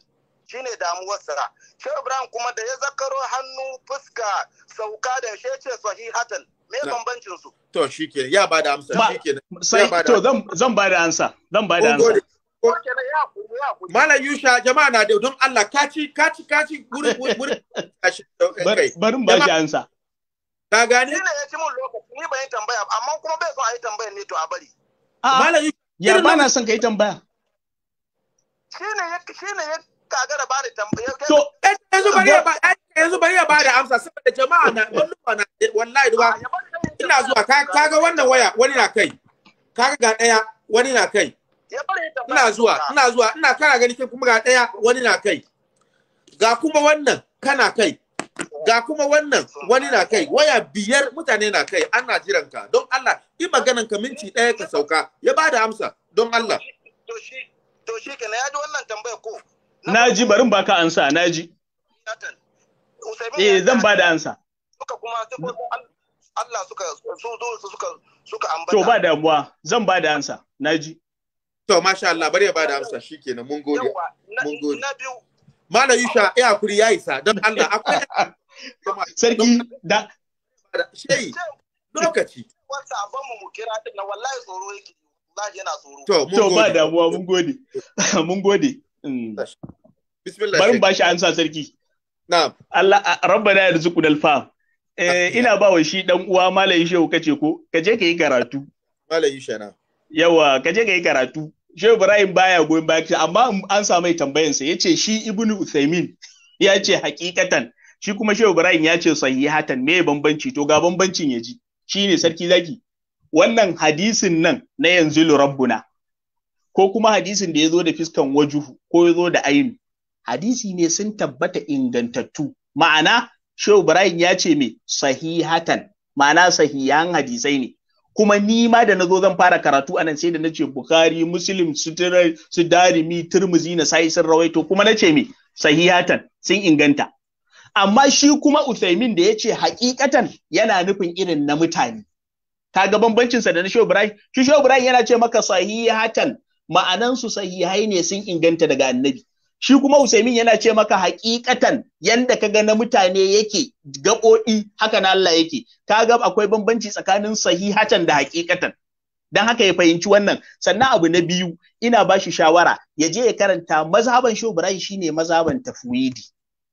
damuwar damuwarsa shehu ibrahim kuma da ya zakaro hannu fuska sauka da shi ya ce sahihatan me bambancin su to shike ya ba da amsa shike sai to zan ba da amsa zan ba da amsa Malam Yusha jama'a na da don Allah kaci kaci kaci gurin gurin barin ba shi ansa Ka gane? Ni ya a a bari. Ah. na son ka yi tambaya. To eh, yanzu bari ya ba eh, amsa saboda jama'a na na eh, wallahi duba ah, ina zuwa ka wannan waya wani na kai. kaga daya wani na kai. Ina zuwa ina zuwa ina kana gani kuma ga daya wani na kai. Ga kuma wannan kana kai. ga kuma wannan wani na kai waya biyar mutane na kai ana jiran ka don Allah in maganan ka minti ɗaya ka sauka ya bada amsa don Allah to shi to shi kenan ya ji wannan tambaya ko naji barin baka ansa naji eh zan bada ansa suka kuma Allah suka su suka suka ambata to ba damuwa zan bada ansa naji to masha Allah bari ya bada amsa shikenan mun gode mun gode na biyu Mala Yusha, ya kuri ya isa don Allah akwai sarki da shei lokaci wanda abban mu kira din na wallahi tsoro yake wallahi yana tsoro to ba damuwa mun gode mun gode mm. bismillah bari ba shi ansa sarki na'am Allah rabbana yarzuqu dal fa eh, ah, ina ba wa shi dan uwa malayi shehu kace ko kaje ka yi karatu malayi shana yawa kaje ka yi karatu Shehu Ibrahim baya goyon baya amma an samu tambayan sa yace shi Ibn Uthaymin ya ce hakikatan shi kuma shehu ibrahim ya ce sahihatan me bambanci to ga bambancin ya ji shine sarki zaki wannan hadisin nan na yanzu rabbuna ko kuma hadisin da ya zo da fiskan wajuhu ko ya zo da ainu hadisi ne sun tabbata ingantattu ma'ana shehu ibrahim ya ce me sahihatan ma'ana sahihan hadisai ne kuma ni ma da nazo zan fara karatu anan sai da na ce Bukhari, Muslim, Mi Turmuzi na sai sun rawaito kuma na ce me sahihatan sun inganta. amma shi kuma Uthaymin da ya ce hakikatan yana nufin irin na mutane kaga bambancin sa da na Shehu Ibrahim shi Shehu Ibrahim yana ce maka sahihatan ma'anan su sahihai ne sun inganta daga annabi shi kuma Uthaymin yana ce maka hakikatan yanda ga na mutane yake gaɓoɗi haka na Allah yake kaga akwai bambanci tsakanin sahihatan da hakikatan dan haka ya fahimci wannan sannan abu na biyu ina bashi shawara ya je ya karanta mazhaban Shehu Ibrahim shine mazhaban tafwidi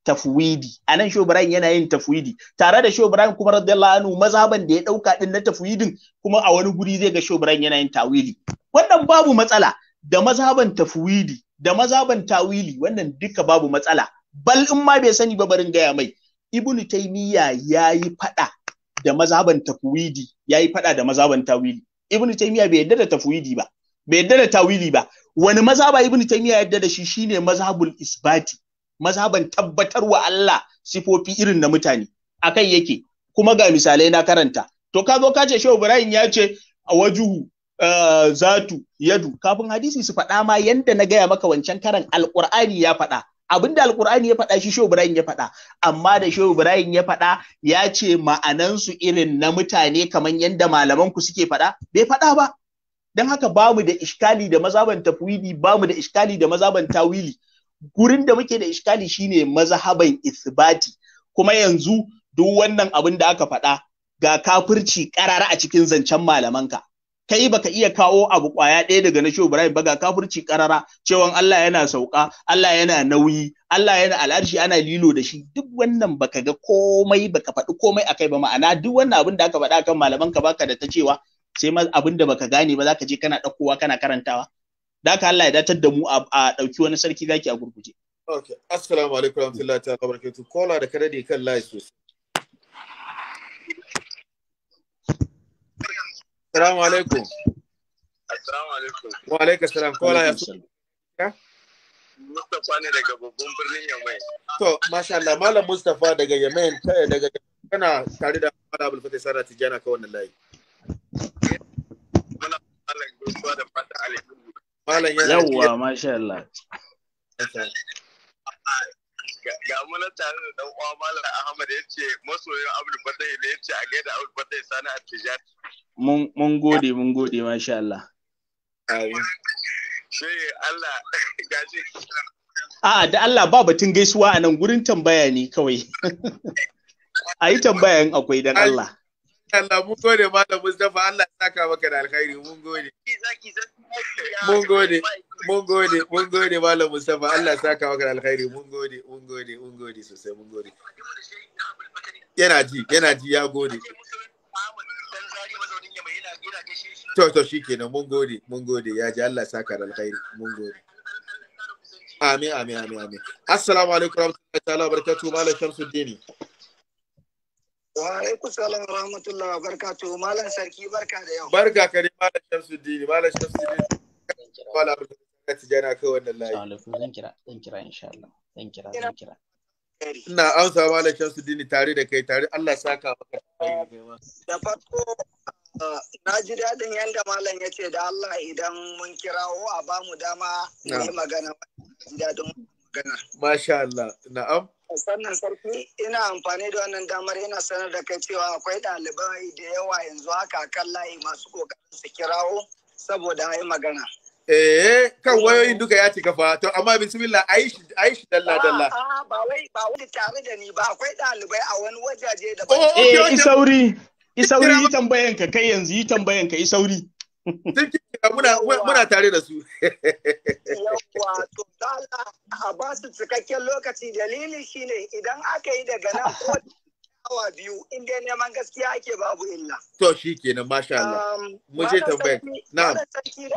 tafwidi anan Shehu Ibrahim yana yin tafwidi tare da Shehu Ibrahim kuma radiyallahu anhu mazhaban da ya dauka din na tafwidin kuma a wani guri zai ga Shehu Ibrahim yana yin tawili wannan babu matsala da mazhaban tafwidi da mazhaban tawili wannan duka babu matsala bal in ma bai sani ba barin gaya mai ibnu taymiya yayi fada da mazhaban tafwidi yayi fada da mazhaban tawili ibnu taymiya bai yadda da tafwidi ba bai yadda da tawili ba wani mazhaba ibnu taymiya yadda da shi shine mazhabul isbati mazhaban tabbatar wa Allah sifofi irin na mutane akan yake kuma ga misalai na karanta to ka zo ka ce shehu ibrahim ya ce a wajuhu zatu yadu kafin hadisi su faɗa ma yanda na gaya maka wancan karan alkur'ani ya faɗa abinda alkurani ya faɗa shi shehu ibrahim ya faɗa amma da shehu ibrahim ya faɗa ya ce ma'anansu irin na mutane kaman yanda malaman ku suke faɗa bai faɗa ba dan haka bamu da iskali da mazaban tafwidi bamu da iskali da mazaban tawili gurin da muke da iskali shine mazhaban isbati kuma yanzu duk wannan abin da aka faɗa ga kafirci karara a cikin zancen malamanka kai baka iya kawo abu kwaya ɗaya daga na Shehu Ibrahim ba ga kafirci karara cewan Allah yana sauka Allah yana nauyi Allah yana al'arshi ana lilo da shi duk wannan baka ga komai baka faɗi komai akai ba ma'ana duk wannan abin da aka faɗa akan malamanka baka da ta cewa sai abin da baka gane ba zaka je kana ɗaukowa kana karantawa da haka Allah ya datar da mu a ɗauki wani sarki zaki a gurguje. Okay. Assalamu alaikum warahmatullahi ta'ala barakatuh. Kola da kada da kan live sosai. Assalamu alaikum. Assalamu alaikum. Wa alaikum salam. Kola ya sunan Mustapha ne daga babban birnin Yamai. To, masha Allah, Malam Mustapha daga Yamai eh, daga kana tare da Malam Abdul Fatih Sarra Tijana ka wannan layi. Muna Malam Gurfa da Fata alaikum. Malam Yawwa, masha Allah. a gaida Abdul Fatai Mun gode, mun gode, masha Allah. A'a da Allah ba batun gaisuwa a nan gurin tambaya ne kawai. A yi tambayan akwai dan Allah. Allah mun gode Malam Mustapha Allah ya saka maka da alkhairi mun gode. Zaki zaki mun gode mun gode mun gode malam mustafa Allah ya saka maka alkhairi mun gode mun gode mun gode sosai mun gode yana ji yana ji ya gode to to shikenan mun gode mun gode ya ji Allah ya saka alkhairi mun gode amin amin amin amin assalamu alaikum rahmatullahi wa barakatuh malam shamsuddin Wa salam wa rahmatullah barkatu malam sarki barka da yau. Barka ka dai malam Shamsuddin malam kai wannan layi. zan kira zan kira insha Allah zan kira zan kira. Ina amsa malam Shamsuddin tare da kai tare Allah saka maka. Da eh, farko eh, na ji daɗin yadda malam ya ce da Allah idan mun kirawo a bamu dama mu yi magana. Ji magana. Masha Allah, na'am. sannan sarki ina amfani da wannan damar yana sanar da kai cewa akwai ɗalibai da yawa yanzu haka kan layi masu ƙoƙarin su kirawo saboda a yi magana. Eh, kan wayoyin duka ya ci gaba, to amma bismillah a yi shi dalla dalla. Ba wai ba wani tare da ni ba akwai ɗalibai a wani wajaje da oh, ba. Oh, oh, eh, isauri, isauri yi tambayanka kai yanzu yi tambayanka isauri. Sun muna tare da su Yawwa, to dala a ba su cikakken lokaci dalili shine idan aka yi daga nan ko awa biyu in dai neman gaskiya ake babu illa to shikenan masha Allah um, mu je na'am sarki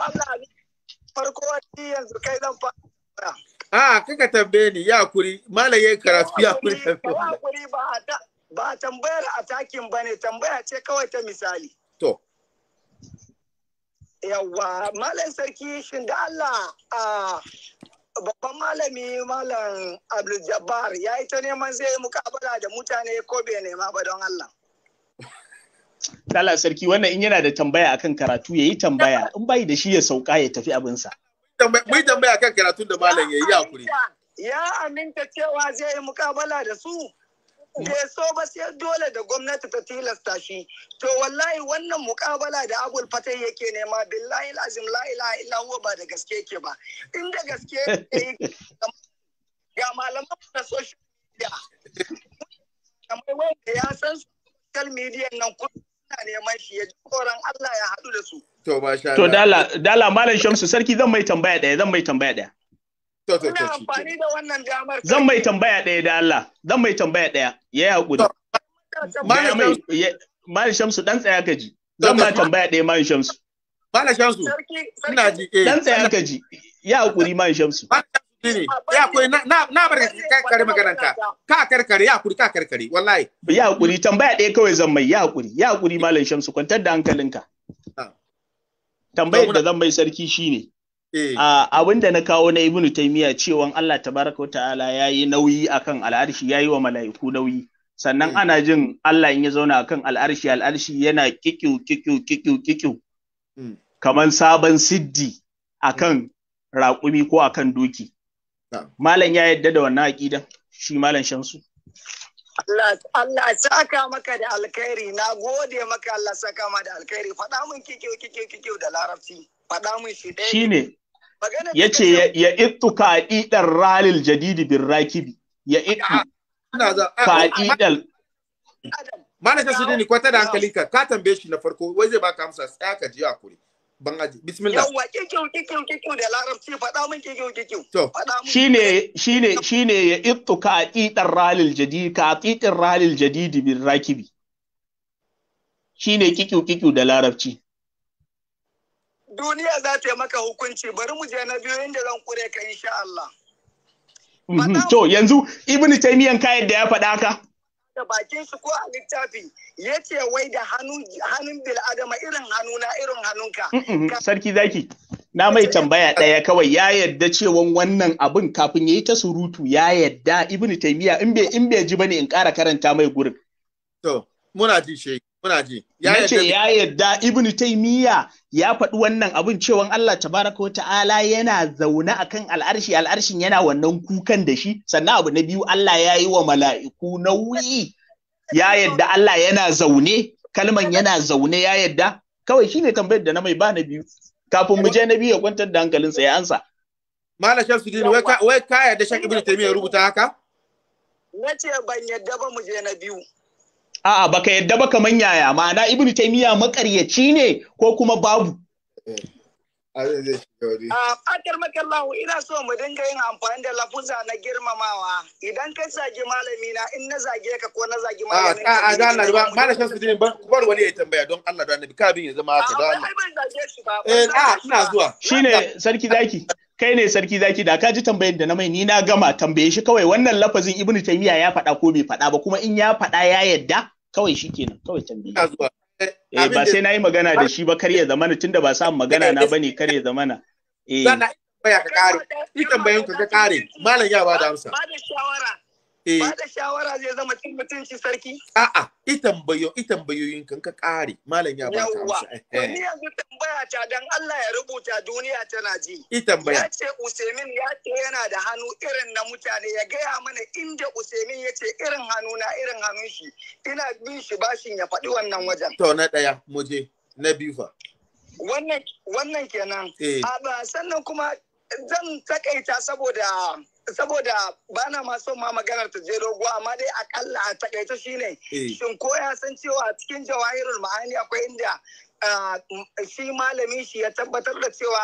farko wani yanzu kai zan fara a kaka tambaye ni ya kuri malaye karatu ya kuri ba a tambayar atakin ne tambaya ce kawai ta misali to Yawwa, Malam Sarki shin da Allah a babban malami Malam Abdul Jabbar ya yi ta neman zai mukabala da mutane ko bai nema ba don Allah. Tala sarki wannan in yana da tambaya akan karatu ya yi tambaya in bai da shi ya sauka ya tafi abinsa. Mai tambaya akan karatun da malam ya yi hakuri. Ya aminta cewa zai yi mukabala da su. bai so ba sai dole da gwamnati ta tilasta shi to wallahi wannan mukabala da abul fatai yake nema billahi lazim la ilaha illa huwa ba da gaske yake ba in da gaske yake ga malaman na social media kamar wanda ya san social media nan kuna neman shi ya ji Allah ya haɗu da su to ba sha to dala dala malam Shamsu sarki zan mai tambaya daya zan mai tambaya daya Zan mai tambaya ɗaya da Allah. Zan mai tambaya ɗaya. Ya yi haƙuri. Malam Shamsu ɗan tsaya ka ji. Zan mai tambaya ɗaya Malam Shamsu. Malam Shamsu. Ina ji. Eh, ɗan tsaya ka ji. Ya haƙuri Malam Shamsu. ya kuri na na bar ka kare maganarka ka karkare ya kuri ka karkare wallahi ya haƙuri, tambaya ɗaya kawai zan mai ya haƙuri, ya haƙuri malam shamsu kwantar da hankalinka ah. tambayar da zan mai sarki shine Eh. abin da na kawo na ibnu taimiya cewa Allah tabaraka ta'ala ya yi nauyi akan al'arshi ya yi wa mala'iku nauyi sannan eh. ana jin Allah in ya zauna akan al'arshi al'arshi yana kikiu kikiu kikiu kikiu hmm. kamar sabon siddi akan raƙumi ko akan doki malam ya yadda da wannan aƙida shi malam shansu. Allah saka maka da alkhairi na gode maka Allah saka ma da alkhairi faɗa min kikiu kikiu kikiu da larabci faɗa mun shi ɗaya. Shi ne, Ya ce ya ittu ka'idar ralil jadidi bin rakibi ya ittu ka'idar Mana ka shiri kwata da hankalinka ka tambaye shi na farko wai zai baka amsa tsaya ka ji hakuri ban aji bismillah yawa kikiu kikiu kikiu da larabci faɗa min kikiu kikiu to shine shine shine ya ittu ka'idar ralil jadidi ka'idar ralil jadidi bin rakibi shine kikiu kikiu da larabci duniya za ta yi maka hukunci bari mu je na biyu inda zan kure ka insha Allah. Mhm. To yanzu Ibn Taymiyyah ka yadda ya faɗa ka? Da bakin shi ko a littafi ya ce wai da hannun bil adama irin hannuna irin hannunka. Sarki zaki. Na mai tambaya ɗaya kawai ya yadda cewa wannan abin kafin ya yi ta surutu ya yadda Ibn Taymiyyah in bai ji bane in ƙara karanta mai gurin. To muna ji shi. Muna ji. Ya yadda ya yarda Ibn Taymiya ya faɗi wannan abin cewa Allah tabaraka ta'ala yana zaune akan al'arshi al'arshin yana wannan kukan da shi sannan abu na biyu Allah ya yi wa mala'iku nauyi ya yadda Allah yana zaune kalman yana zaune ya yadda. kawai shi ne tambayar da na mai ba na biyu kafin mu je na biyu ya kwantar da hankalinsa ya ansa. Malam Shamsuddin wai ka yarda Shak Ibn Taymiya rubuta haka? Nace ban yadda ba mu je na biyu. A'a baka yadda ba kaman yaya ma'ana Ibn Taymiya makaryaci ne ko kuma babu. A Fatar makallahu ina so mu dinga yin amfani da lafuza na girmamawa idan ka zagi malami na in na zage ka ko na zagi ah, malami na. Ah, ah, a da Allah ba malam su Dini ba bar wani ya tambaya don Allah da Annabi ka bin ya zama haka da Allah. Eh a ina zuwa. Shine sarki zaki. kai ne sarki zaki da ka ji tambayar da na mai ni na gama tambaye shi kawai wannan lafazin ibnu taymiya ya faɗa ko bai faɗa ba kuma in ya faɗa ya yadda kawai shikenan kawai tambaye eh, eh ba sai nayi magana da shi ba kar ya zamana tunda ba samun magana na eh, eh, bane kar ya zamana eh baya ka kare ni tambayan ka ka kare malam ya ba da amsa ba da shawara Eh. ba da shawara zai zama cin mutunci sarki a'a i tambayo i tambayoyin kan ka kare malam ya ba ka amsa eh, eh. ni yanzu tambaya ta don Allah ya rubuta duniya tana ji i tambaya ya ce Usaimin ya ce yana da hannu irin na mutane ya gaya mana inda Usaimin ya ce irin hannu na irin hannun shi ina bin shi bashin ya faɗi wannan wajen to na ɗaya mu je na biyu fa wannan wannan kenan a ba sannan kuma zan takaita saboda saboda ba na ma son ma maganar ta je dogo amma dai akalla a takaita shine eh. shin ko ya san cewa cikin jawahirul ma'ani akwai inda shi malami shi ya tabbatar da cewa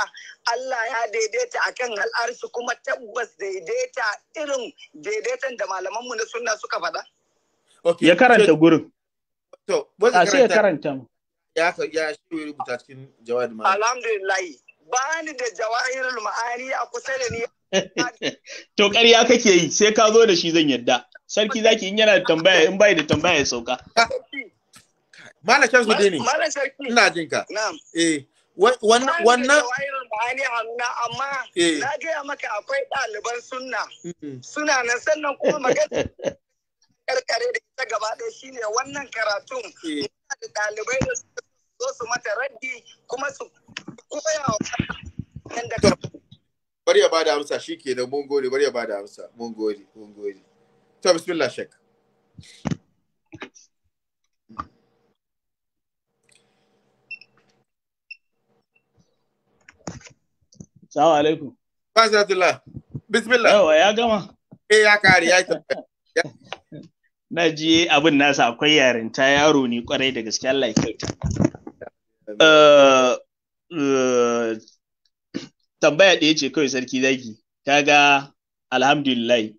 Allah ya daidaita akan al'arshi kuma tabbas daidaita irin daidaitan da malamanmu na sunna suka faɗa. Ya karanta gurin. To, ah, ya karanta. Ya ya shi rubuta cikin jawahirul ma'ani. Alhamdulillah. ni da jawahirul ma'ani a kusa da ni To ƙarya kake yi sai ka zo da shi zan yadda. Sarki zaki in yana da tambaya in bai da tambaya ya sauka. Malam Shamsu dai ne. Malam Sarki. Ina jin ka. Na'am. Eh. Wannan wannan amma eh. na gaya maka akwai ɗaliban sunna. Suna na sannan kuma magana karkare da ita gaba ɗaya ne wannan karatun. Eh. Ina da ɗalibai da zo su mata raddi kuma su koya wa bari ya bada amsa shikenan mun gode bari ya bada amsa mun gode mun gode to bismillah shek Salamu alaikum. Fasatullah. Bismillah. Yawa ya gama. Eh ya kare ya tafiya. Na ji abin nasa akwai yarinta yaro ne kwarai da gaske Allah ya kyauta. tambaya ɗaya ce kawai sarki zaki kaga alhamdulillah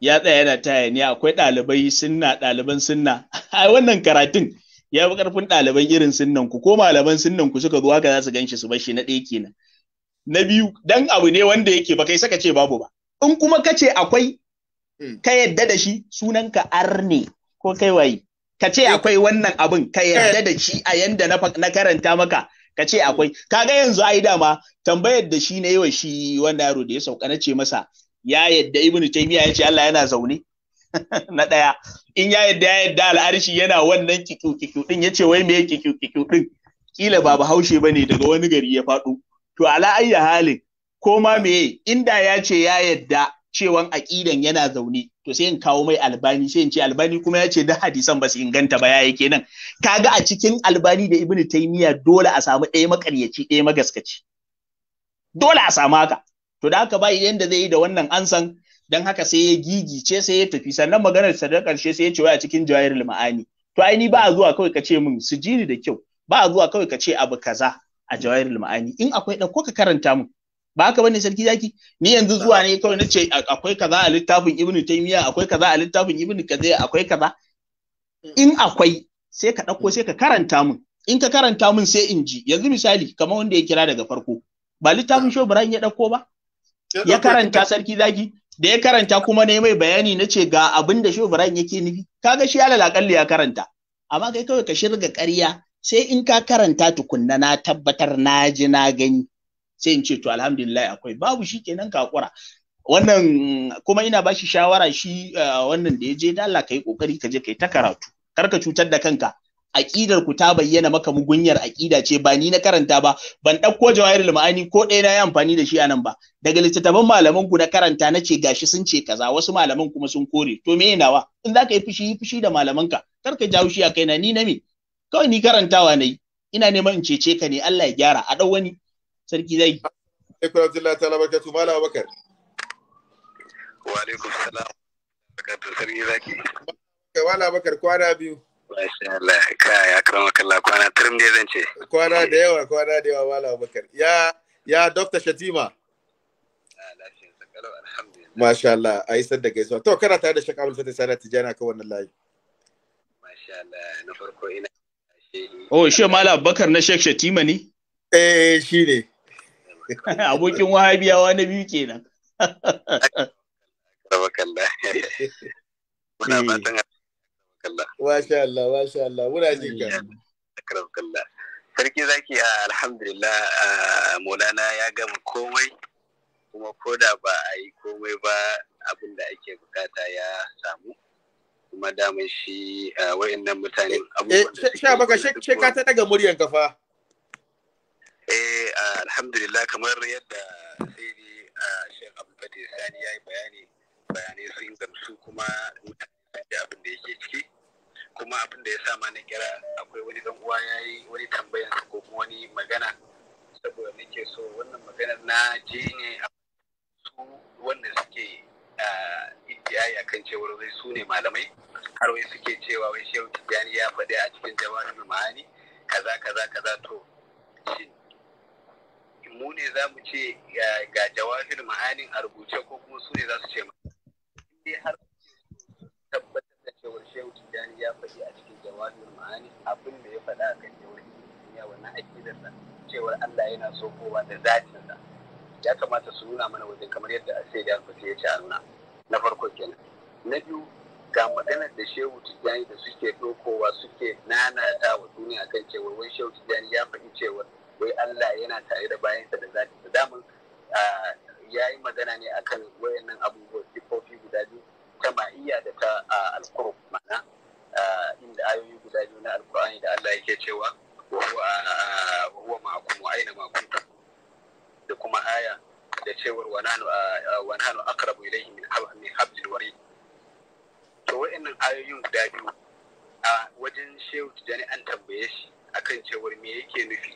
ya tsaya yana taya ne akwai ɗalibai sunna ɗaliban sunna a wannan karatun ya fi ƙarfin ɗaliban irin sunnan ku ko malaman sunnan ku suka zo haka za su ganshi su bashi na ɗaya kenan na biyu dan abu ne wanda yake ba kai saka ce babu ba in kuma ka ce akwai hmm. ka yadda da shi sunanka arne ko kai waye ka ce eh. akwai wannan abin ka eh. yadda da shi a yanda na karanta maka ka ce akwai kaga yanzu ai dama tambayar da shi ne yawa shi wanda yaro da ya sauka na ce masa ya yadda ibnu taymiya ya ce Allah yana zaune na ɗaya in ya yadda ya yadda al'arshi yana wannan kikiu kikiu din yace wai me kikiu kikiu din kila ba bahaushe bane daga wani gari ya faɗo to ala ayya halin ko ma meye inda ya ce ya yadda cewan aƙidan yana zaune to sai in kawo mai albani sai in ce albani kuma ya ce da hadisan ba su inganta ba yayi kenan kaga a cikin albani da ibnu taymiya dole a samu ɗaya makaryaci ɗaya magaskaci dole a samu haka to da haka ba yanda zai yi da wannan ansan dan haka sai ya gigice sai ya tafi sannan maganar sa da karshe sai ya ce a cikin jawairul ma'ani to ai ni ba a zuwa kawai ka ce min sujini da kyau ba a zuwa kawai ka ce abu kaza a jawairul ma'ani in akwai ko ka karanta min ba haka bane sarki zaki ni yanzu zuwa ne kawai nace akwai kaza a littafin ibnu taymiya akwai kaza a littafin ibnu kaza akwai kaza in akwai sai ka dauko sai ka karanta mun in ka karanta mun sai in ji yanzu misali kamar wanda ya kira daga farko ba littafin Shehu Ibrahim ya dauko ba ya karanta sarki zaki da ya karanta kuma ne mai bayani na ce ga abin da Shehu Ibrahim yake nufi kaga shi ya akalli ya karanta amma kai kawai ka shirga ƙarya sai in ka karanta tukunna na tabbatar na ji na gani sai in ce to alhamdulillah akwai babu shi kenan kakura wannan kuma ina bashi shawara shi eh, wannan da ya je da Allah kai kokari ka je kai ta karatu kar ka cutar da kanka aƙidar ku ta bayyana maka mugunyar aƙida ce ba ni na karanta ba ban ɗauko jawahirul ma'ani ko ɗaya na yi amfani da shi anan ba daga littattafan malaman ku na karanta na ce gashi sun ce kaza wasu malaman kuma sun kore to me nawa in za ka yi fushi yi fushi da malaman ka kar ka jawo shi a kaina ni na me kawai ni karantawa na ina neman in cece ka ne Allah ya gyara a dau wani sarki zai alaikum rahmatullahi ta'ala barakatuh mala abakar wa alaikum salam barakatuh sarki zaki mala abakar kwana biyu Masha Allah, ya akrama kallah kwana turum ne zan ce. Kwana da yawa, kwana da yawa mala abakar. Ya ya Dr. Shatima. Ah, Masha Allah, a isar da gaisuwa. To, kana tare da Sheikh Abdul Fatih Sada Tijana kan wannan layi. Masha Allah, na farko ina Oh, shi Mala Abubakar na Sheikh Shatima ne? Eh, shi ne. Abokin wahabiyawa na biyu kenan. Raba kalla. Muna eh. fatan kalla. Masha Allah, masha Allah, muna jin ka. Raba kalla. Sarki zaki ah, alhamdulillah ah, Maulana ya gama komai kuma ko da ba a yi komai ba abin da ake bukata ya samu. Kuma daman shi ah, wa'annan mutane eh, abubuwan da eh, suke. Sha shi ka ta daga muryan kafa. eh ah, alhamdulillah kamar yadda sai ah, shek abdulkadir sani ya yi bayani bayanai sun gamsu kuma da abin da yake ciki kuma abin da ya sa ma na kira akwai wani dan uwa ya yi wani tambayan ko kuma wani magana saboda nake so wannan magana na je ne a su wanda suke ah, a kan cewar wai su ne malamai har wai suke cewa wai shehu tijjani ya faɗi a cikin jawahirul ma'ani kaza kaza kaza to shin mu ne za mu ce ga jawahir ma'anin a rubuce ko kuma su ne za su ce ma har tabbatar da cewar shehu tijjani ya faɗi a cikin jawahir ma'ani abin da ya faɗa a kan cewar ya wannan aƙidarsa cewar Allah yana kowa da zatinsa ya kamata su nuna mana wajen kamar yadda sai da ya ce a nuna na farko kenan na biyu ga maganar da shehu tijjani da suke dokowa suke nanata wa duniya kan cewar wai shehu tijjani ya faɗi cewar wai Allah yana tare da bayansa da za ta damun ya yi magana ne akan wayannan abubuwa sifofi guda biyu ta ma'iyya da ta alkuru mana inda ayoyi guda biyu na alkur'ani da Allah yake cewa wa huwa ma'akum wa aina ma da kuma aya da cewar wa a wa nahnu aqrabu ilayhi min min hablil warid to wayannan ayoyin guda biyu a wajen shehu tijani an tambaye shi akan cewar me yake nufi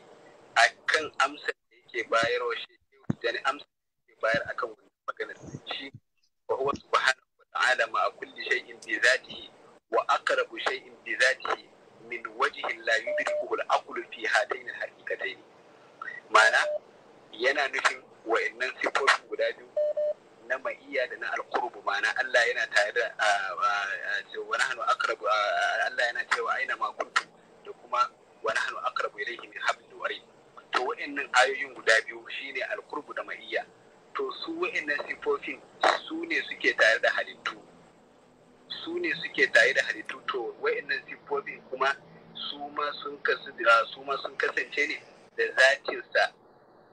a kan amsa da yake bayar wa shi da ni amsa da yake bayar a kan wannan maganar shi wa huwa subhanahu wa ta'ala ma kulli shay'in bi zatihi wa aqrabu shay'in bi zatihi min wajhin la yudrikuhu al-aql fi hadain al-haqiqatayn ma'ana yana nufin wa'annan sifofi guda biyu na maiya da na alqurbu ma'ana Allah yana tare da wa nahnu aqrabu Allah yana cewa aina ma kuntum da kuma wa nahnu aqrabu ilayhi min hablil warid da wa'annan ayoyin guda biyu shine alkurbu da ma'iyya to su wa'annan sifofin su ne suke tare da halittu su ne suke tare da halittu to wa'annan sifofin kuma su ma sun su ma sun kasance ne da zatinsa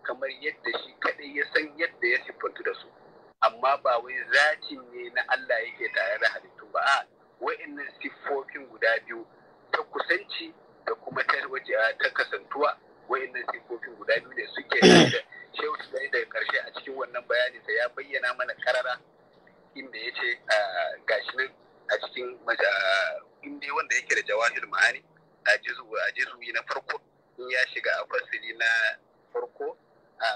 kamar yadda shi kaɗai ya san yadda ya siffantu da su amma ba wai zatin ne na Allah yake tare da halittu ba a wa'annan sifofin guda biyu ta kusanci da kuma ta kasantuwa Wayannan sifofin guda biyu ne suke da shehu daga karshe a cikin wannan bayanin sa ya bayyana mana karara inda ya ce ah, gashi nan a cikin inda wanda yake da jawahir ma'ani a jizuwi na farko in ya shiga a fasili na farko a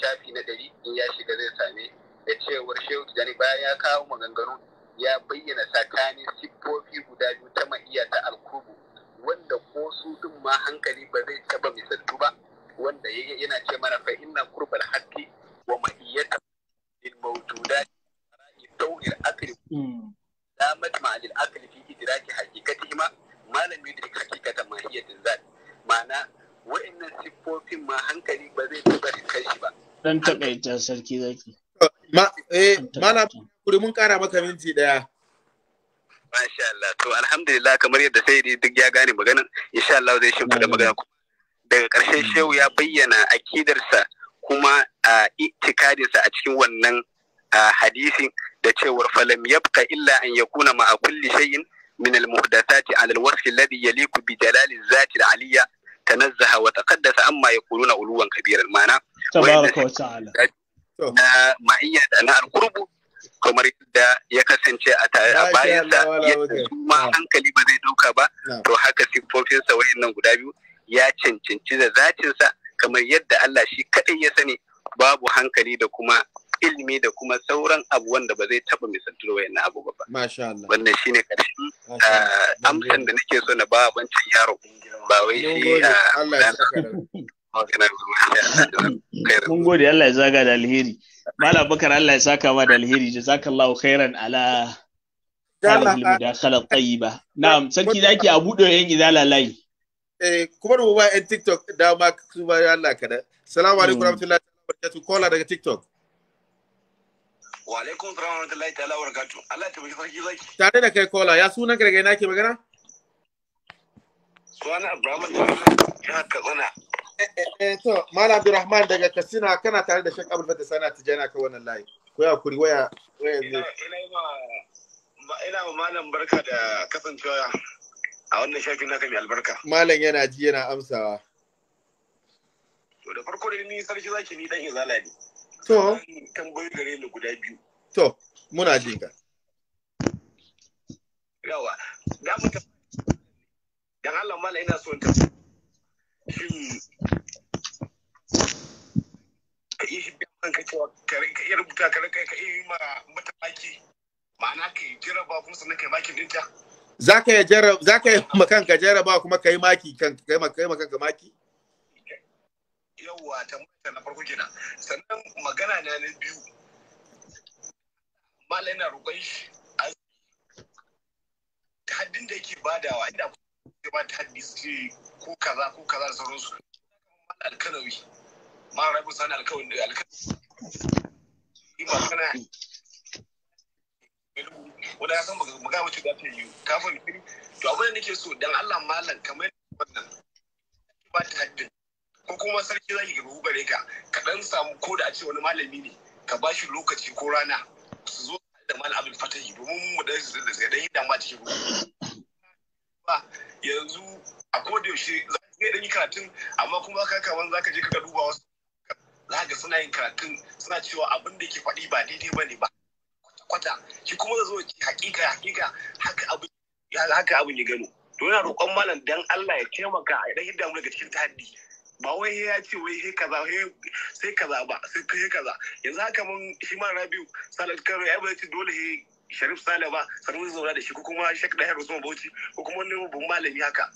shafi na ɗari in ya shiga zai same da cewar shehu tijjani bayan ya kawo maganganu ya bayyana tsakanin siffofi guda biyu ta ma'iya ta alkubu wanda ko su din ma hankali ba zai taba misaltu ba wanda yana ce mana fa inna kurbal haqqi wa mahiyata mawjuda ra'i dawir akli damat ma al akli hmm. fi idraki haqiqatihi ma malam yudri haqiqata mahiyatin zat ma'ana wa'annan siffofin ma hankali ba zai taba kashi shi ba dan takaita sarki zaki ma eh malam kuri mun kara maka minti daya Masha Allah to alhamdulillah kamar yadda sai duk ya gane magana insha Allah zai da magana daga ƙarshe shehu ya bayyana akidarsa kuma a itikadinsa a cikin wannan hadisin da cewar falam yabqa illa an yakuna ma'a kulli shay'in min al-muhdathati 'ala al-wasf alladhi yaliqu bi jalali zati al-aliyya tanazzaha wa taqaddasa amma yaquluna uluwan kabiran mana tabaraka wa ta'ala ma'iyya da na al-qurbu kamar yadda ya kasance a tare a bayansa yadda ma hankali ba zai dauka ba to haka siffofinsa nan guda biyu ya cancanci da zacinsa kamar yadda Allah shi kaɗai ya sani babu hankali da kuma ilimi da kuma sauran abu wanda ba zai taɓa misaltar nan abu ba. Masha Allah. Wannan shi ne ah, amsan da nake so na ba wancan yaro ba wai shi. Ah, Allah ya saka Mun gode Allah ya zaga da alheri. Malam Bakar Allah ya saka ma da alheri jazakallahu khairan ala da al tsayi ba. Na'am sarki zaki a buɗe yan izala layi. Eh kuma da ba yan TikTok da ma su ba Allah kada. Salamu alaikum hmm. wa wabarakatuh. Kola daga TikTok. Wa alaikum warahmatullahi wa wabarakatuh. Allah ta bi farki Tare da kai kola ya sunan ka daga ina ke magana? Sunan Abraham ka Katsina. Eh, eh, to Malam Abdulrahman daga Katsina kana tare da Sheikh Abdul Fattah sana tijana ka wannan layi. Ko ya kuri waya waya ne. Ina ma malam barka da kasancewa a wannan shafin naka mai albarka. Malam yana ji yana amsawa. To da farko da ni sarki zaki ni dan izala ne. To tambayoyi gare ni guda biyu. To muna ji ka. Yawa, da mu dan Allah malam ina so in ka iya shi ka cewa ka iya rubuta ka iya yi ma mata maki ma'ana yi jaraba kuma ka yi maki dinta za ka kuma ka yi maki kan ka yi maki na farko gida, sannan magana na na biyu malai na roƙon shi a haddin da yake badawa inda kuma ba ta haddi su ko kaza ko kaza da sauransu alkanawi ma rabu sani alkawin da alkanawi ba wanda ya san maga ga za ta yi Kafin fili to abin da nake so dan Allah malam kamar wannan ba ta haddin ko kuma sarki zaki gaba ubare ka ka dan samu ko da a ce wani malami ne ka ba shi lokaci ko rana su zo da malam abin fatahi domin mu da zai dan yi dama cikin ba yanzu a kodayaushe za ka dan yi karatun amma kuma ka kaman za ka je ka duba wasu za ga suna yin karatun suna cewa abin da ke faɗi ba daidai ba ne ba kwata shi kuma za zo ki hakika hakika haka abin haka abin ya gano to yana roƙon malam dan Allah ya taimaka ya dan yadda mu daga cikin tahaddi ba wai ya ce wai sai kaza sai kaza ba sai kai kaza yanzu haka mun shi ma Rabiu Salat Karo ya bai dole he Sharif Sale ba sanin da shi ko kuma Sheikh Dahir Usman Bauchi ko kuma wani babban malami haka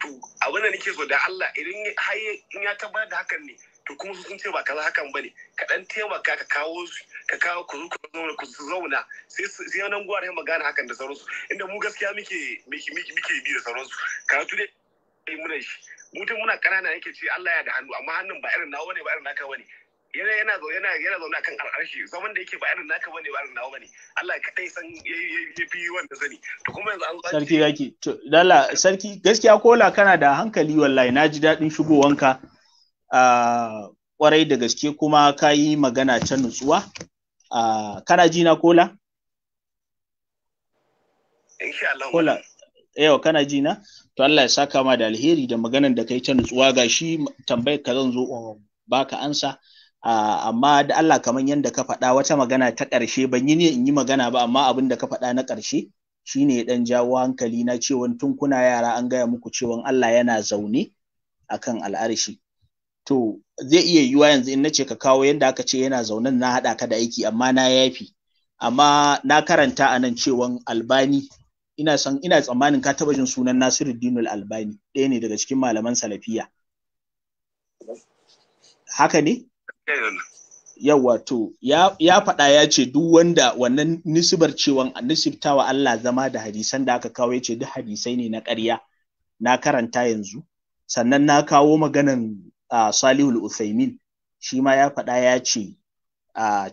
to abin da nake so da Allah idan har in ya tabbar da hakan ne to kuma su sun ce ba kaza hakan bane ka dan taimaka ka kawo su ka kawo ku zo ku zauna ku zauna sai sai nan gwar ya magana hakan da sauransu inda mu gaskiya muke muke muke bi da sauransu karatu dai muna shi mutum muna kanana yake ce Allah ya da hannu amma hannun ba irin nawa ne ba irin naka bane yana yana zo yana yana zaune kan al'arshi sai wanda yake ba irin naka bane ba irin nawa bane Allah kadai san ya fi wanda sani to kuma yanzu an sarki zaki to lalla sarki gaskiya kola kana da hankali wallahi naji dadin shigowanka a kwarai da gaske kuma ka yi magana ta nutsuwa a kana ji na kola insha Allah kola yau kana ji na to Allah ya saka ma da alheri da maganar da kai ta nutsuwa gashi tambayar ka zan zo um, baka ansa Ah, amma da Allah kamar yadda ka faɗa wata magana ta ƙarshe ban yi ne in yi magana ba amma abin da ka faɗa na ƙarshe shine ɗan jawo hankali na cewa tun kuna yara an gaya muku cewan Allah yana zaune akan al'arshi to zai iya yiwuwa yanzu in na ce ka kawo yadda aka ce yana zaune na haɗa ka da aiki amma na yafi amma na karanta a nan cewan albani ina san ina tsammanin ka taba jin sunan Nasiruddin albani ɗaya ne daga cikin malaman salafiya haka ne yawa wato ya faɗa ya ce duk wanda wannan nisibar cewan nisibtawa Allah zama da hadisan da aka kawo ya ce duk hadisai ne na ƙarya na karanta yanzu sannan na kawo maganan salihul uthaymin shi ma ya faɗa ya ce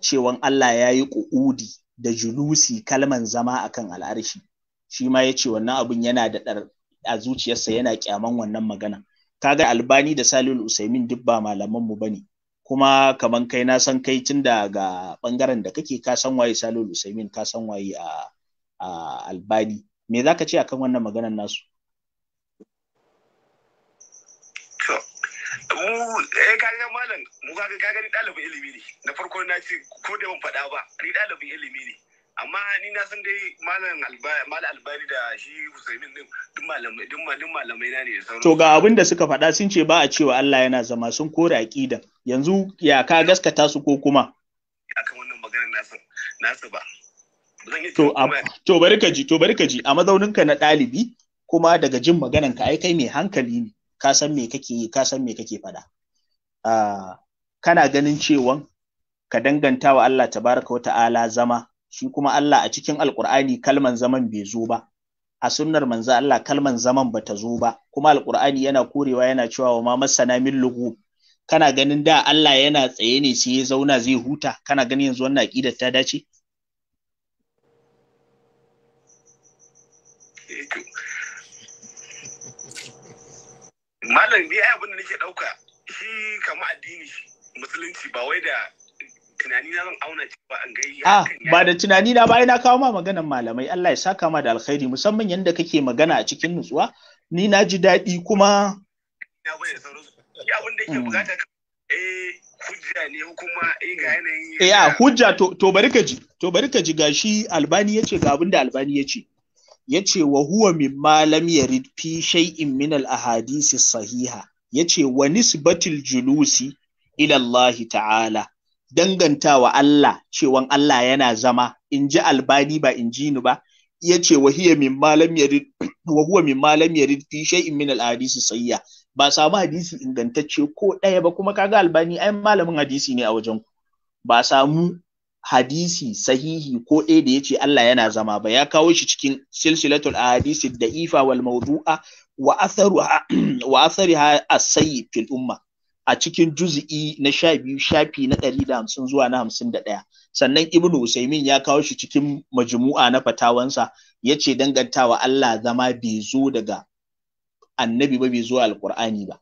cewan Allah ya yi ƙu'udi da julusi kalman zama akan al'arshi shi ma ya ce wannan abun yana da ɗar a zuciyarsa yana kyaman wannan magana kaga albani da salihul uthaymin duk ba malaman mu bane kuma kaman kai na san kai tun da ga bangaren da kake ka san waye Salihu Usaimin ka san waye a a Albani me zaka ce akan wannan maganar nasu mu eh ka ga malam mu gani ɗalibin ilimi ne na farko na ce ko da ban faɗa ba ni ɗalibin ilimi ne amma ni na san dai malam albani da shi husaimin din duk malamai duk malamai na ne sauran to ga abin da suka faɗa sun ce ba a cewa Allah yana zama sun kore aqida yanzu ya ka gaskata su ko kuma akan wannan maganar na san ba to to bari ka ji to bari ka ji a mazaunin ka na ɗalibi kuma daga jin maganan ka ai kai mai hankali ne ka san me kake yi ka san me kake faɗa ah, kana ganin cewa ka danganta wa Allah tabaraka wa ta'ala zama shi kuma Allah a cikin Alƙur'ani kalman zaman bai zo ba a sunnar manzo Allah kalman zaman ba ta zo ba kuma Alƙur'ani yana korewa yana cewa wa ma masana min lugu kana ganin da Allah yana tsaye ne sai ya zauna zai huta kana ganin yanzu wannan aqidar ta dace malam ni ai abin da nake dauka shi kama addini musulunci ba wai da tunani ah, ba da tunani na ba na kawo ma maganan malamai Allah ya saka ma da alkhairi musamman yanda kake magana a cikin nutsuwa ni na ji daɗi kuma mm. eh hujja ne kuma eh ga yanayin eh ah, hujja to to bari ka ji to bari ka ji gashi albani yace ga abinda albani yace yace wa huwa min malam yarid fi shay'in min al ahadisi sahiha yace wa nisbatil julusi ila Allah ta'ala dangantawa Allah cewan Allah yana zama in ji albani ba in ji ni ba ya ce wa min malam yarid wa huwa min malam yarid fi shay'in min al-hadisi sayya ba samu hadisi ingantacce ko ɗaya ba kuma kaga albani ai malamin hadisi ne a wajen ku ba samu hadisi sahihi ko ɗaya da yace Allah yana zama ba ya kawo shi cikin silsilatul ahadisi da'ifa wal mawdu'a wa atharu wa athari as-sayyi fil umma a cikin juz'i na sha biyu shafi na ɗari da hamsin zuwa na hamsin da ɗaya sannan ibnu usaimin ya kawo shi cikin majmu'a na fatawansa ya ce dangantawa Allah zama bai zo daga annabi ba bai zo alƙur'ani ba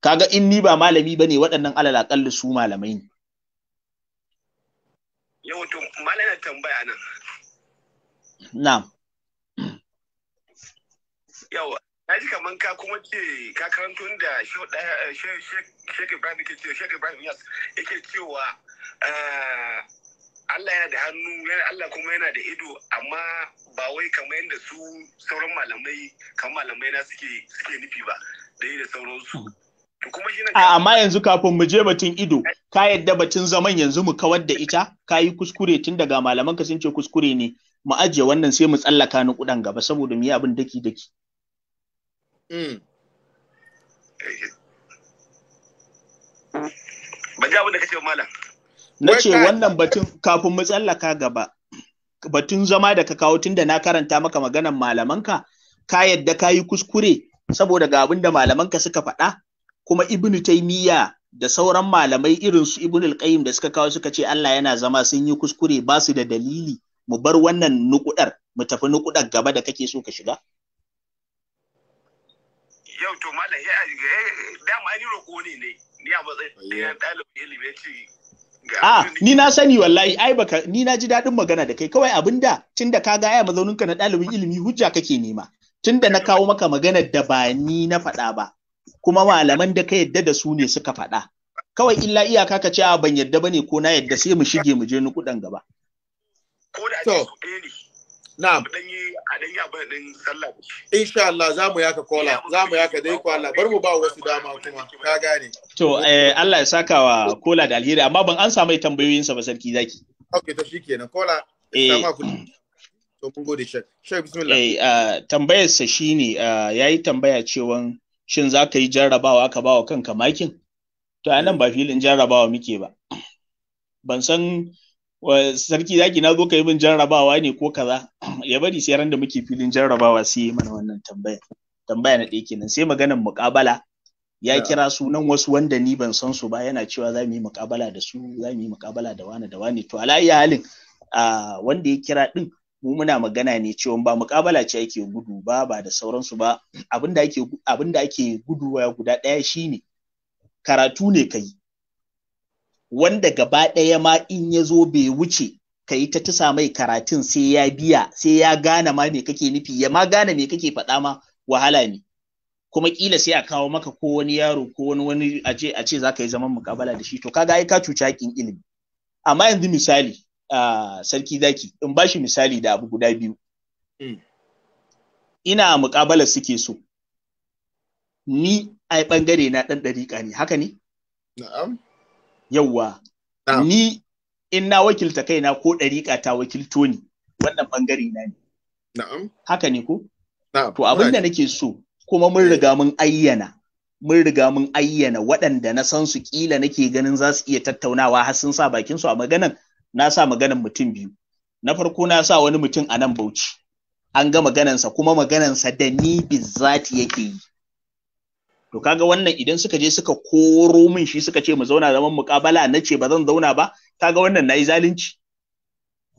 kaga in ni ba malami bane waɗannan alal aƙalli su malamai ne na ji kamar ka kuma ce ka karanto da shek eh, ibrahim ke cewa shekai ibrahim yas yake cewa eh, Allah yana da hannu Allah kuma yana da ido amma ba wai kamar yadda su sauran malamai kamar malamai na suke suke nufi ba da yi da sauransu hmm. A amma yanzu kafin mu je batun ido, ka yadda batun zaman yanzu mu kawar da ita, ka yi kuskure tun daga malaman ka sun ce kuskure ne, mu ajiye wannan sai mu tsallaka ni kudan gaba saboda mu yi abin daki daki. Mm. Ban Na ce wannan batun kafin mu tsallaka gaba. Batun zama da ka kawo tunda na karanta maka maganar malamanka, ka yadda ka yi kuskure saboda ga abinda da malamanka suka faɗa, kuma Ibn Taymiyyah da sauran malamai irin su Ibn al-Qayyim da suka kawo suka ce Allah yana zama sun yi kuskure ba su da dalili mu bar wannan nukudar mu tafi nukudar gaba da kake so ka shiga. yau to malam ya dama ni roƙo ne ne ni a matsayin ɗalibin ilimi ce A ah, ni na sani wallahi ai baka ni na ji daɗin magana da kai kawai abin da tunda ka ga aya mazauninka na ɗalibin ilimi hujja kake nema tunda na kawo maka maganar da ba ni na faɗa ba kuma malaman da ka yadda da su ne suka faɗa kawai illa iyaka ka ce a ah, ban yadda bane ko na yadda sai mu shige mu je ni gaba ko da so. ne Na'am. Dan yi a dan ya din sallah. Insha Allah za mu yaka kola, za mu yaka dai Allah. Bar mu ba wasu dama kuma. Ka gane. To eh Allah ya saka wa kola da alheri amma ban an samu tambayoyin sa ba sarki zaki. Okay to shikenan kola. Eh. To kun gode shek. Shek bismillah. Eh ah, tambayar sa shine ah, yayi tambaya cewan shin za ka yi jarrabawa ka bawa kanka makin? To a nan ba filin jarrabawa muke ba. Ban san sarki zaki na zo ka yi min jarrabawa ne ko kaza ya bari sai ran da muke filin jarrabawa sai yi mana wannan tambaya tambaya na ɗaya kenan sai maganar muƙabala ya kira sunan wasu wanda ni ban san su ba yana cewa za mu yi muƙabala da su za mu yi muƙabala da wani da wani to ala iya halin wanda ya kira ɗin mu muna magana ne cewa ba muƙabala ce ake gudu ba ba da sauransu ba abin da ake guduwa guda ɗaya shine karatu ne kai wanda gaba ɗaya ma in ya zo bai wuce ka yi ta tusa mai karatun sai ya biya sai ya gane ma me kake nufi ya ma gane me kake faɗa ma wahala ne kuma kila sai a kawo maka ko wani yaro ko wani wani a ce a ce zaka yi zaman mukabala da shi to kaga ai ka cuci haƙin ilimi amma yanzu misali sarki zaki in bashi misali da abu guda biyu mm. ina mukabalar suke so ni ai bangare na dan dariƙa ne haka ne na'am yauwa ni in na wakilta kaina ko ɗariƙa ta wakilto ni wannan ɓangare na ne haka ne ko to abin da nake so kuma mun eh. riga mun ayyana mun riga mun ayyana waɗanda na san su kila nake ganin za su iya tattaunawa har sun sa bakin su a maganan na sa maganan mutum biyu na farko na sa wani mutum a nan bauchi an ga maganansa kuma maganansa da ni bizzati yake yi to kaga wannan idan suka je suka koro min shi suka ce mu zauna zaman mukabala na ce ba zan zauna ba kaga wannan nayi zalunci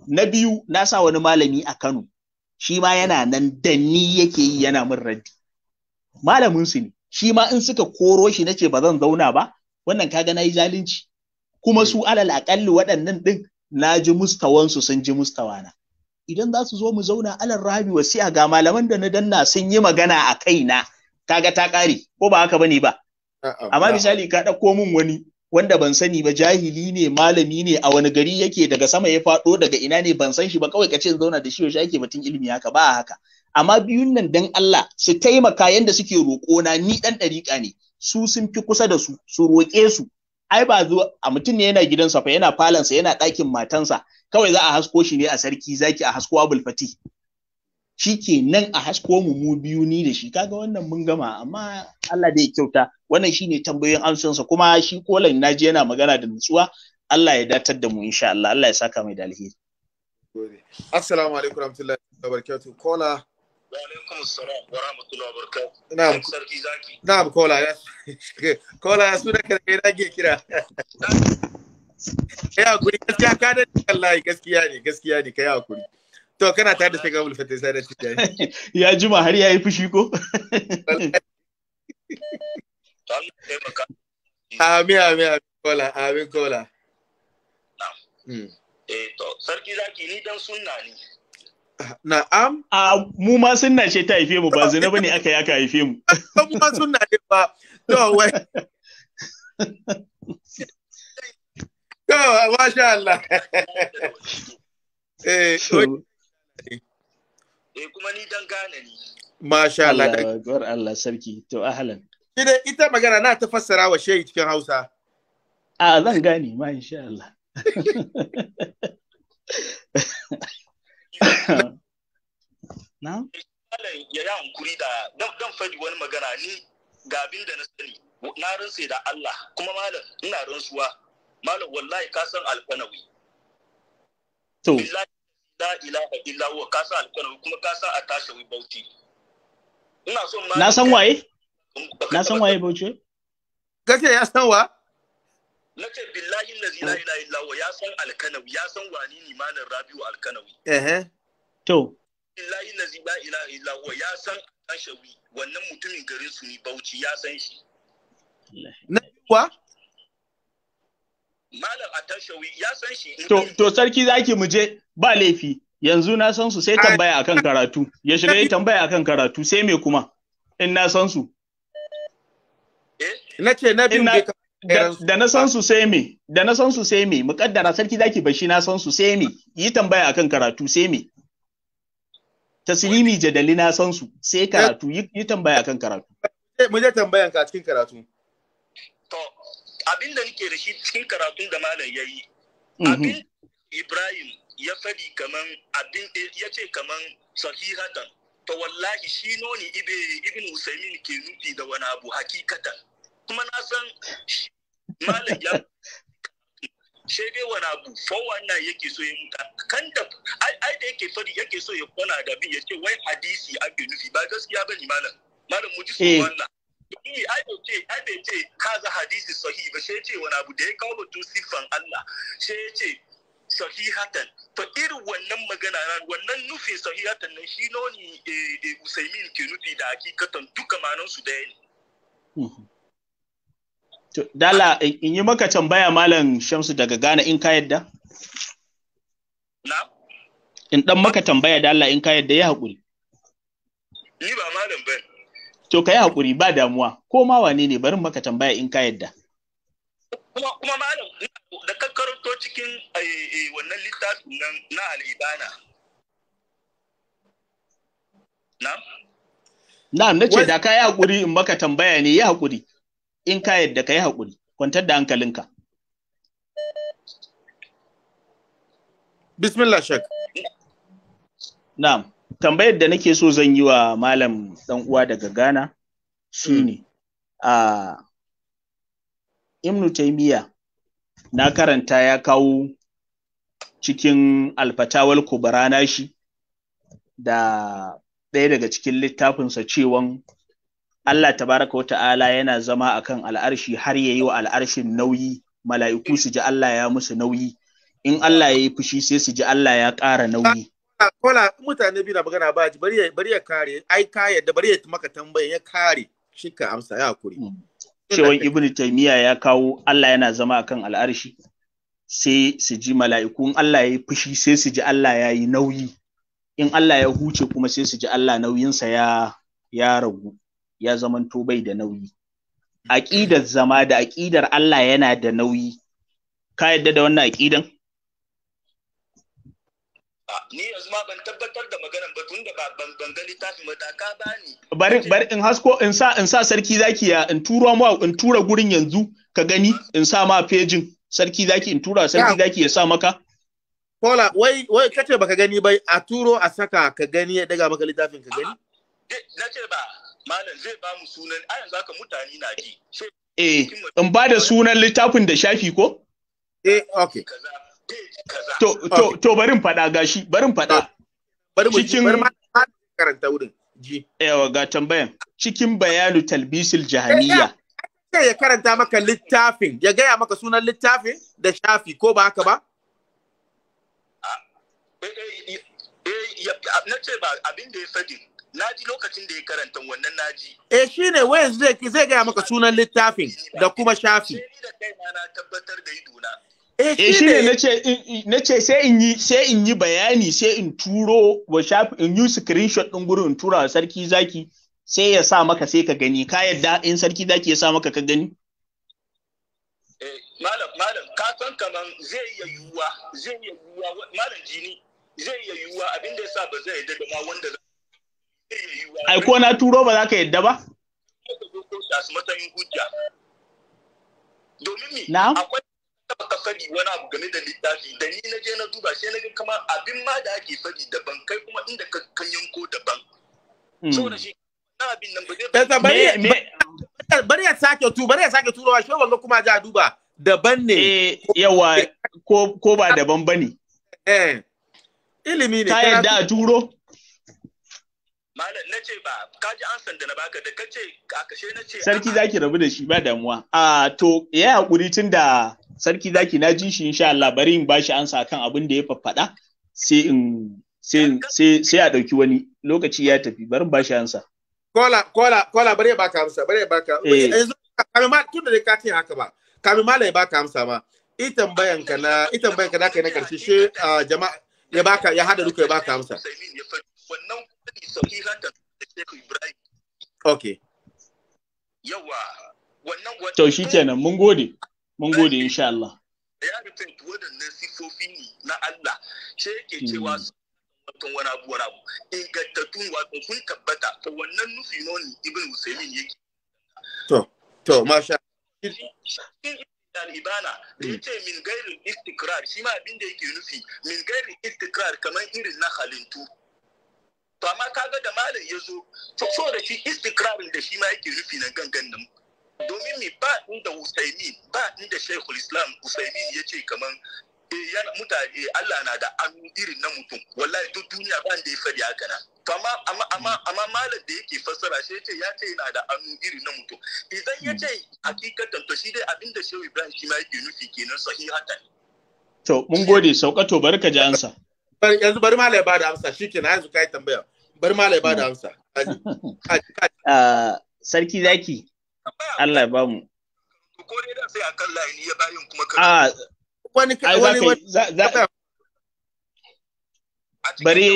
na biyu na sa wani malami a Kano shi ma yana nan da ni yake yi yana min raddi malamin su ne shi ma in suka koro shi nace ba zan zauna ba wannan kaga nayi zalunci kuma su alal akalli waɗannan din na ji mustawansu sun ji mustawana idan za su zo mu zauna alal rabi wasi'a ga malaman da na danna sun yi magana a kaina kaga ta ƙare ko ba haka bane ba amma misali ka ɗauko min wani wanda ban sani ba jahili ne malami ne a wani gari yake daga sama ya faɗo daga ina ne ban san shi ba kawai kace zauna da shi yaushe ake batun ilimi haka ba haka amma biyun nan dan Allah su taimaka yanda suke roƙo na ni dan ɗariƙa ne su sun fi kusa da su su roƙe su ai ba zo a mutum ne yana gidansa fa yana falansa yana ɗakin matansa kawai za a hasko shi ne a sarki zaki a hasko abul fatih shi ke nan a hasko mu mu biyu ni da shi kaga wannan mun gama amma Allah da ya kyauta wannan shi ne tambayoyin amsansa kuma shi kolan naji yana magana da nutsuwa Allah ya datar da mu insha Allah Allah ya saka mai da alheri assalamu alaikum warahmatullahi wabarakatuh kola wa alaikum assalam wa rahmatullahi wabarakatuh na sarki zaki na'am kola ya kola ya suna kare da ke kira ya kuri gaskiya ka da Allah gaskiya ne gaskiya ne kai hakuri to kana ta da sai gabul fatai sai da yi. ya jima har ya yi fushi ko Amin, amin, amin, kola, amin, kola. Hmm. Eh, to, sarki zaki ni dan sunna ne. Na'am? A mu ma sunna ce ta haife mu ba zina bane aka yi aka haife mu. Mu ma sunna ne ba. To wai. To masha Allah. Eh, eh kuma ni dan gane ni masha Allah da Allah sarki to ahlan Idan ita magana na ta fassara wa shehi cikin Hausa a zan gane ma insha Allah na ya yi hankuri da dan faɗi wani magana ni ga abin da na sani na rinse da Allah kuma malam ina rantsuwa, malam wallahi ka san alfanawi to la ilaha illa huwa ka kuma ka bauchi ina so ma na san waye na san waye bauchi kace ya san wa na ce billahi lazi la ilaha illa huwa ya san alkanawi ya san wani ne rabiu alkanawi eh to billahi lazi la ilaha illa huwa ya san atashawi wannan mutumin garin su ne bauchi ya san shi na wa Malam Atashawi ya san shi. To, sarki zaki mu je ba laifi. Yanzu na san su sai tambaya akan karatu. Ya shiga yi tambaya akan karatu sai me kuma in na san su. Eh? Na ce na biyu da na san su sai me da na san su sai me muƙaddara sarki zaki bashi na san su sai me yi tambaya akan karatu sai me taslimi jadali na san su sai karatu yi tambaya akan karatu eh, mu je tambayan ka cikin karatu abin da nake da shi cikin karatun da malam ya yi mhm. abin ibrahim ya fadi kaman abin ya ce kaman sahihatan to wallahi shi noni ibe ibn usaimin ke nufi da wani abu hakikatan kuma na san malam ya sai dai wani abu fowan na yake so ya muta kan da ai da yake fari yake so ya kona da bin ya ce wai hadisi ake nufi ba gaskiya ba ni malam malam mu ji su wannan ni ai bai ce ai bai ce kaza hadisi sahihi ba sai ce wani abu da ya kawo batun siffan Allah sai ya ce sahihatan to irin wannan magana wannan nufin sahihatan nan shi noni eh, Usaimin ke nufi da hakikatan duka manan su daya ne mhm. Dala in yi maka tambaya malam Shamsu daga Ghana in ka yadda? Na? In dan maka tambaya da Allah in ka yadda ya haƙuri. Ni ba malam bane. to kai hakuri ba damuwa ko ma wane ne barin maka tambaya in ka yadda kuma kuma malam da ka cikin eh, eh, wannan littafin nan na al'ibana na'am na'am nace da ka yi hakuri in maka tambaya ne ya hakuri in ka yadda ka yi hakuri kwantar da hankalinka bismillah shak. na'am tambayar da nake so zan yi wa malam dan uwa daga Ghana shine mm. a Ibn Taymiyyah na karanta ya kawo cikin alfatawal kubarana shi da ɗaya daga cikin littafinsa cewan Allah tabaraka wa ta'ala yana zama akan al'arshi har ya yi wa al'arshin nauyi mala'iku su ji Allah ya musu nauyi in Allah ya yi fushi sai su ji Allah ya ƙara nauyi kola mutane biyu na magana ba ji bari bari ya kare ai ka yadda bari ya maka tambaya ya kare shi amsa ya hakuri hmm. cewa ibnu taymiya ya kawo Allah yana zama akan al'arshi sai su ji mala'iku Allah ya yi fushi sai su ji Allah ya nauyi in Allah ya huce kuma sai su ji Allah nauyinsa ya ya ragu ya zamanto bai da nauyi aqidar zama da aƙidar Allah yana da nauyi ka yadda da wannan aqidan ni yanzu ma ban tabbatar da maganar ba tunda ba ban ga littafin ba ka bani bari bari in hasko in sa in sa sarki zaki ya in tura mu in tura gurin yanzu ka gani in sa ma pejin sarki zaki in tura sarki zaki ya sa maka Kola, wai wai kace baka gani bai a turo a saka ka gani ya daga maka littafin ka gani? Na ce ba, malam zai ba mu sunan a yanzu haka mutane na ji. Eh, in ba da sunan littafin da shafi ko? Eh, okay. kaza to to to barin faɗa gashi barin faɗa ah, cikin karanta wurin ji yawa ga tambayan cikin bayanu talbisil jahaniya sai ya karanta maka littafin ya gaya maka sunan littafin da shafi ko ba haka ba ah, eh, eh, eh, na ce ba abin da ya faɗi na ji lokacin da ya karanta wannan na ji. E shi ne wayan zai zai gaya maka sunan littafin da kuma shafi. Sai da kaina na tabbatar da idona eh shi ne na ce sai in yi bayani sai in turo wa shafi in yi screenshot ɗin gurin tura wa sarki zaki sai ya sa maka sai ka gani ka yadda in sarki zaki ya sa maka ka gani eh, malam malam ka san kaman zai iya yiwuwa zai iya yiwuwa malam jini zai iya yiwuwa abin da sa ba zai yadda da ma wanda zai iya yiwuwa ai ko na turo ba za ka yadda ba matsayin hujja domin me akwai taba faɗi wani abu game da littafi da ni na je na duba sai na ga kamar abin ma da ake fadi daban kai kuma inda ka kan yanko daban hmm. so shi na abin nan ba zai eh, bari ya sake tu bari ya sake rawa shi wanga kuma ja duba daban ne eh yawa ko ko ba daban bane eh ilimi ne ka yadda a turo Malam na ce ba ka ji an sanda na baka da ka ce a kashe na ce sarki za ki rabu da shi ba damuwa a ah, to ya haƙuri tun da sarki zaki na ji shi insha Allah bari in bashi ansa akan abin da ya faffada sai in sai sai sai a dauki wani lokaci ya tafi bari in bashi ansa kola kola kola bari ya baka amsa bari ya baka eh. yanzu kamin ma tunda da ka haka ba kamin ma ya baka amsa ma i tambayan ka na i tambayan ka da kai na karshe she jama'a ya baka ya hada duka ya baka amsa wannan kudi okay yawa wannan to shikenan mun gode mun gode insha Allah ya repent waɗannan sifofi ne na Allah shi yake hmm. cewa watan wani abu wani abu ingantattun wato kun tabbata to wannan nufi noni ibn Usaimin yake to to masha ibana da hmm. ce min gairin istikrar shi ma abin da yake nufi min gairin istikrar kamar irin na halintu to amma kaga da malam ya zo to so da shi istikrarin da shi ma yake nufi na gangan nan domin mi ba inda usaimin ba inda shaikul islam usaimin ya ce kaman eh, yana mutane eh, Allah na da an irin na mutum wallahi duk duniya ba da ya fadi haka na amma amma amma amma malam da yake fassara shi yace ya ce yana da annu irin na mutum idan ya ce hakikatan to shi dai abinda shehu ibrahim shi ma yake nufi kenan sahihatan to mun gode saukato bari ka ji ansa yanzu bari malam ya bada amsa shikenan yanzu kai tambaya bari malam ya bada amsa ah, sarki zaki Allah ya ba mu ko ne da sai a kan layi ya bayin kuma ka Ah, wani wani bari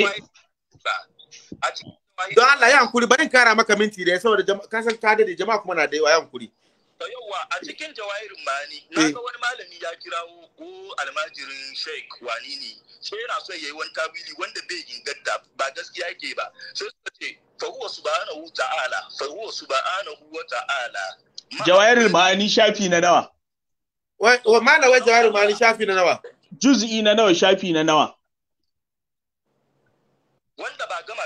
don Allah ya hankuri bari in kara maka minti da saboda kasan san da jama'a kuma na da yawa ya hankuri to yawa a cikin jawairin mani na eh. ga wani malami ya kirawo ko almajirin sheik wani ne sai yana ya yayi wani tabili wanda bai inganta ba gaskiya yake ba sai suka ce fa huwa subhanahu ta'ala fa huwa subhanahu wa ta'ala jawairin mani shafi na nawa wa mana wai jawairin mani shafi na nawa juz'i na nawa shafi na nawa wanda ba gama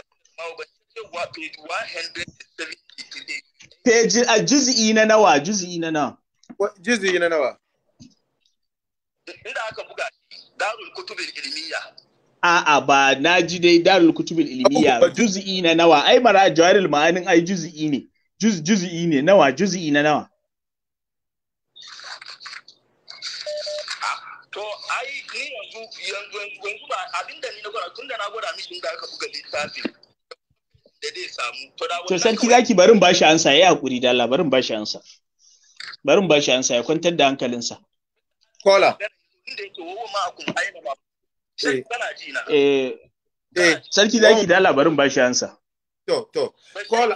ba sai wa page 173 Peji eh, a juz'i na nawa, juz'i na nawa. Juz'i na nawa. Inda aka buga darul kutubin ilmiya. A'a ba na ji dai darul kutubin ilmiya juz'i na nawa. Ai mara jawaril ma'anin ai juz'i ne. Juz juz'i ne nawa, juz'i na nawa. To ai ni yanzu yanzu yanzu ba abinda ni na gwada tunda na gwada da aka buga littafin. da zai samu to sarki zaki barin bashi ansa yayi hakuri da Allah barin bashi ansa barin bashi ansa ya kwantar da hankalinsa kola inda yake wowo ma akun aina ba eh. kana ji na eh eh sarki zaki da Allah barin bashi ansa to to kola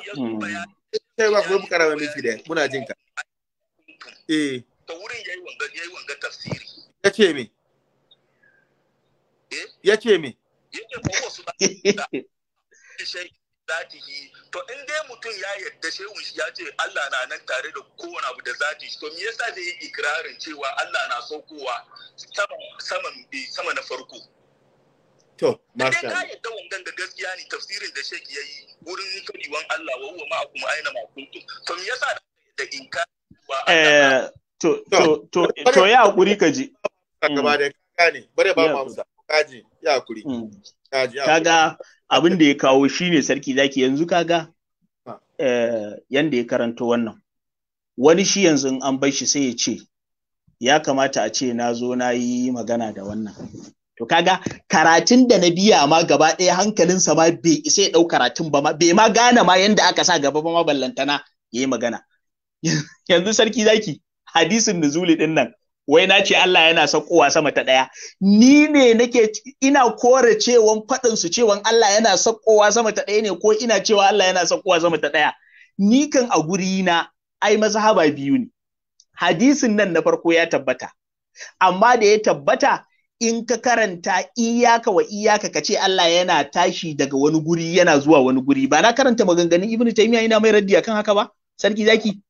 sai ba ku karawa miki da muna jin ka eh to wurin yayi wanga yayi wanga tafsiri yace me Eh? yace me yake ko wasu da zatihi to in dai mutum ya yadda shehun shi ya ce Allah na nan tare da kowane abu da zati to me yasa zai yi ikirarin cewa Allah na saukowa saman sama na farko to masha Allah ka yadda wangan gaskiya ne tafsirin da shek yayi wurin kadiwan Allah wa huwa ma'akum aina ma kuntum to me yasa da inkari wa Allah eh, to to to to ya hakuri kaji gaba da kane bare ba mu amsa kaji ya hakuri kaji mm. kaga abin da ya kawo shine sarki zaki yanzu kaga ah. eh, yanda ya karanto wannan wani shi yanzu an bar shi sai ya ce ya kamata a ce na zo na yi magana da wannan to kaga karatun da na biya ma gaba ɗaya hankalinsa ma bai isa ya ɗau karatun ba ma bai ma gane ma yanda aka sa gaba ba ma ballantana ya yi magana yanzu sarki zaki hadisin nuzuli din nan wai na ce Allah yana sakowa sama ta ɗaya ni ne nake ina kore cewon faɗin su cewon Allah yana sakowa sama ta ɗaya ne ko ina cewa Allah yana sakowa sama ta ɗaya ni kan a guri na ai mazhaba biyu ne hadisin nan na farko ya tabbata amma da ya tabbata in ka karanta iyaka wa iyaka ka ce Allah yana tashi daga wani guri yana zuwa wani guri ba na karanta maganganun ibnu taymiya ina mai raddi akan haka ba sarki zaki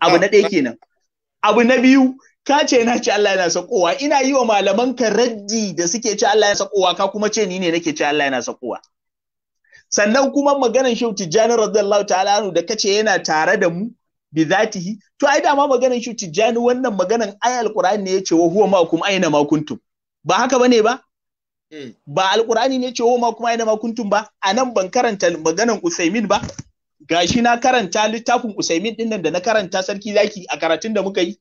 abu na ɗaya kenan abu na biyu ka ce na ce Allah yana sakowa ina yi wa malaman ka raddi da suke ce Allah yana sakowa ka kuma ce ni ne nake ce Allah yana sakowa sannan kuma maganar shi tijani radiyallahu ta'ala anhu da kace yana tare da mu bi zatihi to ai dama maganar shi tijani wannan maganar ayal Qur'ani ne yace wa huwa ma'akum aina ma kuntum ba haka bane ba eh. ba alqur'ani ne yace wa ma kuma aina ma kuntum ba anan ban karanta maganar Usaimin ba gashi na karanta littafin Usaimin din nan da na karanta sarki zaki a karatun da muka yi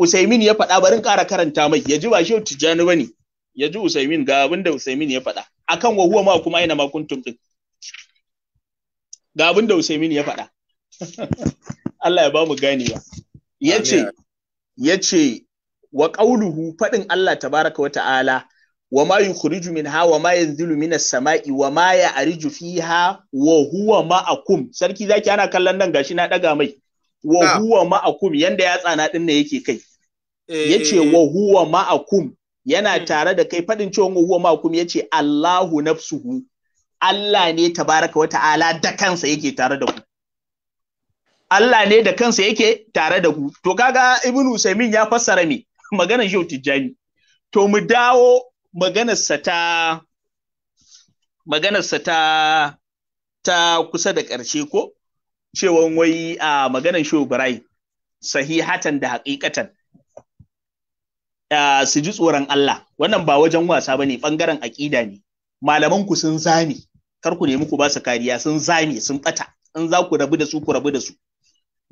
Usaimin ya faɗa barin ƙara karanta mai ya ji ba shi tijani ba ne ya ji Usaimin ga abin da Usaimin ya faɗa akan wa huwa ma kuma aina ma ɗin. din ga abin da Usaimin ya faɗa Allah ya ba mu ganewa yace yace wa qauluhu faɗin Allah tabaraka wa ta'ala wa ma yukhriju minha wa ma yanzilu minas sama'i wa ma ya'riju fiha wa huwa ma'akum sarki zaki ana kallon nan gashi na daga mai wa huwa ma'akum yanda ya tsana din ne yake kai yace eh. wa huwa ma'akum yana hmm. tare da kai fadin cewa wa huwa ma'akum ce Allahu nafsuhu Allah ne tabaraka wa ta'ala da kansa yake tare da ku Allah ne da kansa yake tare da ku to kaga Ibn Usaimin ya fassara me maganar Shehu Tijjani to mu dawo maganarsa ta sa ta ta kusa da ƙarshe ko cewa wai a maganar Shehu Ibrahim sahihatan da haƙiƙatan su ji tsoron Allah wannan ba wajen wasa ba ne. bangaren aƙida ne malaman ku sun zame kar ku nemi ku ba su kariya sun zame sun ɓata. in za ku rabu da su ku rabu da su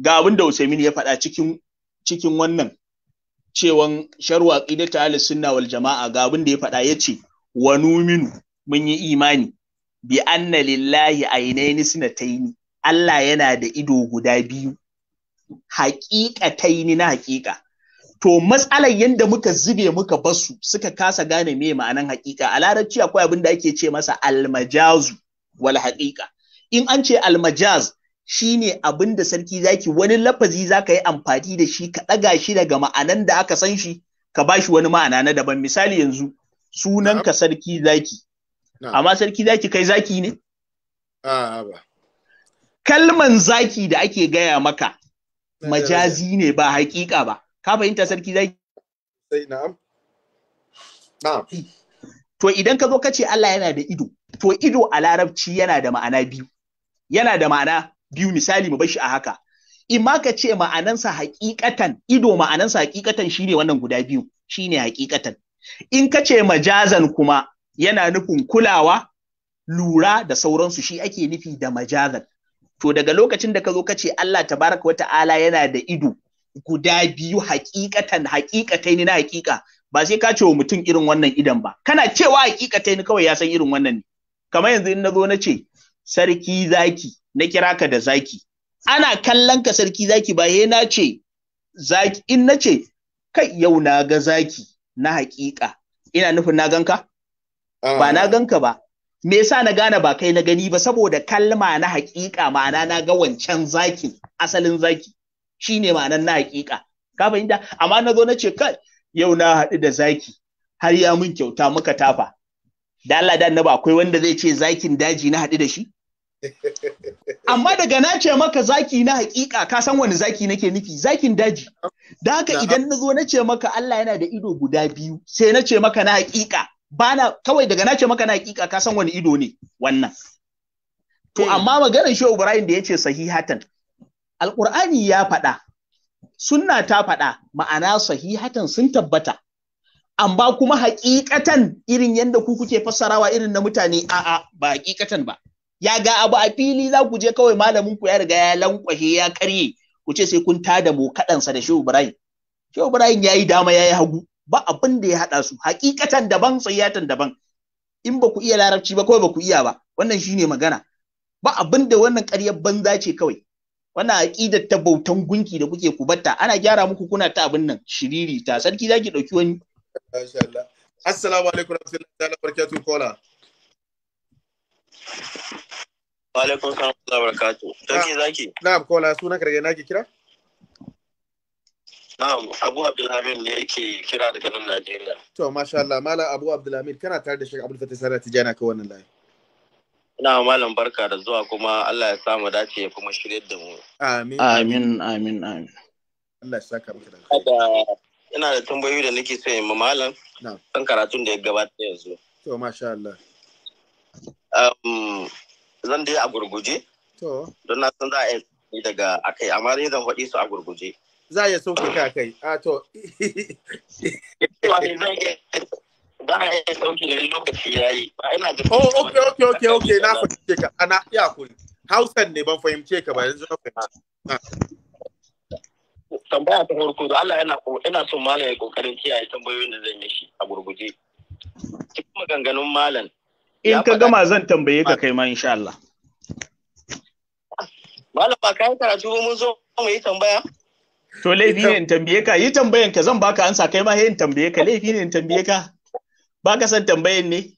ga abin da Usaimin ya faɗa cikin cikin wannan cewan sharwa ta Halis, sunna wal jamaa ga abin da ya faɗa yace wa numinu mun yi imani bi anna lillahi suna sinataini Allah yana da ido guda biyu haƙiƙataini na haƙiƙa to matsalar yadda muka zube muka basu suka kasa gane me ma'anan haƙiƙa a larabci akwai abin da ake ce masa almajazu wal haƙiƙa in an ce almajaz shine abin da sarki zaki wani lafazi zaka yi amfani da shi ka ɗaga shi daga ma'anan da aka san shi ka bashi wani ma'ana na daban misali yanzu sunan ka sarki zaki amma sarki zaki kai zaki ne kalman zaki da ake gaya maka majazi ne ba haƙiƙa ba ka fahimta sarki zai sai na'am na'am to idan ka zo ka ce Allah yana da ido to ido a larabci yana da ma'ana biyu yana da ma'ana biyu misali mu bar shi a haka in ma ka ce ma'anansa hakikatan ido ma'anansa hakikatan shine wannan guda biyu shine hakikatan in ka ce majazan kuma yana nufin kulawa lura da sauransu shi ake nufi da majazan to daga lokacin da ka zo ka ce Allah tabaraka wata'ala yana da ido guda biyu hakikatan hakikatai ne na hakika ba sai ka ce wa mutum irin wannan idan ba kana cewa hakikatai ne kawai ya san irin wannan ne kamar yanzu in nazo na ce sarki zaki na kira ka da zaki ana kallon ka sarki zaki ba he na ce zaki in na ce kai yau na ga zaki na hakika ina nufin na ganka ba na ah. ganka ba me yasa na gane ba kai na gani ba saboda kalma na hakika ma'ana na ga wancan Zaki, asalin zaki shine ma'anar na hakika ka fahimta amma na zo na ce kai yau na haɗu da zaki har ya mun kyauta muka tafa da Allah da annaba akwai wanda zai ce zakin daji na haɗu da shi amma daga na ce maka zaki na hakika ka san wani zaki nake nufi zakin daji da haka idan na zo na ce maka Allah yana da ido guda biyu sai na ce maka na hakika bana kawai daga na ce maka na hakika ka san wani ido ne wannan to eh. amma maganar Shehu Ibrahim da yace sahihatan Alkur'ani ya faɗa sunna ta faɗa ma'ana sahihatan sun tabbata amma kuma haƙiƙatan irin yadda ku kuke fassarawa irin na mutane a'a ba haƙiƙatan ba ya ga abu a fili za ku je kawai malamin ku ya riga ya lankwashe ya karye ku ce sai kun tada mu kaɗansa da shehu ibrahim shehu ibrahim ya yi dama ya yi hagu ba abin da ya haɗa su haƙiƙatan daban sahihatan daban in ba ku iya larabci ba kawai ba ku iya ba wannan shine magana ba abin da wannan ƙaryar banza ce kawai wannan aƙidar ta bautan gunki da kuke kubata ana gyara muku kuna ta abin nan shiriri ta sarki za ki ɗauki wani. Assalamu alaikum warahmatullahi ta'ala barakatu kola. Wa alaikum salam wa barakatu. Sarki za ki? Na'am kola suna karge naki kira? Na'am Abu Abdulhamid ne yake kira daga nan Najeriya. To masha Allah Malam Abu Abdulhamid kana tare da Sheikh Abdul Fattah Sarati jana ka wannan layi. Ina malam barka da zuwa kuma Allah ya sa mu dace ya kuma shirye da mu. Amin. Amin amin Allah ya saka maka da Ina da tambayoyi da nake so yin ma malam. Kan karatun da ya gabata yanzu. To masha Allah. Um, zan dai a gurguje. To. Don na san za a yi daga akai amma dai zan faɗi su a gurguje. Za a yi sauke ka kai. A to. ba a yi sauki da lokaci ya yi ba ina da oh okay okay okay okay na fahimce ka ana iya kuri hausan ne ban fahimce ka ba yanzu na fahimce ah. tambaya ta farko da Allah yana ina son malam ya kokarin kiyaye tambayoyin da zan yi shi a gurguje cikin maganganun malam in ka gama zan tambaye ka kai ma insha Allah malam ba kai karatu mun zo mu yi tambaya to laifi ne in tambaye ka yi tambayan ka zan baka ansa kai ma yin tambaye ka laifi ne in tambaye ka ba ka san tambayan ne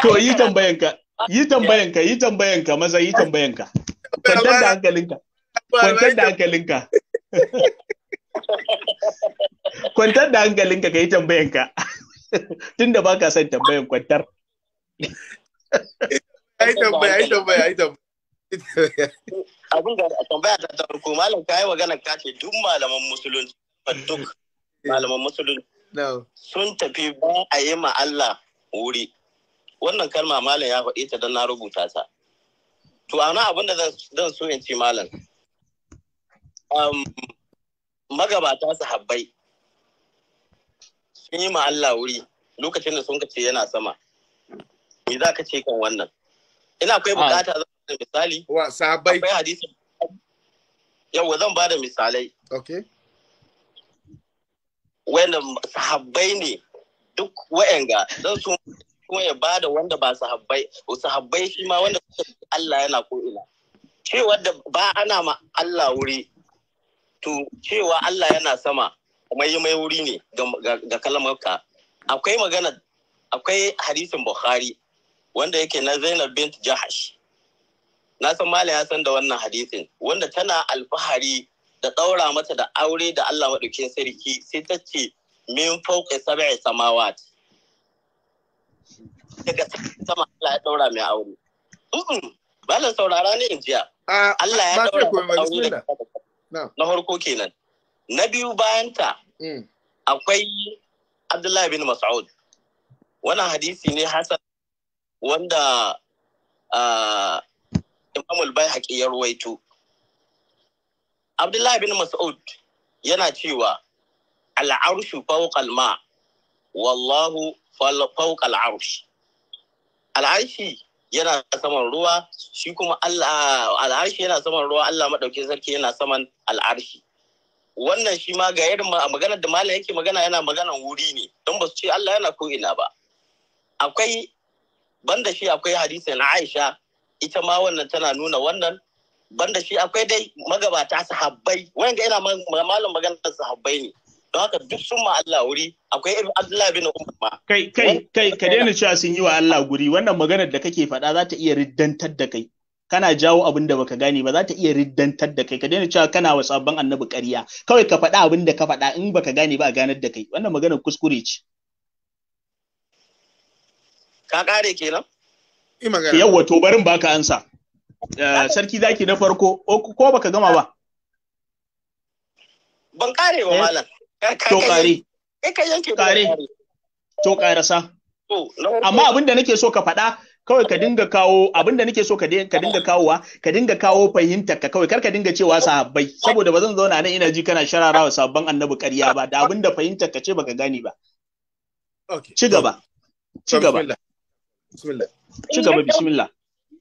to yi tambayan ka yi tambayan ka yi tambayan ka maza yi tambayan ka kwantar da hankalinka kwantar da hankalinka kwantar da hankalinka ka yi tambayan ka da ba ka san tambayan kwantar ai tambaya ai tambaya ai tambaya abin da tambaya ta tarko, malam yi magana ka ce duk malaman musulunci duk malaman musulun sun tafi ba a yi ma Allah wuri wannan kalma malam ya faɗi ta don na rubuta ta to ana abin da zan so in ce malam um, magabata su habbai sun yi ma Allah wuri lokacin da sun ka ce yana sama me za ka ce kan wannan ina kai bukata zan da misali wa sahabbai akwai hadisi yawa zan ba da misalai okay wanda sahabbai ne duk wa'anga don su kuma ya bada wanda ba sahabbai sahabbai shi ma wanda Allah yana ko ina cewa da ba ana ma Allah wuri to cewa Allah yana sama kuma yi mai wuri ne ga kalmarka akwai magana akwai hadisin Bukhari wanda yake na Zainab bint Jahash na san Malam ya san da wannan hadisin wanda tana alfahari da ɗaura mata da aure da Allah maɗaukin sarki sai ta ce min fauƙe sab'i samawat daga sama Allah ya ɗaura mai aure malam saurara ne in jiya Allah ya ɗaura aure na farko kenan na biyu bayanta mm. akwai Abdullahi bin Mas'ud wannan hadisi ne Hassan wanda ah, Imam al ya ruwaito Abdullahi bin Mas'ud yana cewa al'arshu fawqal ma wallahu fawqal arsh al'arshi yana saman ruwa shi kuma Allah al'arshi yana saman ruwa Allah madaukin sarki yana saman al'arshi wannan shi ma ga irin maganar da malam yake magana yana maganar wuri ne don ba su ce Allah yana ko ina ba akwai banda shi akwai hadisi na Aisha ita ma wannan tana nuna wannan banda shi akwai dai magabata sahabbai ga ina malam maganar sahabbai ne don haka duk sun ma Allah wuri akwai irin Abdullahi bin Umar ma kai kai kai ka daina cewa sun yi wa Allah guri wannan maganar da kake faɗa za ta iya riddantar da kai kana jawo abin da baka gane ba za ta iya riddantar da kai ka daina cewa kana wa sabon annabi ƙarya kawai ka faɗa abin da ka faɗa in baka gane ba a ganar da kai wannan maganar kuskure ce ka kare kenan yawwa to barin baka ansa Eh, sarki zaki na farko ko baka gama ba ban kare ba eh, malam to kare kare to karasa amma abin da nake so ka faɗa kawai ka dinga kawo abin da nake so ka dinga kawowa ka dinga kawo fahimtar ka kawai kar ka dinga cewa sahabbai saboda ba zan zauna nan ina ji kana shararawa sabban annabi ƙarya ba da abin da fahimtar ka ce baka gane ba ci gaba ci gaba ci gaba bismillah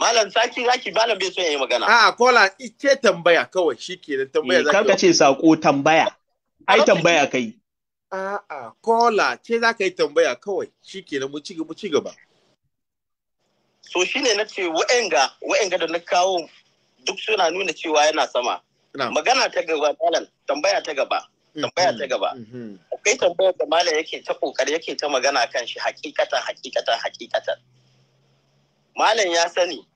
Malam saki zaki malam bai so ya yi magana. A'a kola ce tambaya kawai shi ke da tambaya zaki. Kanka ce sako tambaya. Ai tambaya kai. A'a kola ce za ka yi tambaya kawai shi mu ci mu ci gaba. So shine na ce wa'enga wa'enga da na kawo duk suna nuna cewa yana sama. Magana ta gaba malam tambaya ta gaba. Mm-hmm, tambaya ta gaba. Mm-hmm. Akwai tambayar da malam yake ta kokari yake ta magana kan shi hakikata, hakikata, hakikata. Malam ya sani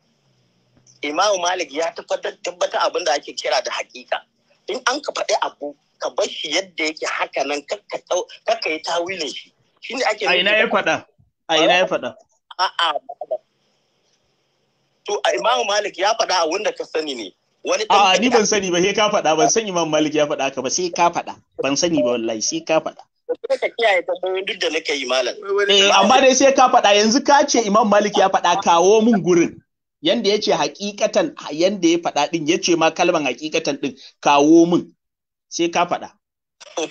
Imamu Malik ya tabbatar abin da ake kira da hakika. In an ka faɗi abu ka bar shi yadda yake haka nan kakka yi tawilin shi. Shi ne ake A ina ya faɗa? A ina ya faɗa? A'a. To Imamu Malik ya faɗa abin da ka sani ne. Wani A'a ni ban sani ba sai ka faɗa ban san Imamu Malik ya faɗa ka ba sai ka faɗa. Ban sani ba wallahi sai ka faɗa. ka kiyaye duk da nake yi malam. Eh, amma dai sai ka faɗa yanzu ka ce Imam Malik ya faɗa kawo mun gurin. yanda yace hakikatan yanda ya faɗa din yace ma kalman hakikatan din kawo min sai ka faɗa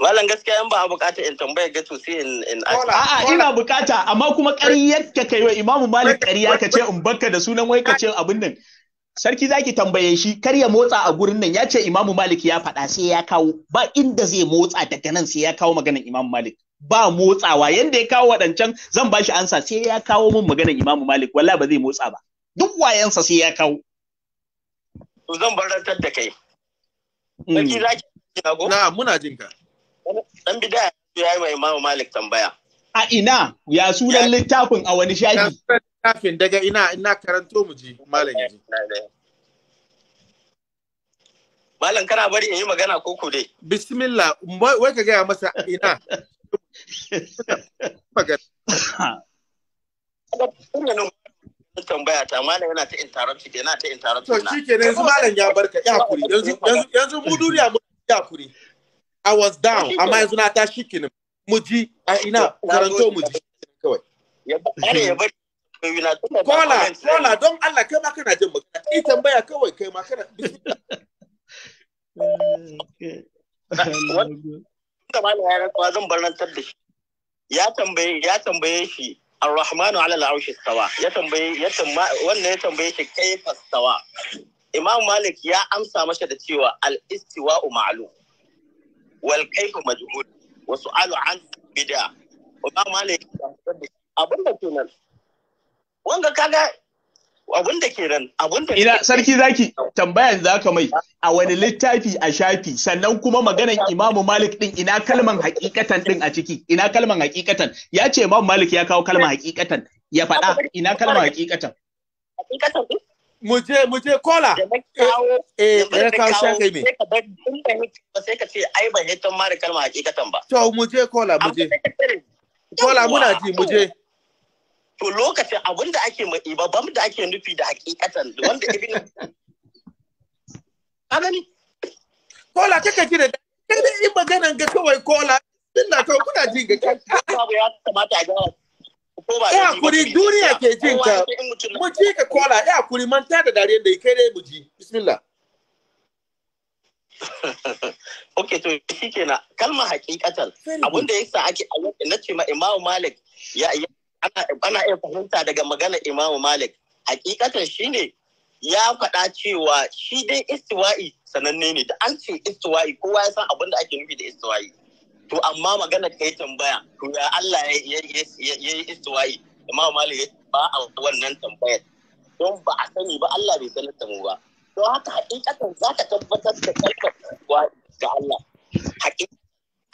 Malam gaskiya in ba a bukata in tambaya ga to sai in in a'a ina bukata amma kuma ƙaryar ka kai wa Imam Malik ƙarya ka ce in barka da sunan wai ka ce abin nan sarki zaki tambaye shi kar ya motsa a gurin nan ya ce Imam Malik ya faɗa sai ya kawo ba inda zai motsa daga nan sai ya kawo maganar Imam Malik ba motsawa yanda ya kawo waɗancan zan ba shi ansa sai ya kawo mun maganar Imam Malik wallahi ba zai motsa ba duk wayansa sai ya kawo to zan barantar da kai hmm. sarki zaki jago na muna jin ka dan bid'a ya yi mai Imam Malik tambaya a ina ya sunan littafin a wani shafi littafin daga ina ina karanto mu ji malam yaji Malam kana bari in yi magana koko dai. Bismillah, wai ka gaya masa ina tambaya ta malam yana ta interrupt yana ta interrupt to shikenan yanzu malam ya barka ya kuri yanzu yanzu mu duniya mu ya kuri i was down amma yanzu na ta shikenan mu ji a ina karanto mu ji kawai kola kola don Allah kai ma kana jin magana kai tambaya kawai kai ma kana eh, da malam ya rantsuwa zan bar nan tabbi ya tambaye ya tambaye shi ar-rahmanu ala al-arshi stawa ya tambaye ya tamba wannan ya tambaye shi kayfa stawa imam malik ya amsa masa da cewa al-istiwa'u ma'lum wal kayfu majhul wa su'alu an bid'a imam malik abin da kenan wanga kaga abin da ke ran abin da ina sarki zaki tambayan zaka mai a wani littafi a shafi sannan kuma maganan imamu malik din ina kalman hakikatan din a ciki ina kalman hakikatan ya ce imamu malik ya kawo kalman hakikatan ya faɗa ina kalman hakikatan hakikatan mu je mu je kola eh, eh ya kawo kai me sai ka ce ai ban yi tan mara kalman hakikatan ba to mu je kola mu je kola muna ji mu je to lokacin abin da ake mai babban da ake nufi da hakikatan wanda ibn ka gani kola kake ji da kake yi magana ga kawai kola ina to kuna ji ga babu ya kamata a gawa ya kuri duniya ke jin ka mu ji ka kola ya kuri manta da dare da kai dai mu ji bismillah ok to shi kenan kalmar hakikatan abinda yasa ake na ce ma imamu malik ya ana iya fahimta daga magana imamu malik hakikatan shine ya faɗa cewa shi dai istiwa'i sananne ne da an ce istiwa'i kowa ya san abin da ake nufi da istiwa'i to amma magana ka yi tambaya to ya Allah ya yi istiwa'i imamu malik ba a wannan tambayar don ba a sani ba Allah bai san da mu ba To haka hakikatan za ka tabbatar da kalmar istiwa'i ga Allah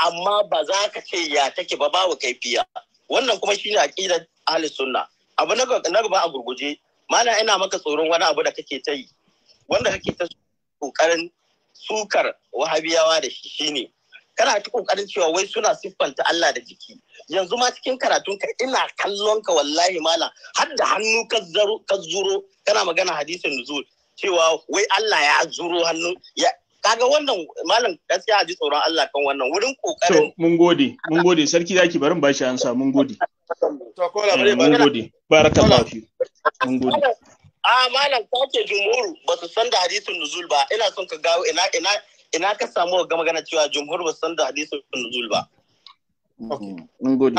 amma ba za ka ce ya take ba babu kaifiya wannan kuma shine aqidar ahli sunna abu na gaba a gurguje mana ina maka tsoron wani abu da kake ta yi wanda kake ta kokarin sukar wahabiyawa da shi shine kana ta kokarin cewa wai suna siffanta Allah da jiki yanzu ma cikin karatun ka ina kallon ka wallahi mala har da hannu ka zuro kana magana hadisin nuzul cewa wai Allah ya zuro hannu kaga wannan malam gaskiya ji tsoron Allah kan wannan wurin kokarin mun gode mun gode sarki zaki barin bashi ansa mun gode eh, mun gode baraka fi mun gode a malam kake jumhur ba su san da hadisin nuzul ba ina son ka gawo ina ina ina ka samu ga magana cewa jumhur ba su san da hadisin nuzul ba mun gode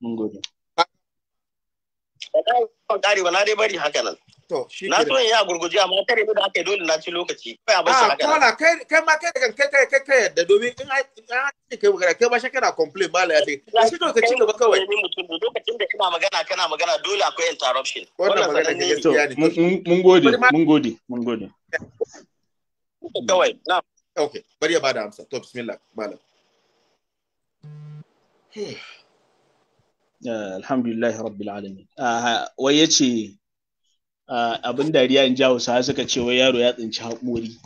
mun gode ba na dai bari haka nan To, shi Na so a gurguje amma kare da dole na ci lokaci. Kai abin sa Ah, kai ma kai kan kai kai kai kai yadda domin in kai magana kai ba shi kana complain ba la ya ce. Ya shi dole ka ci gaba kawai. Lokacin da magana kana magana dole akwai interruption. Wannan magana ne gaskiya Mun gode, mun gode, mun gode. Kawai, na. Okay, bari ya bada amsa. To, bismillah, malam. Eh, Alhamdulillah rabbil alamin. Ah, wai yace abin dariya in ji hausawa suka ce wai yaro ya tsinci haƙori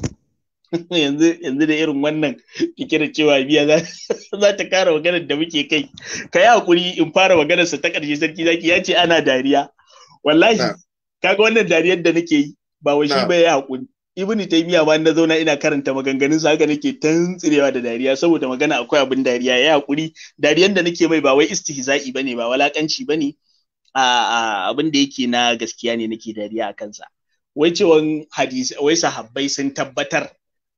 yanzu da irin wannan fikirar cewa biya za ta kara maganar da muke kai ka yi haƙuri in fara maganarsa ta ƙarshe sarki zaki ya ce ana dariya wallahi kaga wannan dariyar da nake yi ba wai shi ba ya haƙuri ibnu taymiya ba na zauna ina karanta maganganun sa haka nake tantsirewa da dariya saboda magana akwai abin dariya ya hakuri. dariyar da nake mai ba wai istihza'i bane ba walakanci bane abin da yake na gaskiya ne nake dariya a kansa wai cewan hadisi wai sahabbai sun tabbatar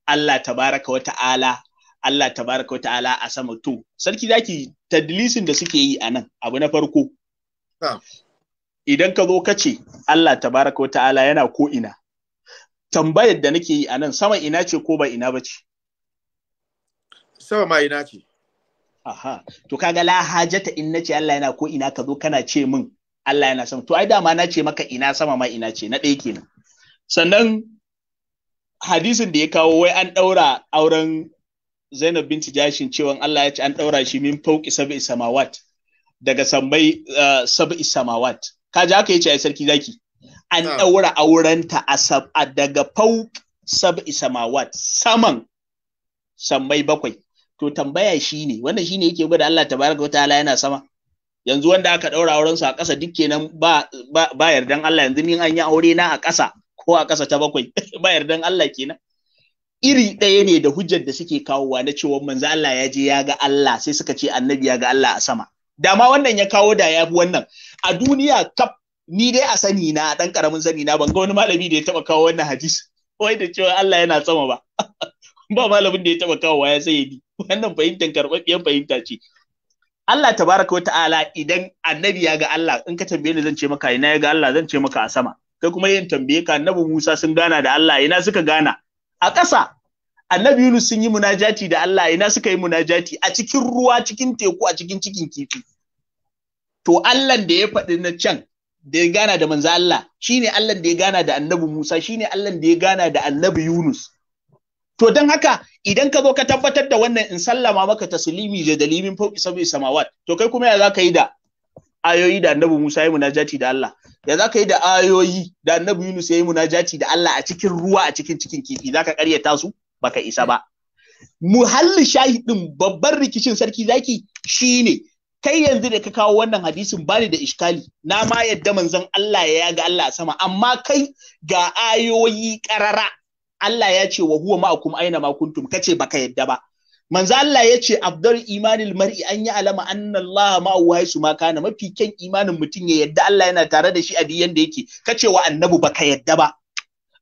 Allah tabaraka wa ta'ala Allah tabaraka wa ta'ala a sama to sarki zaki tadlisin da suke yi anan, abu na farko idan ka zo ka ce Allah tabaraka wa ta'ala yana ko ina tambayar da nake yi anan sama ina ce ko ba ina ba ce sama ma ina ce aha to kaga la hajata in nace Allah yana ko ina ka zo kana ce min Allah yana sama to ai dama na ce maka ina sama ma ina ce na ɗaya kenan sannan hadisin da ya kawo wai an ɗaura auren Zainab binti Jashin cewa Allah ya ce an ɗaura shi min fauki sab'i samawat daga sambai eh, sab'i samawat kaji haka yace ai sarki zaki an ah. ɗaura aurenta a daga fauki sab'i samawat saman sammai bakwai to tambaya shine wannan shine yake gwada Allah tabaraka wa ta'ala yana sama yanzu wanda aka ɗaura auren a ƙasa duk kenan ba ba yardan Allah yanzu ni an yi aure na a ƙasa ko a ƙasa ta bakwai ba yardan Allah kenan iri ɗaya ne da hujjar da suke kawowa na cewa manzo Allah ya je ya ga Allah sai suka ce annabi ya ga Allah a sama dama wannan ya kawo da ya wannan a duniya kaf ni dai a sani na a dan karamin sani na ban ga wani malami da ya taba kawo wannan hadisi wai da cewa Allah yana sama ba ba malamin da ya taba kawo ya sai ni wannan fahimtar karɓaɓɓiyar fahimta ce Allah tabaraka wa ta'ala idan annabi ya ga Allah in ka tambaye ni zan ce maka ina ya ga Allah zan ce maka a sama kai kuma yin tambaye ka annabi Musa sun gana da Allah ina suka gana a ƙasa annabi Yunus sun yi munajati da Allah ina suka yi munajati a cikin ruwa cikin teku a cikin cikin kifi to Allah da ya faɗi na can da ya gana da manzo Allah shine Allah da ya gana da annabi Musa shine Allah da ya gana da annabi Yunus to don haka idan ka zo ka tabbatar da wannan in sallama maka taslimi da dalilin fauki sabi samawat to kai kuma ya za ka yi da ayoyi da annabi Musa ya munajati da Allah ya za ka yi da ayoyi da annabi Yunus ya yi munajati da Allah a cikin ruwa a cikin cikin kifi za ka karyata su baka isa ba muhalli shahidin babban rikicin sarki zaki shi ne. kai yanzu da ka kawo wannan hadisin bani da iskali na ma yadda manzon Allah ya ga Allah sama amma kai ga ayoyi karara Allah ya ce wa huwa ma'akum aina ma kuntum kace baka yadda ba manzo Allah ya ce abdul imanil mar'i an yi alama anna Allah ma'ahu haisu ma kana mafi kyan imanin mutum ya yadda Allah yana tare da shi a diyan da yake kace wa annabu baka yadda ba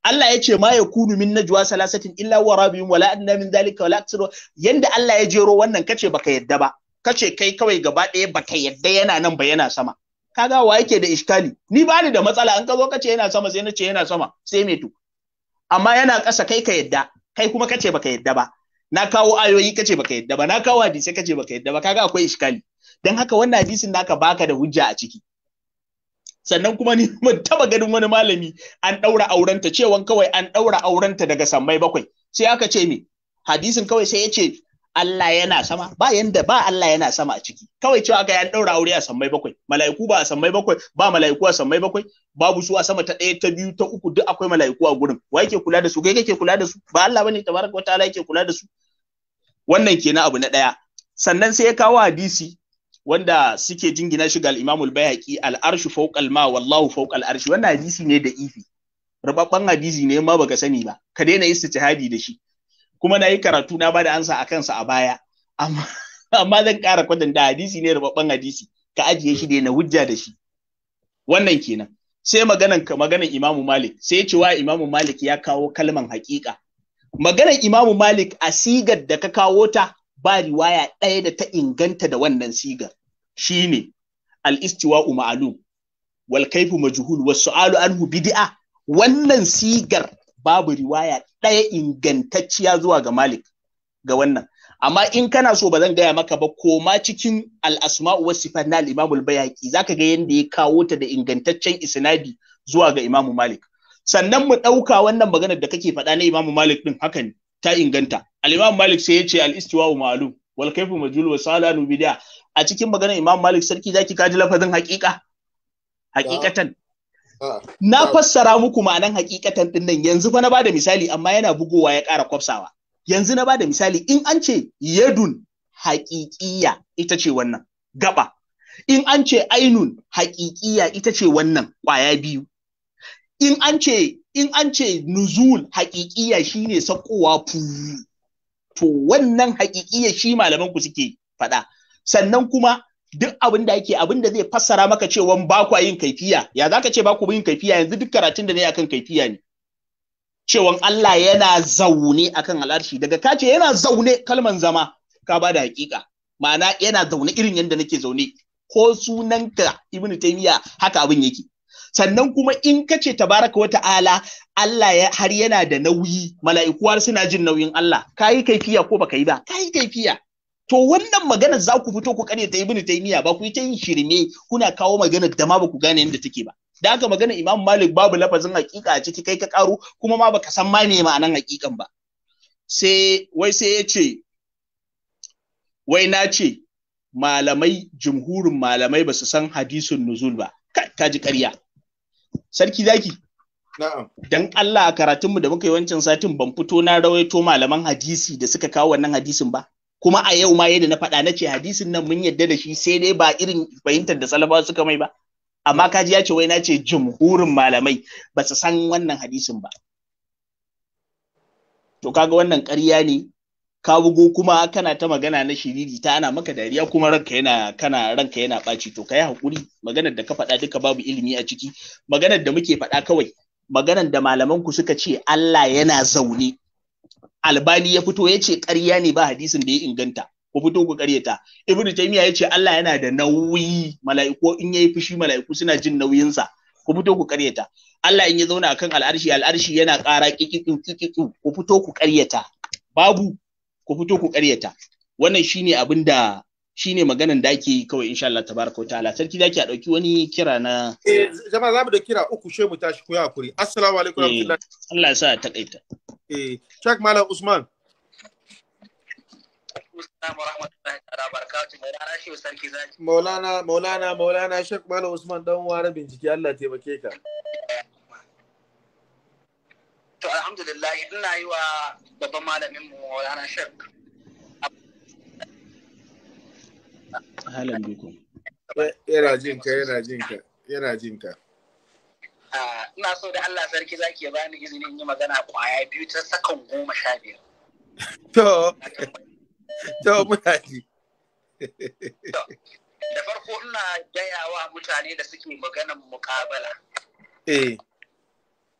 Allah ya ce ma ya kunu min najwa salasatin illa wa rabihim wala anna min zalika wala aktsaru yanda Allah ya jero wannan kace baka yadda ba kace kai kawai gaba ɗaya baka yadda yana nan ba yana sama kaga wa yake da iskali ni bani da matsala an kazo kace yana sama sai na ce yana sama sai me to amma yana ƙasa kai ka yadda kai kuma kace baka yadda ba na kawo ayoyi kace baka yadda ba na kawo hadisi kace baka yadda ba kaga akwai iskali dan haka wannan hadisin naka baka da hujja a ciki sannan kuma ni mun taba ganin wani malami an daura aurenta cewan kawai an daura aurenta daga sammai bakwai sai aka ce me hadisin kawai sai ya ce Allah yana sama ba yanda ba Allah yana sama a ciki kawai cewa aka yan daura aure a sammai bakwai mala'iku ba a sammai bakwai ba mala'iku a sammai bakwai babu su a sama ta ɗaya ta biyu ta uku duk akwai mala'iku a gurin wa yake kula da su kai kake kula da su ba Allah bane tabaraka wa ta'ala yake kula da su wannan kenan abu na ɗaya sannan sai ya kawo hadisi wanda suke jingina shi ga al-Imam al-Baihaqi al-arshu fawqa al-ma wallahu fawqa al-arshi wannan hadisi ne da ifi rubabban hadisi ne ma baka sani ba ka daina istihadi da shi kuma na yi karatu na bada ansa a kansa a baya amma zan ƙara da hadisi ne rubabban hadisi ka ajiye shi da na hujja da shi wannan kenan sai maganan maganan Imamu Malik sai ce wa Imamu Malik ya kawo kalman haƙiƙa maganan Imamu Malik a sigar da ka kawo ta ba riwaya ɗaya da ta inganta da wannan sigar shine al-istiwa'u ma'lum wal kayfu majhul was su'alu anhu bid'a wannan sigar babu riwaya ɗaya ingantacciya zuwa ga Malik ga wannan. Amma in kana so ba zan gaya maka ba koma cikin al'asma'u wa sifat na Imamul Za ka ga yadda ya kawo ta da ingantaccen isnadi zuwa ga Imamu Malik. Sannan mu ɗauka wannan maganar da kake faɗa na Imamu Malik ɗin haka ne ta inganta. Al'imamu Malik sai ya ce al ma’alu, ma'lum wal kayfu majhul wa salanu bid'a. A cikin maganar imamu Malik sarki zaki kaji lafazin haƙiƙa. Haƙiƙatan. Na fassara muku ma'anan hakikatan din nan yanzu fa na bada misali amma yana bugowa ya ƙara kwafsawa. Yanzu na bada misali in an ce yadun haƙiƙiya ita ce wannan gaba. In an ce ainun haƙiƙiya ita ce wannan ƙwaya biyu. In an ce in an ce nuzul haƙiƙiya shine sakowa fu. To wannan haƙiƙiya shi malaman ku suke faɗa. Sannan kuma duk abin da yake abin da zai fassara maka cewa ba ku yin kaifiya ya zaka ce ba ku yin kaifiya yanzu duk karatun da ne akan kaifiya ne cewa Allah yana zaune akan al'arshi daga ka ce yana zaune kalman zama ka ba da hakika ma'ana yana zaune irin yadda nake zaune ko sunanka ibnu taymiya haka abin yake sannan kuma in ka ce tabaraka wa ta'ala Allah ya har yana da nauyi mala'iku har suna jin nauyin Allah kayi kaifiya ko baka yi ba kayi kaifiya to wannan maganar za ku fito ku ta ibnu taymiya ba ku yi ta yin shirme kuna kawo maganar da ma ba ku gane yadda take ba da haka magana imam malik babu lafazin hakika a ciki kai ka karo kuma ma baka san ma me ma'anan hakikan ba sai wai sai ya ce wai na ce malamai jumhurin malamai ba su san hadisun nuzul ba ka ji ƙarya sarki zaki Dan Allah a karatunmu da muka yi wancan satin ban fito na rawaito malaman hadisi da suka kawo wannan hadisin ba. kuma a yau ma yadda na faɗa na ce hadisin nan mun yadda da shi sai dai ba irin fahimtar da salafawa suka mai ba amma kaji ya ce wai na ce jumhurin malamai ba su san wannan hadisin ba to kaga wannan ƙarya ne ka bugo kuma kana ta magana na shiriri ta ana maka dariya kuma ranka yana kana ranka yana ɓaci to kai hakuri maganar da ka faɗa duka babu ilimi a ciki maganar da muke faɗa kawai maganar da malaman ku suka ce Allah yana zaune albani ya fito ya ce ƙarya ne ba hadisin da ya inganta ku fito ku ƙaryata ibnu taymiya ya ce Allah yana da nauyi mala'iku in yayi fushi mala'iku suna jin nauyin sa ku fito ku ƙaryata Allah in ya zauna akan al'arshi al'arshi yana ƙara kikikin kikikin ku fito ku ƙaryata babu ku fito ku ƙaryata wannan shine abin da shine maganan da ake kawai insha Allah tabaraka wa ta'ala sarki zaki a dauki wani kira na eh jama'a mu da kira uku shemu tashi ku hakuri eh, eh, assalamu alaikum warahmatullahi Allah ya sa kaita eh shak malam usman Maulana, Maulana, Maulana, Shek Malam Usman dan wara bincike Allah taimake ka. To alhamdulillah ina yi wa babban malamin mu Maulana Shek Halan duku. Yana jin yana jin yana jin ah, Ina so da Allah sarki zaki ya bani izinin yi magana kwaya biyu ta sakan goma sha biyar. To, to muna ji. Da farko ina gayawa mutane da suke maganar mukabala. Eh.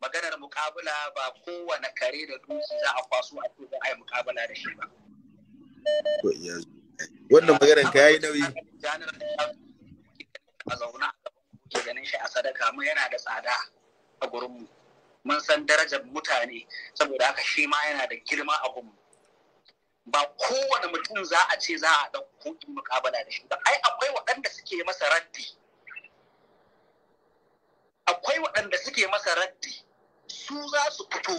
Maganar mukabala ba kowane kare da duki za a kwaso a ce za a yi mukabala da shi ba. wannan maganar ka yayi nauyi a zauna ke ganin shi a sadaka mu yana da tsada a gurin mu mun san darajar mutane saboda haka shi ma yana da girma a gurin ba kowane mutum za a ce za a ɗauko in mukabala da shi ba ai akwai waɗanda suke masa raddi akwai waɗanda suke masa raddi su za su fito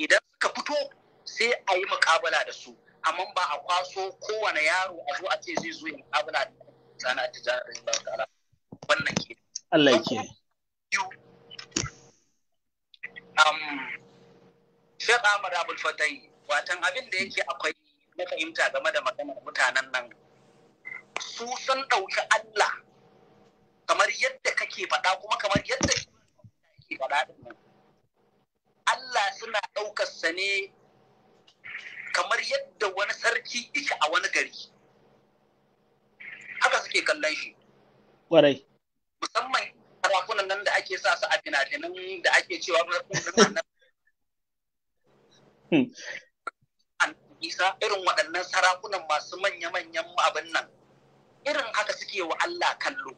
idan suka fito sai a yi mukabala da su amma ba a kwaso kowane yaro a zo a ce zai zo ya abuna sana ta jarin ta'ala wannan ke Allah ya ke um Sheikh Ahmad Abul Fatai watan abin da yake akwai na fahimta game da maganar mutanen nan su san ɗauki Allah kamar yadda kake faɗa kuma kamar yadda ke faɗa din nan Allah suna ɗaukar sa ne kamar yadda wani sarki ike a wani gari haka suke kallon shi Warai. musamman sarakunan nan da ake sa su a finafinan da ake cewa hmm. isa irin waɗannan sarakunan masu manya-manyan abin nan irin haka suke wa Allah kallo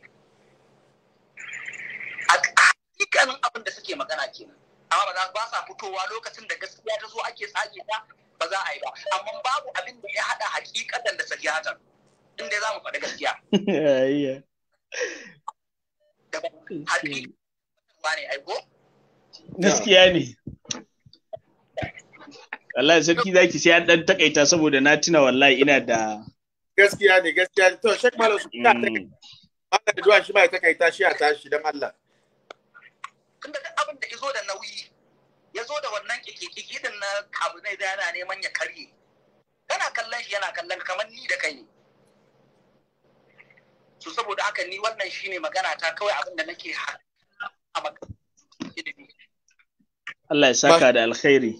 a hakikanin abin da suke magana kenan amma ba za ba sa fitowa lokacin da gaskiya ta zo ake tsage ta ba za a yi ba amma babu abin da ya haɗa hakikatan da sahihatan in dai za mu faɗi gaskiya gaskiya ne wallahi sarki zaki sai an dan takaita saboda na tuna wallahi ina da gaskiya ne gaskiya ne to shek malam su mm. ta takaita Allah da duwa shi ma ya takaita shi a tashi dan Allah tunda duk abin da izo da nauyi ya zo da wannan kikikiki din na abu zai da yana neman ya karye kana kallon shi yana kallon kamar ni da kai su saboda haka ni wannan shine magana ta kawai abin da nake a Allah ya saka da alkhairi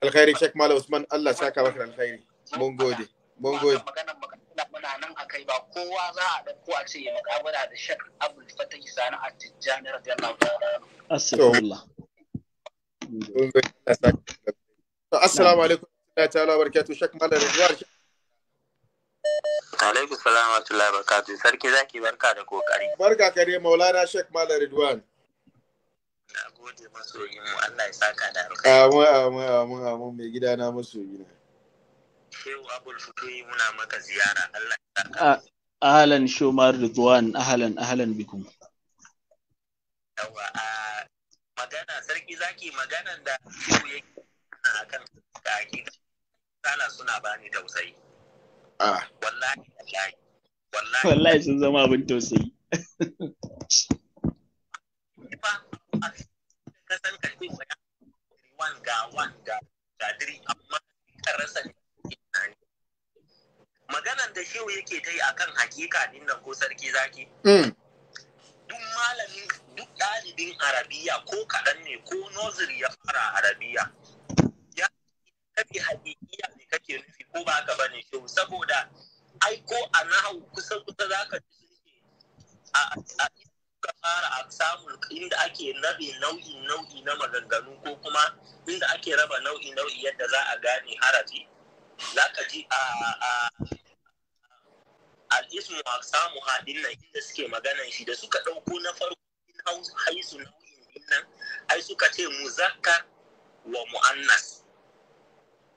alkhairi Sheikh Malam Usman Allah ya saka maka da alkhairi mun gode mun gode muna nan a kai ba kowa za a dauko a ce ya mukabara da Sheikh Abdul Fatah Sani a Tijjani radiyallahu ta'ala Astaghfirullah assalamu alaikum Allah ta'ala barakatuh shak malam alaikum salam wa rahmatullahi barakatuh sarki zaki barka da kokari barka kare maulana Ridwan na gode masoyin mu Allah ya saka da alkhairi amin amin amin amin mai gida na masoyi na Shehu Abul Futuhi muna maka ziyara Allah ya saka ahlan Shomar Ridwan ahlan ahlan bikum yawa magana sarki zaki maganan da yau yake a kan ka akida sala suna bani tausayi ah. wallahi wallahi wallahi sun zama abin tausayi fa kasan karfi wan ga wan ga gadiri amma karasa maganan da shehu yake ta yi kan hakika din nan ko sarki zaki mm. duk malamin duk ɗalibin arabiya ko kaɗan ne ko noziri ya fara arabiya ya kafi haƙiƙiya ne kake nufi ko ba ka bane kyau saboda ai ko a nahu kusan kusa za ka a ka fara a samun inda ake rabe nau'i nau'i na maganganu ko kuma inda ake raba nau'i nau'i yadda za a gane harafi za ka ji a al'ismu a samu haɗin nan inda suke maganan shi da suka ɗauko na farko haisu nau'in dinnan, ai suka ce muzakkar wa mu'annas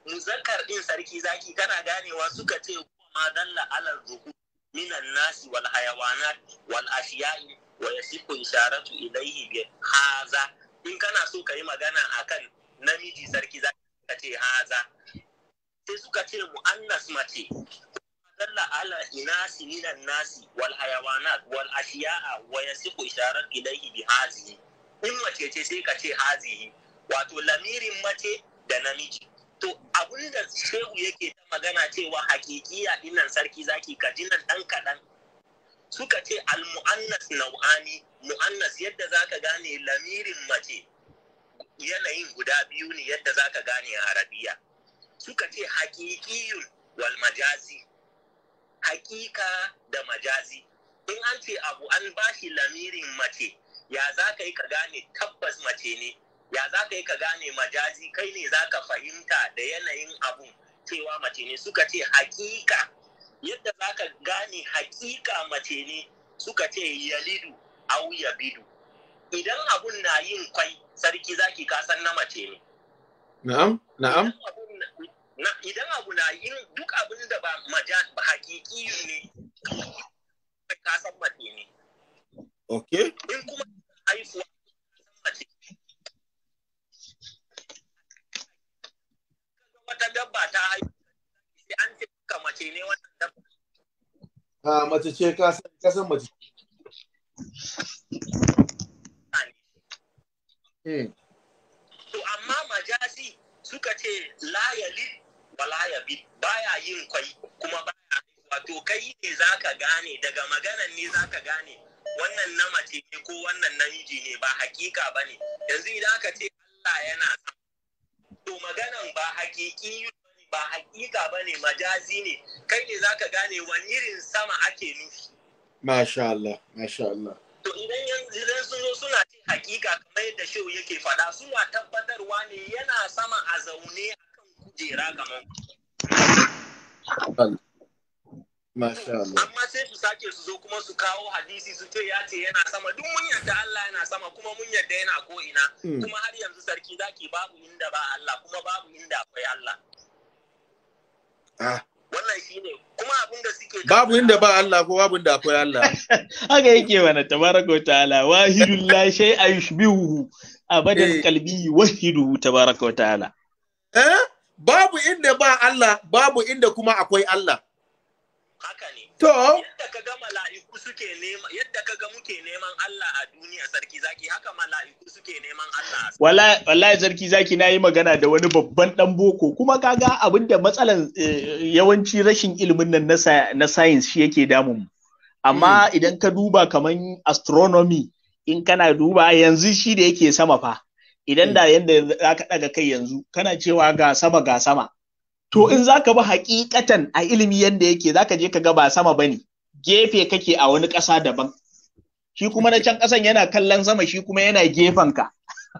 muzakkar din sarki zaki kana ganewa suka ce ma dalla alal zuhur minan nasi wal hayawanat wal ashiya'i wa yasifu isharatu ilayhi bi haza in kana so ka yi magana akan namiji sarki zaki suka ce haza sai suka ce mu'annas mace dalla ala inasi minan nasi wal hayawanat wal ashiya'a wa yasiku isharar ilayhi bi hazihi in mace ce sai ka ce hazihi wato lamirin mace da namiji to abin da shehu yake ta magana cewa hakikiya dinnan sarki zaki ka ji nan dan kadan suka ce al mu'annas nau'ani mu'annas yadda zaka gane lamirin mace yanayin guda biyu ne yadda zaka gane arabiya suka ce hakikiyun wal majazi hakika da majazi in an ce abu an bashi lamirin mace ya za ka yi ka gane tabbas mace ne ya za ka yi ka gane majazi kai ne za ka fahimta da yanayin abun cewa mace ne suka ce hakika yadda za ka gane hakika mace ne suka ce yalidu au bidu idan abun na yin kwai sarki zaki kasan na mace ne na'am na'am na idan abu na yi, duk abin da ba maja ba hakiki ne ka san mace ne okay in kuma haifuwa mace wata dabba ta haifu sai an ce ka mace ne wannan dabba a mace ce ka san ka san mace eh. to amma majasi suka ce la wala ya bi baya yin kwai kuma baya wato kai ne zaka gane daga maganan ne zaka gane wannan na mace ne ko wannan namiji ne ba hakika ne. yanzu idan aka ce Allah yana to maganan ba hakiki ba hakika ne, majazi ne kai ne zaka gane wani irin sama ake nufi masha Allah masha Allah to idan yanzu sun zo suna ce hakika kamar yadda shehu yake faɗa suna tabbatarwa ne yana sama a zaune a jera kamar Amma sai su sake su zo kuma su kawo hadisi su ce ya ce yana sama duk mun yadda Allah yana sama kuma mun yadda yana ko ina hmm. kuma har yanzu sarki zaki babu inda ba Allah kuma babu inda akwai Allah. Ah. Wannan shi ne kuma abin da suke babu inda ba Allah ko babu inda akwai Allah. Haka yake mana tabaraka ta'ala wahidul la shay'a yushbihu abadan qalbi eh. wahidu tabaraka ta'ala. Eh? babu inda ba Allah babu inda kuma akwai Allah haka ne to yadda ka ga mala'iku suke nema yadda ka ga muke neman Allah a duniya sarki zaki haka mala'iku suke neman Allah wallahi wallahi sarki zaki nayi magana da wani babban dan boko kuma kaga abinda matsalan eh, yawanci rashin ilimin nan na na science shi yake damun mu amma hmm. idan ka duba kaman astronomy in kana duba yanzu shi da yake sama fa idan eh. da yanda za ka ɗaga kai yanzu kana cewa ga sama ga sama to in za ka bi hakikatan a ilimi yadda yake za ka je ka ga ba sama bane gefe kake a wani ƙasa daban shi kuma na can ƙasan yana kallon sama shi kuma yana gefen ka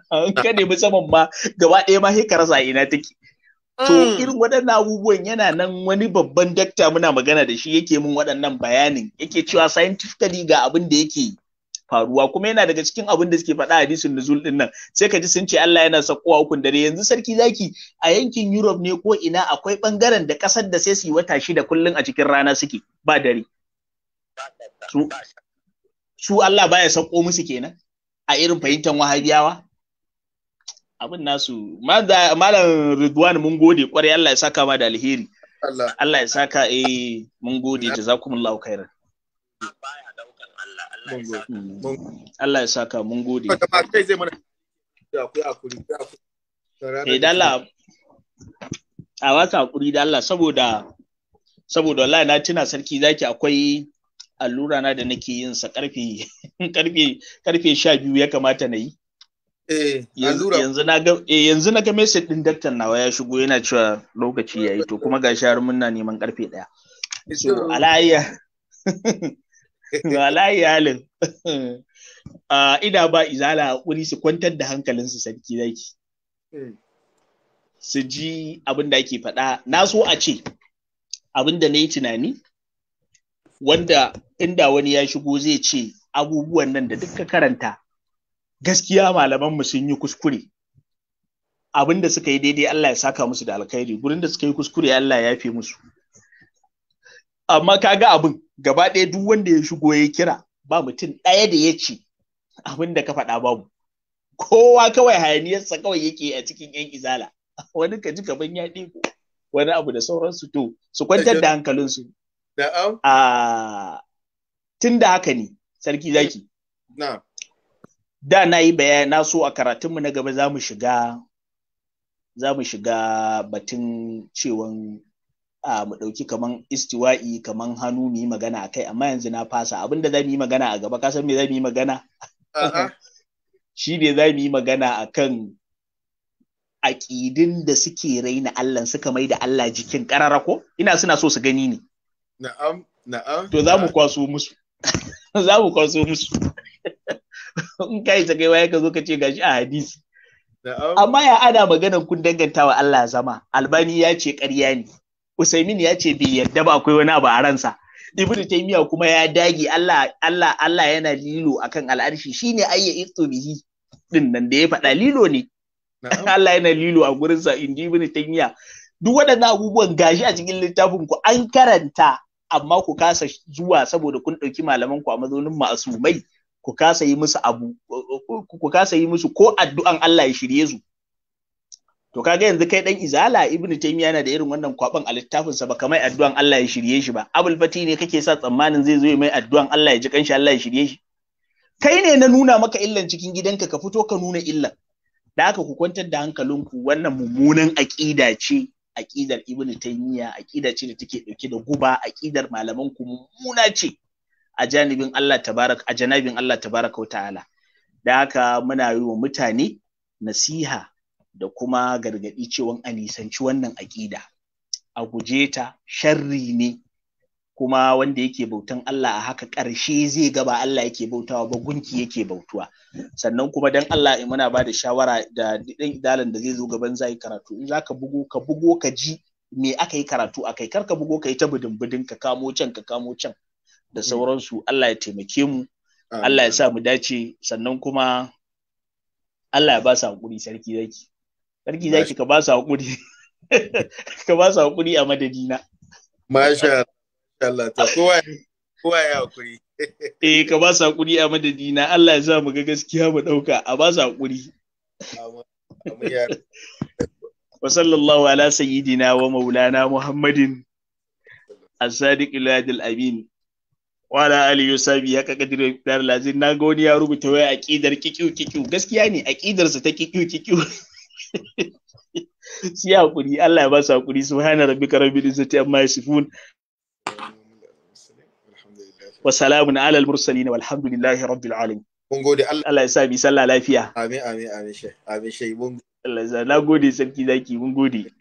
ka nemi saman ma gaba ɗaya ma sai ka rasa ina take to mm. irin waɗannan abubuwan yana nan wani babban dakta muna magana da shi yake min waɗannan bayanin yake cewa scientifically ga abin da yake yi faruwa kuma yana daga cikin abin da suke faɗa hadisin nuzul din nan sai ka ji sun ce Allah yana sakowa hukun dare yanzu sarki zaki a yankin Europe ne ko ina akwai bangaren da kasar da sai su yi wata shida kullun a cikin rana suke ba dare su, su Allah baya sako musu kenan a irin fahimtar wahabiyawa abin nasu malam Ridwan mun gode kwarai Allah ya saka ma da alheri Allah ya saka eh mun gode jazakumullahu khairan Allah ya saka mun gode. Kai zai mana eh, a waka hakuri da Allah saboda saboda wallahi na tuna sarki zaki akwai allura na da nake yin sa karfe karfe karfe 12 ya kamata na yi. Eh, yanzu na ga eh, yanzu na message din daktar nawa ya shigo yana cewa lokaci yayi to kuma gashi har mun na neman karfe daya. So alayya wala iyalin ina ba izala hakuri su kwantar da hankalinsu sarki zaki eh. su ji abin da ake faɗa na so a ce abin da na yi tunani wanda inda wani ya shigo zai ce abubuwan nan da duka karanta gaskiya malamanmu sun yi kuskure abin da suka yi daidai Allah ya saka musu da alkhairi gurin da suka yi kuskure Allah ya yafe musu amma ka ga abin gaba ɗaya duk wanda ya shigo ya kira ba mutum ɗaya da ya ce abin da ka faɗa babu kowa kawai hayaniyarsa kawai yake a cikin yan izala wani ka ji gaban ya ɗiko wani abu da sauransu to su kwantar da hankalinsu ah, tun da haka ne sarki zaki da na yi bayani na so a karatunmu na gaba za mu shiga za mu shiga batun cewan a mu ɗauki kaman istiwa'i kaman hannu mu yi magana a kai amma yanzu na fasa abinda za mu yi magana a gaba kasan me za mu yi magana shi ne za mu yi magana a kan aƙidin da suke raina Allah suka mai da Allah jikin ƙarara ko ina suna so su gani ne na'am na'am to za mu kwaso musu za mu kwaso musu in kai ta gaiwa ka zo ka ce gashi a hadisi amma ya ana maganan kun danganta wa Allah zama albani ya ce ƙarya ne Usaimin ya ce bai yarda ba akwai wani abu a ransa Ibn Taymiya kuma ya dage Allah Allah Allah yana lilo akan al'arshi shine ayya iftu bihi din nan da ya faɗa lilo ne Allah yana lilo a gurin sa inji Ibn Taymiya duk waɗannan abubuwan gashi a cikin littafin ku an karanta amma ku kasa zuwa saboda kun ɗauki malaman ku a mazaunin masumai ku kasa yi musu abu ku kasa yi musu ko addu'an Allah ya shirye su to kaga yanzu kai dan izala ibnu taymiya yana da irin wannan kwaban a littafin sa ba kamar addu'an Allah ya shirye shi ba abul fati ne kake sa tsammanin zai zo ya mai addu'an Allah ya ji kanshi Allah ya shirye shi kai ne na nuna maka illan cikin gidanka ka fito ka nuna illan da haka ku kwantar da hankalinku wannan mummunan aqida ce aqidar ibnu taymiya aqida ce da take dauke da guba aqidar malaman ku mummuna ce a janibin Allah tabarak a janabin Allah tabaraka wa ta'ala da haka muna yi wa mutane nasiha da kuma gargaɗi cewa a nisanci wannan aƙida a guje ta sharri ne kuma wanda yake bautan Allah a haka ƙarshe zai gaba Allah yake bautawa ba gunki yake bautuwa sannan kuma dan Allah muna ba da shawara da ɗan idalan da zai zo gaban zai karatu in zaka bugo ka bugo ka ji me aka yi karatu akai kar ka bugo ka yi ta budin ka kamo can ka kamo can da mm. sauransu Allah ya taimake mu Allah ya sa mu dace sannan kuma Allah ya ba su hakuri sarki zaki za ki ka ba su haƙuri. ka ba su hakuri a madadina masha Allah ta kowa kowa ya haƙuri. eh ka ba su hakuri a madadina Allah ya sa mu ga gaskiya mu ɗauka a ba su hakuri wa sallallahu ala sayyidina wa maulana muhammadin Asadiq sadiq al amin wala ali yusabi ya ka kadire dar lazim na ga wani ya rubuta waya aqidar kikiu kikiu gaskiya ne aqidar sa ta kikiu kikiu su yi hakuri Allah ya ba su haƙuri, hakuri subhana rabbika rabbil izzati amma yasifun wa salamun ala al mursalin walhamdulillahi rabbil alamin mun gode Allah ya sa bi sallah lafiya amin amin amin shai amin shai mun Allah ya sa na gode sarki zaki mun gode